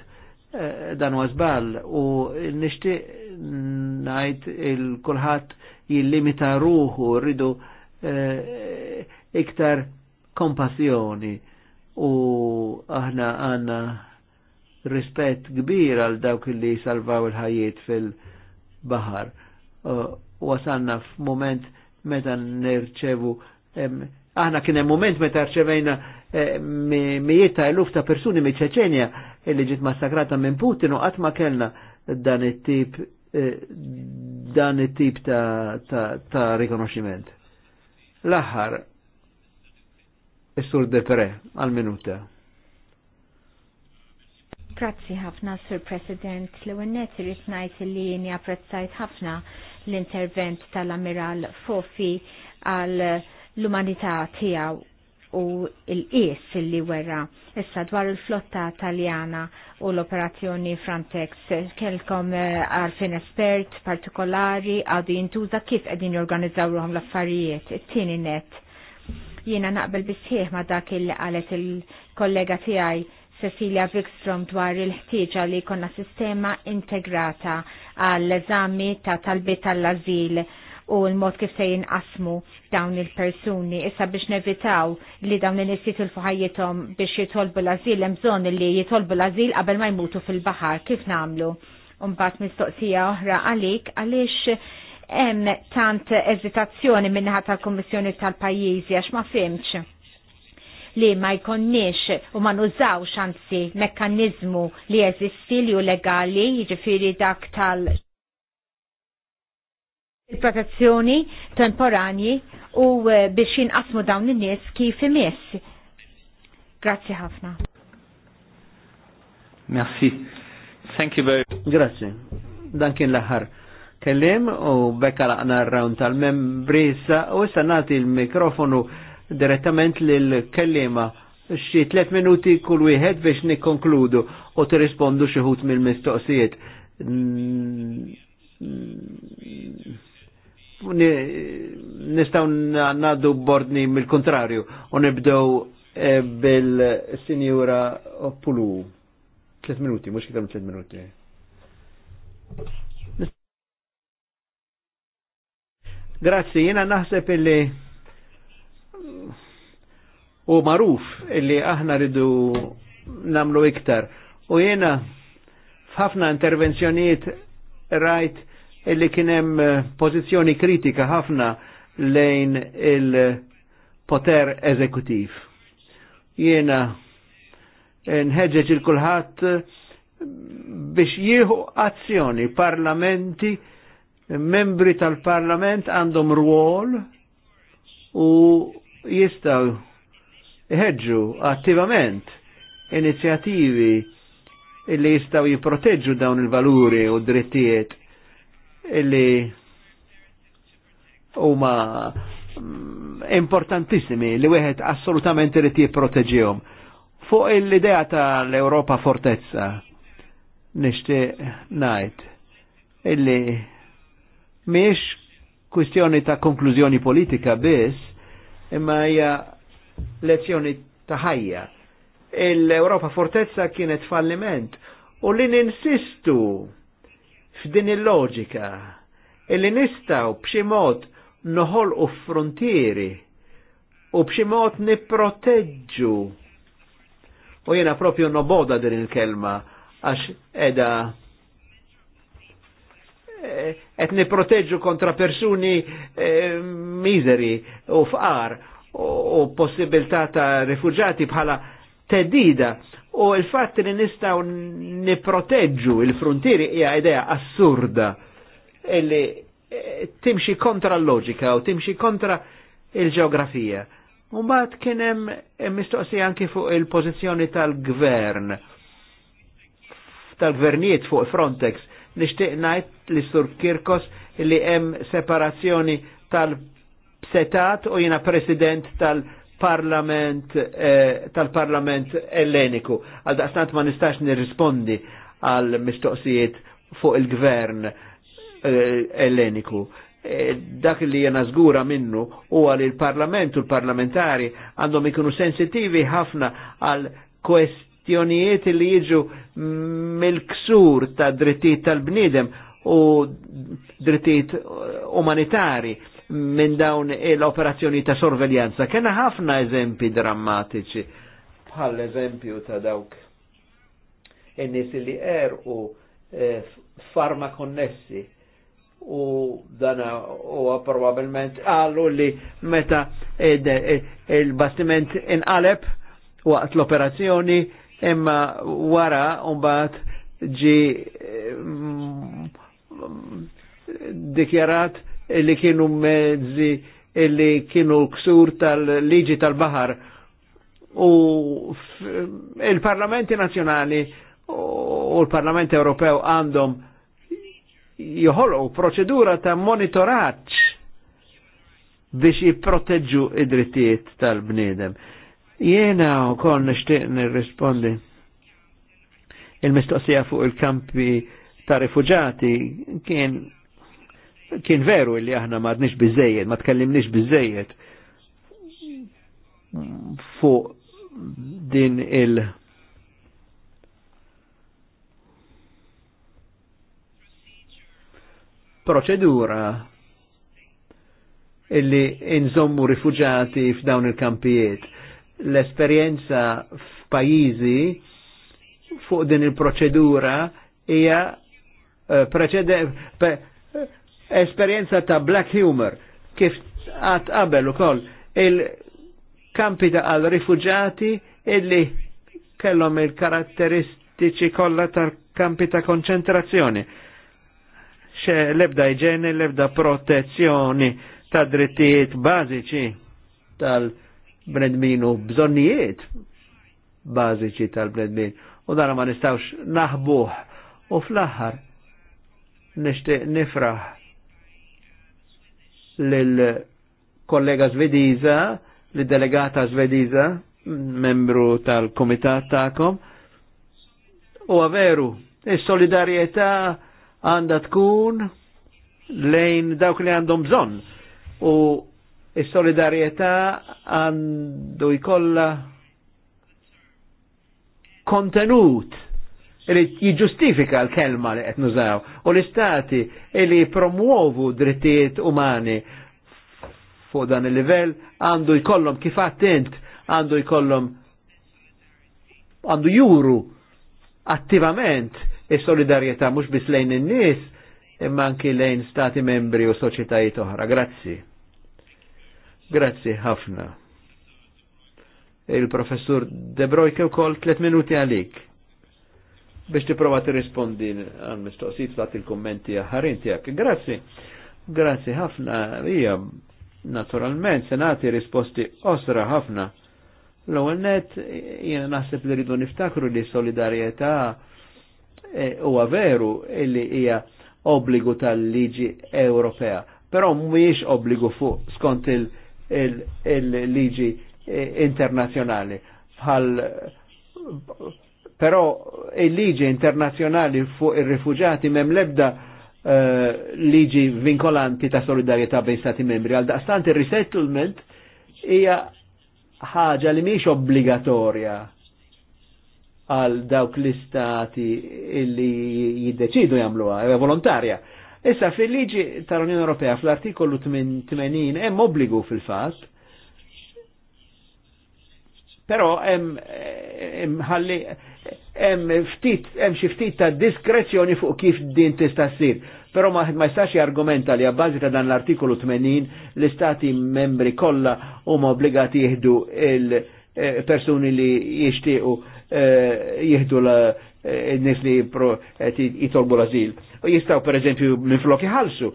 eh, dan wasbal u nixtieq najt il-kulħadd jillimita ruħu rridu eh, iktar kompassjoni u aħna għanna rispett kbir għal dawk li salvaw il-ħajiet fil-bahar. Eh, Wasanna f-moment meta nirċevu Aħna kien hemm moment meta rċevejna eh, mijiet ta' eluf ta' persuni minn ċeċenja li ġiet massakrata minn Putin u qatt ma kellna dan it-tip eh, dan it-tip ta', ta, ta rikonoxximent. L-aħħar is-sur Depre għal-minuta. Grazzi ħafna, Sur President. L-għennet irrit ngħid li jien apprezzajt ħafna l-intervent tal-Amiral Fofi għal l-umanità tiegħu u l-qies li wera. Issa dwar il-flotta taljana u l-operazzjoni Frontex kelkom eh, għarfin espert partikolari għadu jintuża kif qegħdin jorganizzaw ruhom l-affarijiet. It-tieni net. Jiena naqbel bisħieħ ma dak li qalet il-kollega tiegħi Cecilia Wikstrom dwar il-ħtieġa li konna sistema integrata għall-eżami ta' talbiet tal-azil u l-mod kif se jinqasmu dawn il-persuni. Issa biex nevitaw li dawn il-nisit il-fuħajietom biex jitolbu l-azil, bżonn li jitolbu l-azil qabel ma jmutu fil-bahar, kif namlu? Umbat mistoqsija oħra għalik, għalix hemm tant eżitazzjoni minnaħa tal kummissjoni tal-Pajjiżi għax ma fimx li ma jkonniex u ma nużawx anzi mekkaniżmu li jeżisti li u legali jiġifieri dak tal- il-protezzjoni temporanji u eh, biex jinqasmu dawn in-nies kif imiss. Grazzi ħafna. Merci. Thank you very Grazzi. Dan kien l-aħħar kellim u bekka laqna r-round tal-membri u issa nagħti l-mikrofonu direttament lill-kellima xi tliet minuti kull wieħed biex nikkonkludu u tirrispondu xi ħut mill-mistoqsijiet. Mm, nistaw naddu bordni mill-kontrarju u nibdew eh, bil-sinjura Pulu. Tlet minuti, mux kitam tlet minuti. Grazzi, jena naħseb illi u maruf illi aħna ridu namlu iktar. U jena f'ħafna intervenzjoniet rajt right, illi kienem eh, pozizjoni kritika ħafna lejn il-poter eżekutiv. Jiena eh, nħedġeġ il-kulħat eh, biex jieħu azzjoni parlamenti, membri tal-parlament għandhom ruol u jistaw ħedġu attivament inizjativi illi jistaw jiproteġu dawn il-valuri u drittijiet illi huma mm, importantissimi li wieħed assolutament irid jipproteġihom. Fuq l-idea tal-Europa Fortezza nixtieq ngħid illi miex kwistjoni ta' konklużjoni politika biss, imma hija lezzjoni ta' ħajja. L-Europa Fortezza kienet falliment u li ninsistu f'din il-loġika illi nistaw b'xi mod u frontieri u b'xi mod nipproteġġu. U jena propju noboda din il-kelma għax edha eh, et nipproteġġu kontra persuni eh, miżeri u fqar u possibilità ta' rifugjati bħala tedida u il-fatt li nistaw niproteġu il-frontieri hija idea assurda illi eh, timxi kontra l-loġika u timxi kontra il-ġeografija. Umbat kienem mistoqsi anki fuq il-pozizjoni tal-gvern, tal-gvernijiet fuq Frontex, nishtiq najt li sur Kirkos li hemm separazzjoni tal-setat u jina president tal-gvern parlament eh, tal-parlament elleniku. Għal daqstant ma nistax nirrispondi għal mistoqsijiet fuq il-gvern eh, elleniku. Eh, dak li jena zgura minnu u għal il-parlament u l-parlamentari għandhom ikunu sensitivi ħafna għal kwestjonijiet li jiġu mill-ksur ta' drittijiet tal-bnidem u drittijiet umanitari minn dawn l-operazzjoni ta' sorveljanza. Kena ħafna eżempi drammatiċi, bħal eżempju ta' dawk Ennis li er u eh, farma konnessi u dana u probabilment għallu li meta il-bastiment inqaleb waqt l-operazzjoni imma wara bat ġi eh, dikjarat li kienu mezzi li kienu ksur tal-liġi tal-bahar u il-parlamenti nazjonali u l-parlament Europeo għandhom joħolqu proċedura ta' monitorat biex jipproteġġu id-drittijiet tal-bniedem. Jena u kon nishtiq nirrispondi il-mistoqsija fuq il-kampi ta' rifugjati kien kien veru li aħna ma għadniex biżejjed, ma tkellimniex biżejjed fuq din il- proċedura illi inżommu rifugjati f'dawn il-kampijiet. L-esperienza f'pajjiżi fuq din il-proċedura hija eh, preċede esperienza ta' black humor kif għat qabel u koll il-kampi ta' għal-rifugġati illi kellom il karakteristiċi kollha ta' kampi ta' konċentrazzjoni. Xe lebda iġeni, lebda protezzjoni ta' drittijiet bażiċi tal-bnedmin bżonnijiet bażiċi tal-bnedmin. U dara ma nistawx naħbuħ u fl-aħħar nifraħ l-kollega Svediza, l-delegata Svediza, membru tal-komitat ta'kom, u għaveru, il-solidarieta għanda tkun lejn dawk li għandhom bżon. U il-solidarieta għandu jkolla kontenut li jġustifika l-kelma li qed nużaw u l-istati li promuovu drittijiet umani fuq dan il-livell għandu jkollhom kif attent għandu jkollhom għandu juru attivament is-solidarjetà mhux biss lejn in-nies imma anki lejn stati membri u soċjetajiet oħra. Grazzi. Grazzi ħafna. Il-professur De u wkoll tliet minuti għalik biex tiprova tirrispondi għal mistoqsijiet ta' il-kommenti aħħarin tiegħek. Grazzi, grazzi ħafna hija naturalment se nagħti risposti osra ħafna. L-ewwel net jiena naħseb li rridu niftakru li solidarjetà e, huwa veru illi hija obbligu tal-liġi Ewropea, però mhuwiex obbligu fuq skont il-liġi e, internazzjonali bħal Però il-liġi e internazjonali fuq ir-rifuġati mem lebda uh, liġi vinkolanti ta' solidarietà bejn stati membri. Għal daqstant ir-resettlement hija ħaġa li mhix obbligatorja għal dawk l-istati illi jiddeċidu jagħmluha, hija volontarja. Issa fil-liġi tal-Unjoni Ewropea fl-artikolu 80 hemm obbligu fil-fatt Però hemm ħalli hemm ftit hemm xi ftit ta' diskrezzjoni fuq kif din tista' ssir. Però ma ma jistax jargumenta li abbażi ta' dan l-artikolu 80 l-istati membri kollha huma obbligati jieħdu il-persuni eh, li jixtiequ eh, jieħdu la eh, nis li jitolbu l-azil. U jistaw per eżempju minn flok jħalsu.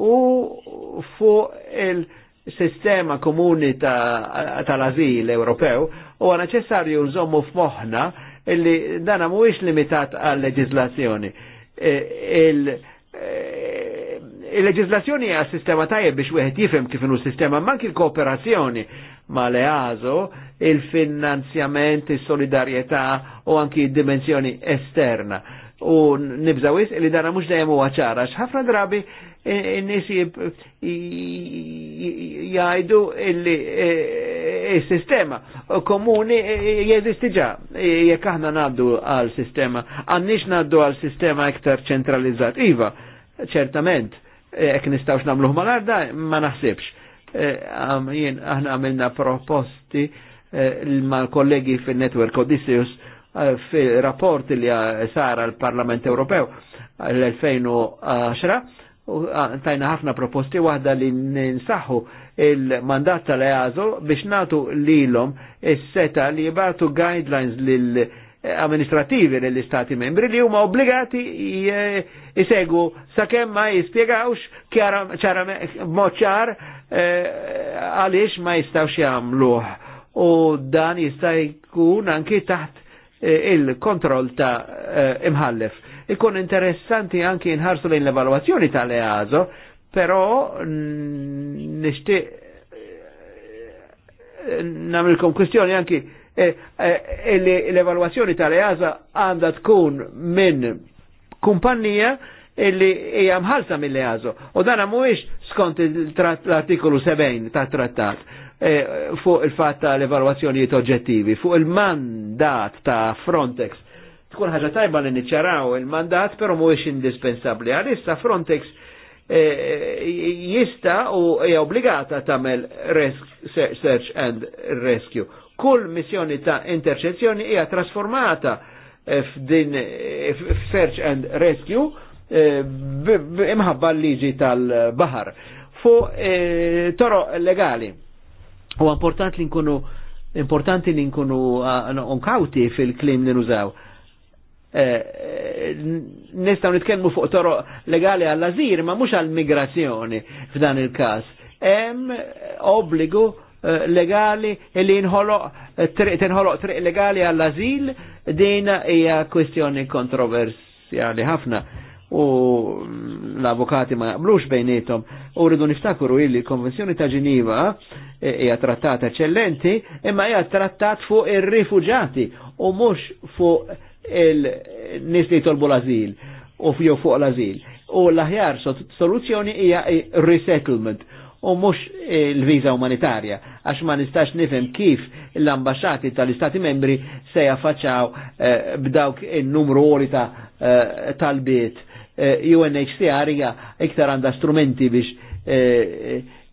U fuq il- sistema komuni tal-azil ta Ewropew u għana ċessarju nżommu f'moħna illi dana mhuwiex limitat għal leġislazzjoni. Il-leġislazzjoni e, il, e, il għal sistema tajjeb biex wieħed jifhem kif inhu sistema, ma l-kooperazzjoni ma l-EASO, il-finanzjament, il solidarietà u anki dimensjoni esterna. U nibżawis li dana mhux dejjem huwa ċara, x'ħafna drabi n-nis jajdu illi e, e, il-sistema komuni e, jesistiġa, jekk aħna naddu għal-sistema għannix naddu għal-sistema iktar ċentralizzat iva ċertament jekk nistawx namluħ mal-arda ma naħsibx jien aħna għamilna proposti mal-kollegi fil-network Odysseus fil-rapport li sara l-Parlament Ewropew l-2010 u tajna ħafna proposti waħda li ninsaħu il-mandat tal-EASO biex natu lilhom il seta li jibatu guidelines l eh, amministrativi lill-istati membri li huma obbligati jisegu eh, sakemm ma jispjegawx moċar eh, għaliex ma jistawx jamluħ U dan jista' jkun anki taħt il-kontroll ta' imħallef ikun interessanti anki nħarsu lejn l-evaluazzjoni tal-EASO, però nishtiq namilkom kwestjoni anki e, e, e, l-evaluazzjoni tal-EASA għanda tkun minn kumpanija illi hija mħalsa mill-EASO. U dan mhuwiex skont l-artikolu 70 ta' trattat fuq il fatta l evalwazzjonijiet oġġettivi, fuq il-mandat ta' Frontex tkun ħaġa tajba li niċċaraw il-mandat, pero mhuwiex indispensabbli. Għalissa Frontex eh, eh, jista u hija obbligata tagħmel search and rescue. Kull missjoni ta' interċezzjoni hija trasformata eh, f'din search and rescue imħabba l-liġi tal-bahar fu toro legali. U importanti li nkunu importanti li nkunu unkawti fil-klim li nużaw Eh, eh, nistaw nitkellmu fuq toro legali għall-azir, ma mhux għall-migrazzjoni f'dan il-każ. Hemm obbligu eh, legali li tinħoloq triq legali għall-azil din hija kwestjoni kontroversjali ħafna u l-avukati ma jaqblux bejnietom u rridu niftakuru illi konvenzjoni ta' Ġiniva hija trattat eċċellenti imma hija trattat fuq ir-rifuġati u mhux fuq il-nis li tolbu l-azil u fjo fuq l-azil. U l-aħjar soluzzjoni hija resettlement u mux il-viza umanitarja, għax ma nistax nifhem kif l-ambasċati tal-Istati membri se jaffaċċaw eh, b'dawk il-numru għoli ta' eh, tal-biet. Eh, UNHCR hija iktar għandha strumenti biex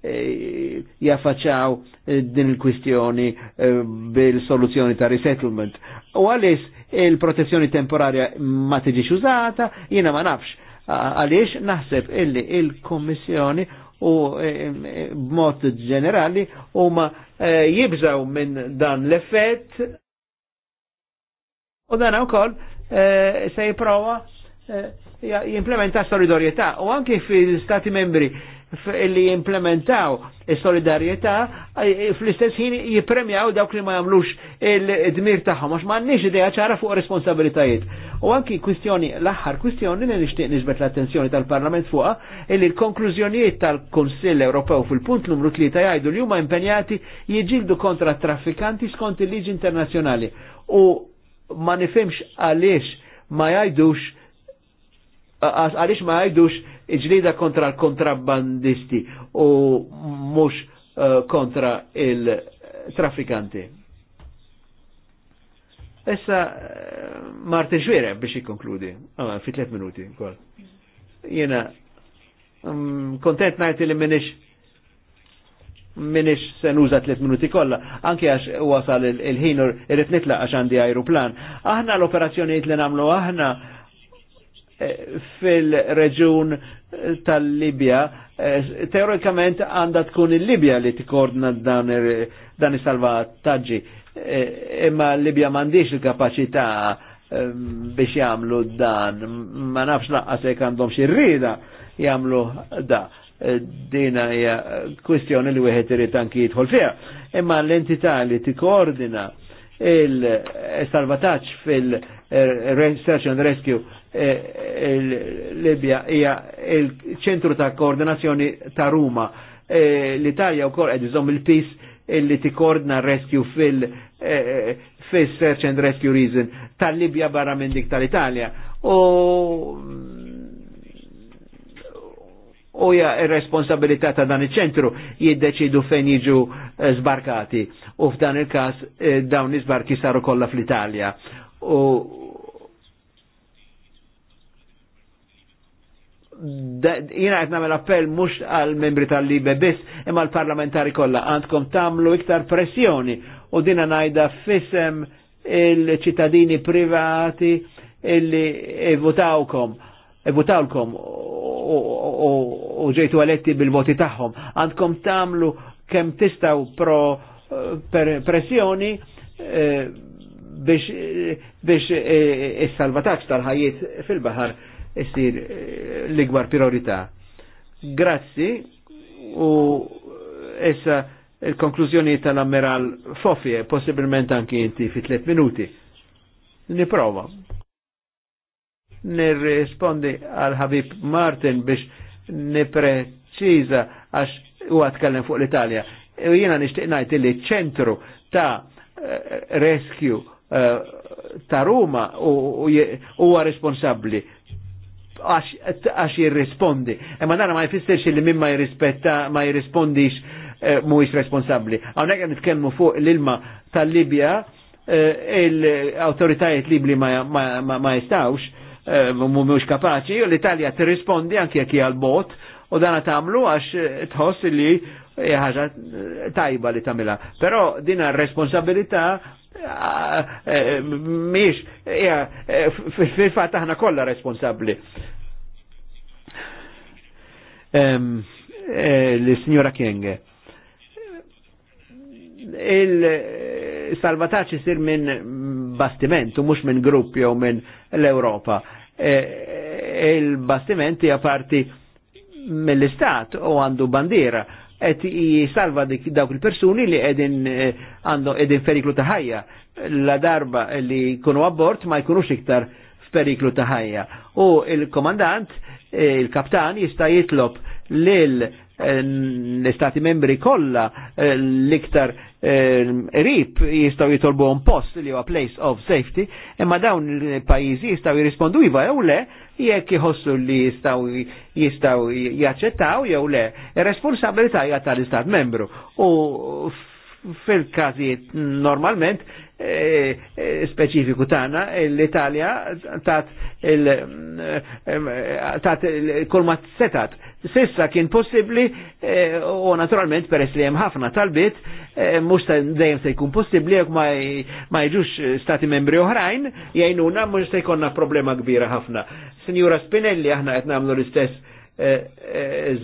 E, jaffaċaw e, din il-kwistjoni e, bil-soluzzjoni ta' resettlement. U għalis il-protezzjoni temporarja ma tiġix użata, jina ma nafx. Għaliex naħseb illi il-Kommissjoni u b'mod ġenerali huma jibżaw minn dan l-effett u dan ukoll se jipprova jimplementa solidarietà u anke fil-Stati membri li implementaw il-solidarieta eh, eh, fl-istess ħin jipremjaw dawk li ma jamlux il-dmir taħħom, għax ma għannix ideja ċara fuq responsabilitajiet. U anki kwistjoni, l-axħar kwistjoni li nishtiq nisbet l-attenzjoni tal-Parlament fuqa, illi l-konklużjonijiet tal-Konsill Ewropew fil-punt numru 3 jgħidu li huma impenjati jiġildu kontra traffikanti skont il-liġi internazzjonali. U ma nifimx għaliex ma jgħidux għalix ma għajdux iġlida kontra l-kontrabbandisti u mux eh, kontra il-trafikanti. Issa eh, Martin Xwira biex jikonkludi, fi tliet minuti kol. Jena mm, kontent najti li minix minix se nuża tliet minuti kollha, anke għax wasal il-ħin irrid nitlaq għax għandi ajruplan. Aħna l-operazzjonijiet li nagħmlu aħna fil-reġun tal-Libja, eh, teorikament għanda tkun il-Libja li tikordna dan il-salvataġġi, eh, imma l-Libja mandiġ il kapacita ehm, biex jamlu dan, ma nafx laqqa se għandhom xi rrida jamlu da. Eh, Dina hija kwistjoni li wieħed irid anki jidħol fiha. Imma l-entità li tikkoordina il-salvataġġ fil-Search and Rescue il-Libja eh, eh, hija il-ċentru ta' koordinazzjoni ta' Ruma. Eh, L-Italja u kol iżomm il-pis illi koordina rescue fil fil search and rescue reason tal-Libja barra minn dik tal-Italja. U u mm, ja responsabilità ta' dan il ċentru jiddeċidu fejn jiġu sbarkati u f'dan il kas dawn iż-sbarki saru kollha fl-Italja. U jina għet namel appell mux għal membri tal-libe bis, imma l-parlamentari kolla għandkom tamlu iktar pressjoni u dina najda fissem il-ċittadini privati illi votawkom votawkom u ġejtu għaletti bil-voti taħħom. Għandkom tamlu kem tistaw pro pressjoni eh, biex eh, is-salvataċ tal-ħajiet fil-bahar jessir eh, l-ikbar priorità. Grazzi u essa il-konklużjoni tal-ammiral Fofie, eh, possibilment anki inti fi tliet minuti. Niprova. Nirrispondi għal Habib Martin biex nipreċiza għax u għatkellem fuq l-Italja. U jena najt li ċentru ta' eh, rescue ta' Roma u huwa responsabbli għax jirrispondi. Ema nara ma jfisserx li min ma jirrispetta, ma jirrispondix eh, mhuwiex responsabbli. Hawnhekk għan nitkellmu fuq l-ilma tal-Libja eh, l-awtoritajiet Libli ma, ma, ma, ma jistawx eh, l-Italja tirrispondi anke jekk hija l-bot u dan tagħmlu għax eh, tħoss li ħaġa eh, tajba li tamila. Però din responsabilità miex, fil-fat aħna kolla responsabli. Eh, L-Signora Kienge. Il-salvataċ jisir minn bastiment u mux minn grupp jew minn l-Europa. E, il-bastiment hija parti mill-istat u għandu bandiera et jisalva dik dawk il-persuni li edin eh, għandu edin feriklu ta' ħajja la darba li kunu abbort ma jkunux iktar f'periklu ta' ħajja. U il-komandant, eh, il-kaptan jista' jitlob lil l-istati eh, membri kolla l-iktar rip jistaw jitolbu un post li huwa place of safety, imma dawn il-pajizi jistaw jirrispondu jiva jew le jekk jħossu li jistaw jistaw jaċċettaw jew le, responsabilità hija tal-Istat membru. U fil-kazijiet normalment e, e, speċifiku tagħna l-Italja tat il e, tat kolma setat. Sissa kien possibbli u naturalment peress li hemm ħafna talbiet mhux dejjem se jkun possibbli jekk ma jiġux stati membri oħrajn jgħinuna mhux se jkollna problema kbira ħafna. Sinjura Spinelli aħna qed nagħmlu l-istess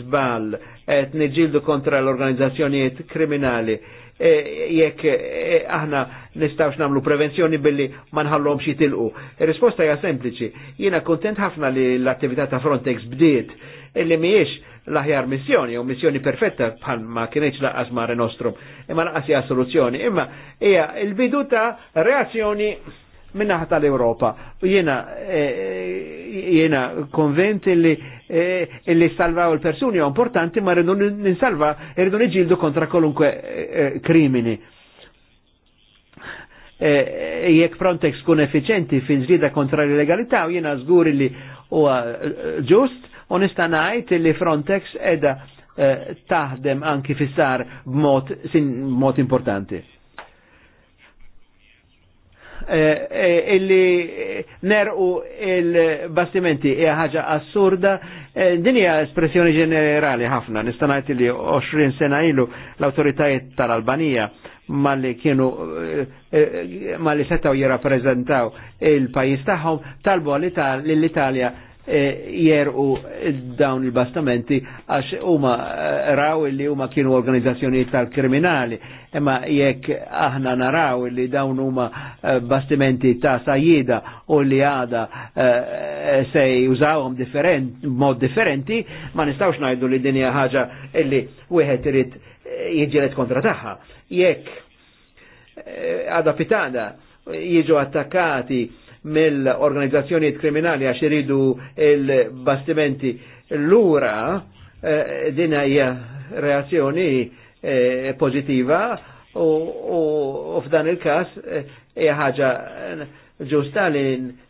zbal qed niġġieldu kontra l-organizzazzjonijiet kriminali E, jekk e, aħna nistawx namlu prevenzjoni billi ma nħallhom xi tilqu. Ir-risposta e, hija sempliċi. Jiena kontent ħafna li l-attività ta' Frontex bdiet illi mhijiex l-aħjar missjoni u missjoni perfetta bħal ma kienieċ laqas ma Renostrum, imma laqas hija soluzzjoni, imma hija il-bidu ta' reazzjoni minnaħat tal-Europa. Jena, eh, eh, jena konvent illi, eh, illi salvaw il-persuni u importanti, ma rridu ninsalva, rridu nġildu kontra kolunkwe krimini. Jek Frontex kun efficienti fin zrida kontra l-legalità u jena zgur illi u ġust, onesta najt illi Frontex edha taħdem anki fissar b'mod importanti. Eh, eh, illi nerqu il-bastimenti hija ħaġa assurda eh, din hija espressjoni ġenerali ħafna nista' ngħid li 20 sena ilu l-awtoritajiet tal-Albanija malli kienu malli setaw jirrappreżentaw il-pajjiż tagħhom talbu l-Italja E, jerqu dawn il-bastamenti għax huma eh, raw li huma kienu organizzazzjonijiet tal-kriminali, imma jekk aħna naraw li dawn huma eh, bastimenti ta' sajjida u li għada eh, se jużawhom mod differenti, ma nistawx ngħidu li dinja ħaġa li wieħed irid jiġġieled kontra tagħha. Jekk għada pitada jiġu attakkati mill-organizzazzjonijiet kriminali għax iridu il-bastimenti l-ura dina eh, din hija reazzjoni eh, pozitiva pozittiva u f'dan il-kas eh, hija ħaġa ġusta li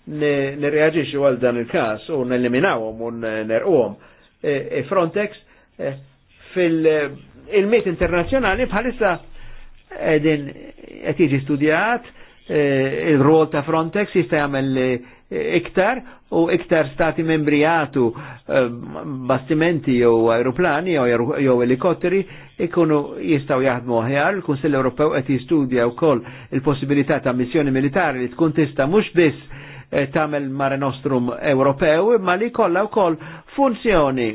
nirreagġixxu għal dan il kas u nelliminawhom u nerquhom. E Frontex fil-miet internazzjonali bħalissa qegħdin qed jiġi studjat Eh, il-rol ta' Frontex jista' jagħmel eh, iktar u iktar stati membri jagħtu eh, bastimenti jew aeroplani jew elikotteri ikunu jistgħu jaħdmu aħjar. Il-Kunsill Ewropew qed jistudja wkoll il-possibilità ta' missjoni militari li tkun tista' mhux biss tamel Mare Nostrum Ewropew, imma li kolla u koll funzjoni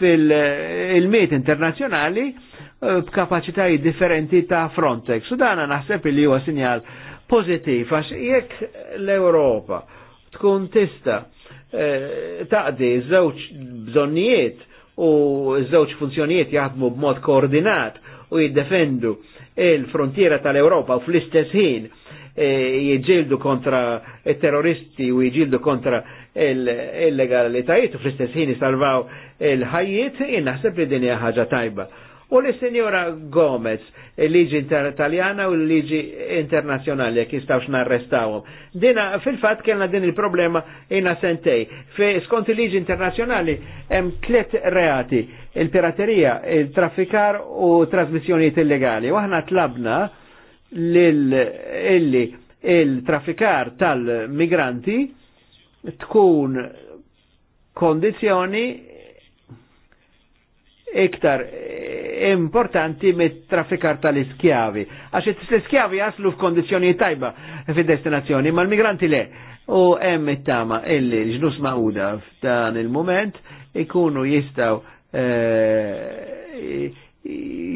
fil-miet internazjonali Eh, b'kapaċitajiet differenti ta' Frontex. U dan naħseb li huwa sinjal pożittiv għax jekk l-Ewropa tkun tista' eh, taqdi żewġ bżonnijiet u żewġ funzjonijiet jaħdmu b'mod koordinat u jiddefendu il-frontiera tal-Europa u fl-istess ħin eh, jiġildu kontra terroristi u jiġildu kontra il-legalitajiet u fl-istess ħin jisalvaw il-ħajiet, jinaħseb li dinja ħaġa tajba u li Signora Gomez, liġi Italjana u liġi internazjonali jek jistawx narrestawhom. Dina fil-fatt kellna din il-problema jina sentej. Fe skont il-liġi internazjonali hemm tliet reati, il-piraterija, il-traffikar u trasmissjonijiet illegali. U aħna tlabna illi il-traffikar tal-migranti tkun kondizjoni iktar importanti mit traffikar tal-iskjavi. Għax l-iskjavi jaslu f'kondizjoni tajba fid-destinazzjoni, ma l-migranti le. U hemm it-tama illi l-ġnus ma'uda f'dan il-moment ikunu jistaw eh,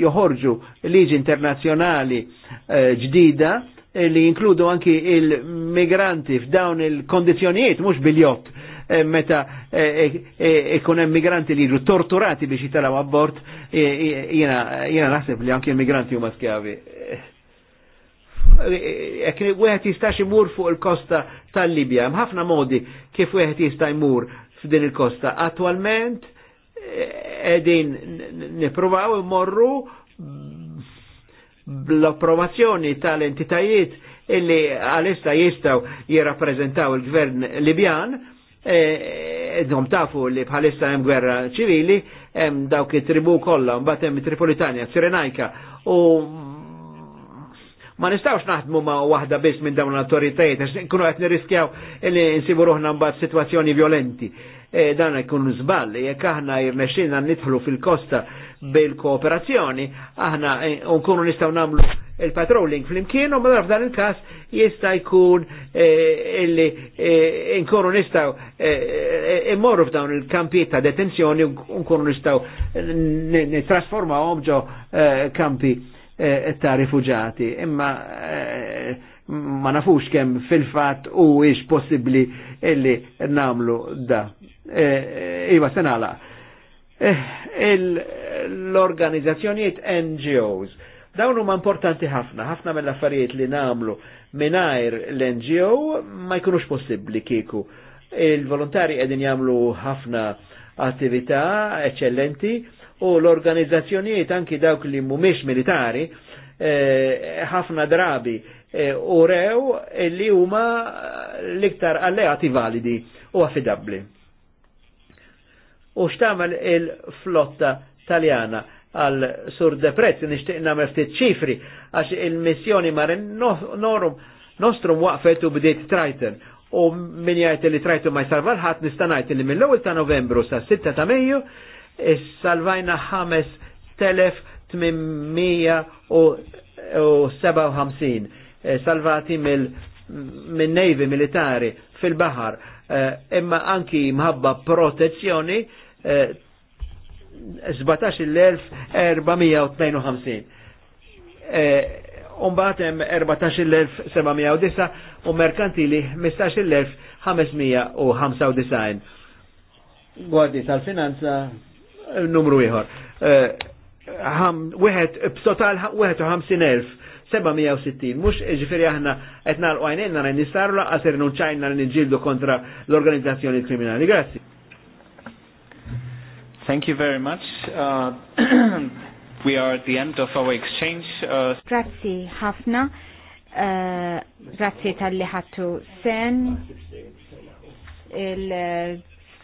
joħorġu liġi internazzjonali eh, ġdida li jinkludu anki il-migranti f'dawn il-kondizjonijiet, mux bil-jott Eh, meta ikun eh, eh, hemm migranti li jiġu torturati biex jitalaw abbord, jiena naħseb li anke migranti huma skjavi. Jekk wieħed xi imur fuq il-kosta tal-Libja, hemm ħafna modi kif wieħed jista' jmur f'din il-kosta. Attualment qegħdin nippruvaw immorru bl-approvazzjoni tal-entitajiet illi għalista jistaw jirrappreżentaw il-gvern Libjan E, edhom tafu li bħalissa hemm gwerra ċivili, hemm dawk it-tribu kollha, mbagħad hemm Tripolitania, Sirenajka u ma nistawx naħdmu ma waħda biss minn dawn l-autoritajiet, kunu qed nirriskjaw li nsibu ruħna mbagħad violenti. E, dan jkun żball, jekk aħna jirnexxina nidħlu fil-kosta bil-kooperazzjoni, aħna e, nkunu nistgħu nagħmlu il-patrolling fl-imkien u madar f'dan il-każ jista' jkun e, illi nkunu nistgħu immorru f'dawn il-kampijiet ta' detenzjoni u nkunu nistgħu nittrasformawhom ġo kampi ta' rifugiati. Imma ma nafux kemm fil-fatt u ix possibbli illi namlu da. Eh, iva, senala. Eh, l-organizzazzjonijiet NGOs, dawn huma importanti ħafna, ħafna mill-affarijiet li namlu minnajr l-NGO ma jkunux possibbli kieku. Il-volontari qegħdin jamlu ħafna attività eccellenti u l-organizzazzjonijiet anki dawk li mhumiex militari eh, ħafna eh, drabi eh, u rew li huma l-iktar alleati validi u affidabbli u x'tagħmel il-flotta taljana għal sur de prezz nixtieq nagħmel ftit ċifri għax il-missjoni mar norum nostrum waqfet u bdiet Triton u min jgħid li Triton ma jsalvar ħadd nista' ngħid li mill-ewwel ta' Novembru sa' 6 ta' Mejju salvajna 5857 eh, salvati mill minn nejvi militari fil-bahar eh, imma anki mħabba protezzjoni 17,452. Eh, eh, Umbat hemm 14,709 u merkantili 15,595. Gwardi tal-finanza numru ieħor. Eh, wieħed b'total 51,000 760, mux ġifiri aħna nagħlqu għajnejna għajnenna għajnistarla għasir nunċajna li nġildu kontra l-organizzazzjoni kriminali. Grazzi. Thank you very much. Uh, we are at the end of our exchange. Uh... Grazzi ħafna. Uh, Grazzi tal-li ħattu sen. Il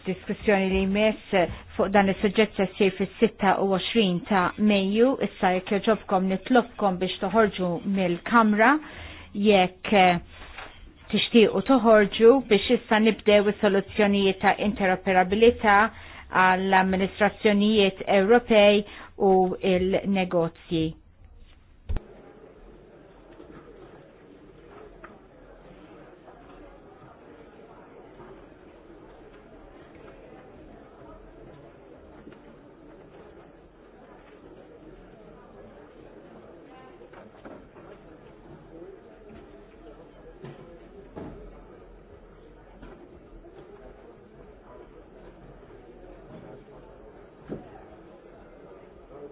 diskussjoni li mess fuq dan il sujġetta se jsir fis-26 ta' Mejju, issa jekk joġobkom nitlobkom biex toħorġu mill-kamra jekk uh, tixtiequ toħorġu biex issa nibdew is-soluzzjonijiet ta' interoperabilità għall-amministrazzjonijiet Ewropej u il-negozji.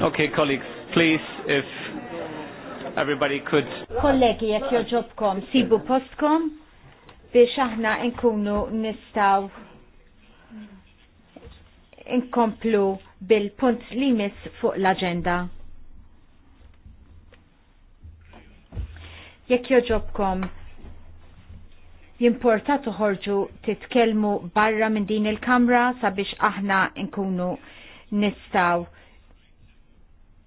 Okay, colleagues, please, if everybody could. Kollegi, jek joġobkom, sibu postkom biex aħna nkunu nistaw inkomplu bil-punt li mis fuq l-agenda. Jekk joġobkom, jimporta tuħorġu titkelmu barra minn din il-kamra sabiex aħna nkunu nistaw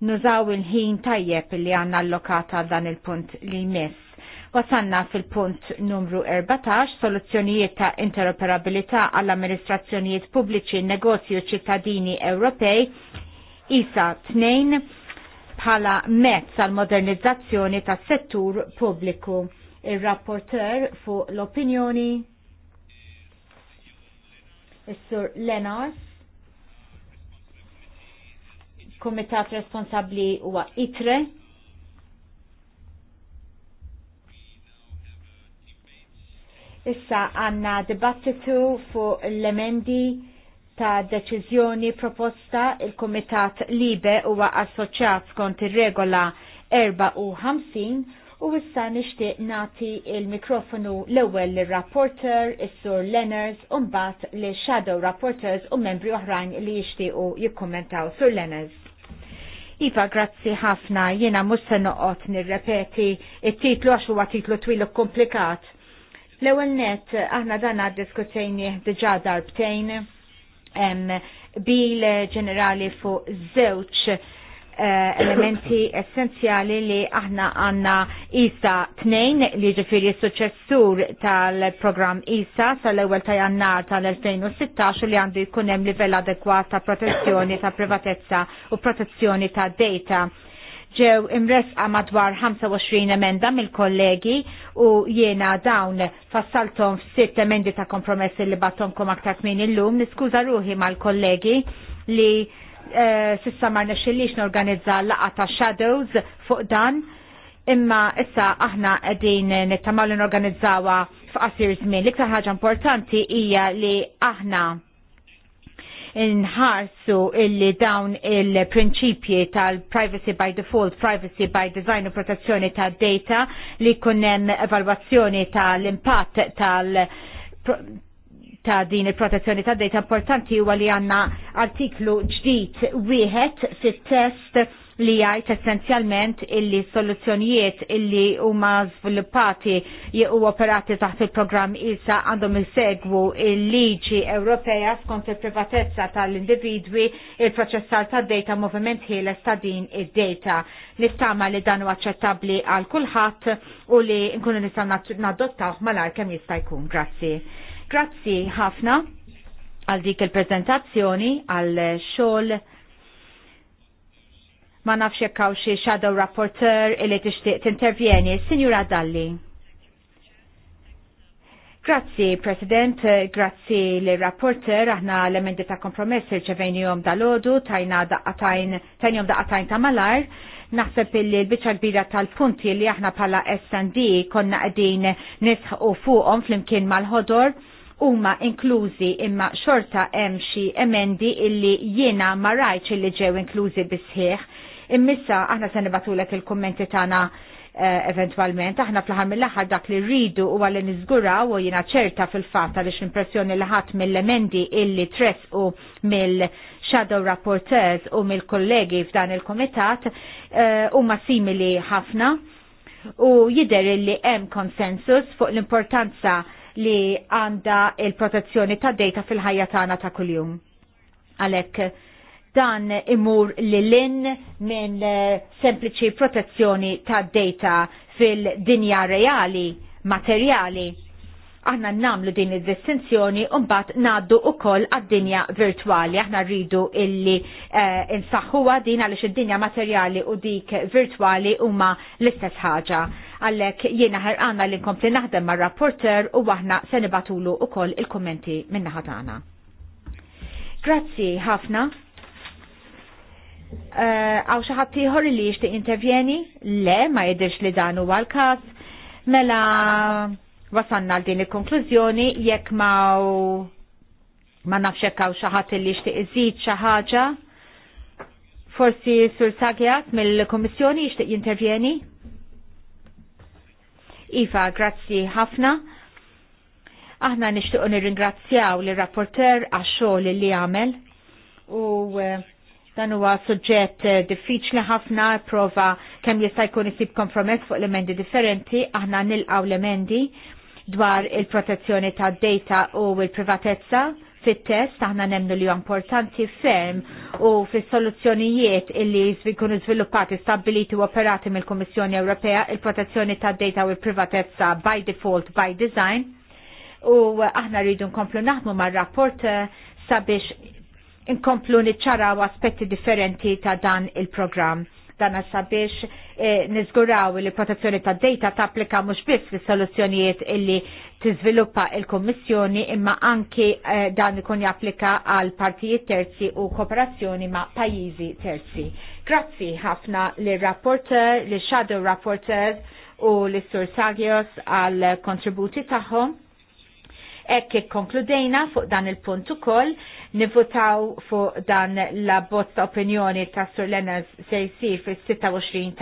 nużaw il-ħin tajjeb li għanna allokata dan il-punt li jmiss. Wasanna fil-punt numru 14, soluzzjonijiet ta' interoperabilità għall-amministrazzjonijiet pubbliċi negozju ċittadini Ewropej, ISA 2, bħala mezz għal modernizzazzjoni ta' settur pubbliku. Il-rapporter fuq l-opinjoni, Is-Sur Lenars, Kumitat responsabli huwa ITRE. Issa għanna dibattitu fuq l-emendi ta' deċiżjoni proposta il-Kumitat Libe huwa assoċjat skont ir-regola 54 u issa nixtieq nati il-mikrofonu l-ewwel lir-rapporter is-Sur Lenners u mbagħad li shadow rapporters u membri oħrajn li jixtiequ jikkumentaw Sur Lenners. Iva, grazzi ħafna, jena mux se noqot nirrepeti it-titlu għax huwa titlu twilu komplikat. L-ewel net, aħna dan diskutejni diġa darbtejn bil ġenerali fuq zewċ Eh, elementi essenzjali li aħna għanna ISA 2 li ġifiri successur tal-program ISA sal-ewel ta' jannar tal-2016 li għandu jkunem livell adekwat ta' protezzjoni ta' privatezza u protezzjoni ta' data ġew imresqa madwar 25 emenda mill-kollegi u jiena dawn fassaltom f'sitt emendi ta' kompromessi li battonkom aktar min illum. Niskuża ruħi mal-kollegi li Eh, sissa ma nexxillix norganizza laqa ta' shadows fuq dan imma issa aħna qegħdin nittamaw li norganizzawa f'qasir żmien. L-iktar ħaġa importanti hija li aħna nħarsu illi dawn il-prinċipji tal-privacy by default, privacy by design u protezzjoni tad data li kunem evalwazzjoni tal-impatt tal-, -impatt, tal ta' din il-protezzjoni ta' data importanti huwa li għanna artiklu ġdid wieħed fit-test li jgħid essenzjalment illi soluzzjonijiet illi huma żviluppati u operati taħt il-programm ISA għandhom isegwu il-liġi Ewropea skont il-privatezza tal-individwi il-proċessar ta' data moviment ħieles ta' din id-data. Nistama li dan huwa aċċettabbli għal kulħadd u li nkunu nistgħu nadottawh malajr kemm jista' jkun. Grazzi. Grazzi ħafna għal dik il-prezentazzjoni, għal xogħol ma nafx jekk hawn xi shadow rapporteur li tixtieq tintervjeni, Sinjura Dalli. Grazzi, President, grazzi l rapporter aħna l-emendi ta' kompromess jom dal-ħodu, tajna daqqatajn, tajnijom daqqatajn ta' malar, naħseb li l-bicċa kbira tal-punti li aħna pala S&D konna għedin nisħu fuqom fl-imkien mal-ħodor, huma inklużi imma xorta hemm xi emendi illi jiena ma rajtx illi ġew inklużi bisħieħ. Immissa aħna se nibatulek il-kummenti tagħna eh, eventualment, aħna fl-ħar mill-aħħar dak li rridu u għalli niżgura u jina ċerta fil-fatta għaliex l-impressjoni li ħadd mill-emendi illi tres u mill-shadow rapporteurs u mill-kollegi f'dan il-komitat eh, huma simili ħafna u jider li hemm konsensus fuq l-importanza li għanda il-protezzjoni ta' data fil-ħajja tagħna ta' kuljum. Għalhekk dan imur li lin minn eh, sempliċi protezzjoni ta' data fil-dinja reali, materjali. Aħna namlu din id-distinzjoni un bat naddu u koll għad-dinja virtuali. Aħna rridu illi uh, din għaliex id-dinja materjali u dik virtuali huma l-istess ħaġa għallek jiena ħerqana li nkompli naħdem ma' rapporter u aħna se nibatulu ukoll il-kommenti minna ħatana. Grazzi ħafna. Eh, għaw uh, xaħat tiħor li jishti intervjeni? Le, ma jidirx li dan huwa l-kas. Mela wasanna l din il-konklużjoni jekk ma ma nafxek għaw xaħat li jishti iżid xaħġa. Forsi Sur Sagjat mill-Komissjoni jishtiq jintervjeni? Iva, grazzi ħafna. Aħna nishtuq nirringrazzjaw li rapporter għax-xogħol li għamel u eh, dan huwa suġġett eh, diffiċli ħafna prova kemm jista' jkun isib kompromess fuq l-emendi differenti, aħna nilqaw l-emendi dwar il-protezzjoni tad data u l-privatezza fit-test aħna nemnu li importanti ferm u fis-soluzzjonijiet illi jkunu żviluppati stabbiliti u operati mill-Kummissjoni Ewropea il-protezzjoni tad-data u l-privatezza by default by design u aħna rridu nkomplu naħdmu mar-rapport eh, sabiex nkomplu niċċaraw aspetti differenti ta' dan il-programm dana sabiex eh, nizguraw li protezzjoni ta' data ta' applika mux biss fi soluzzjonijiet illi tiżviluppa il-Kommissjoni imma anki eh, dan ikun japplika għal partijiet terzi u kooperazzjoni ma' pajizi terzi. Grazzi ħafna li rapporter, li shadow rapporter u li sur Sagios għal kontributi tagħhom. Ekk konkludejna fuq dan il-punt ukoll nivvotaw fuq dan la bozza opinjoni ta' Sur Lenaz se jsir fis-26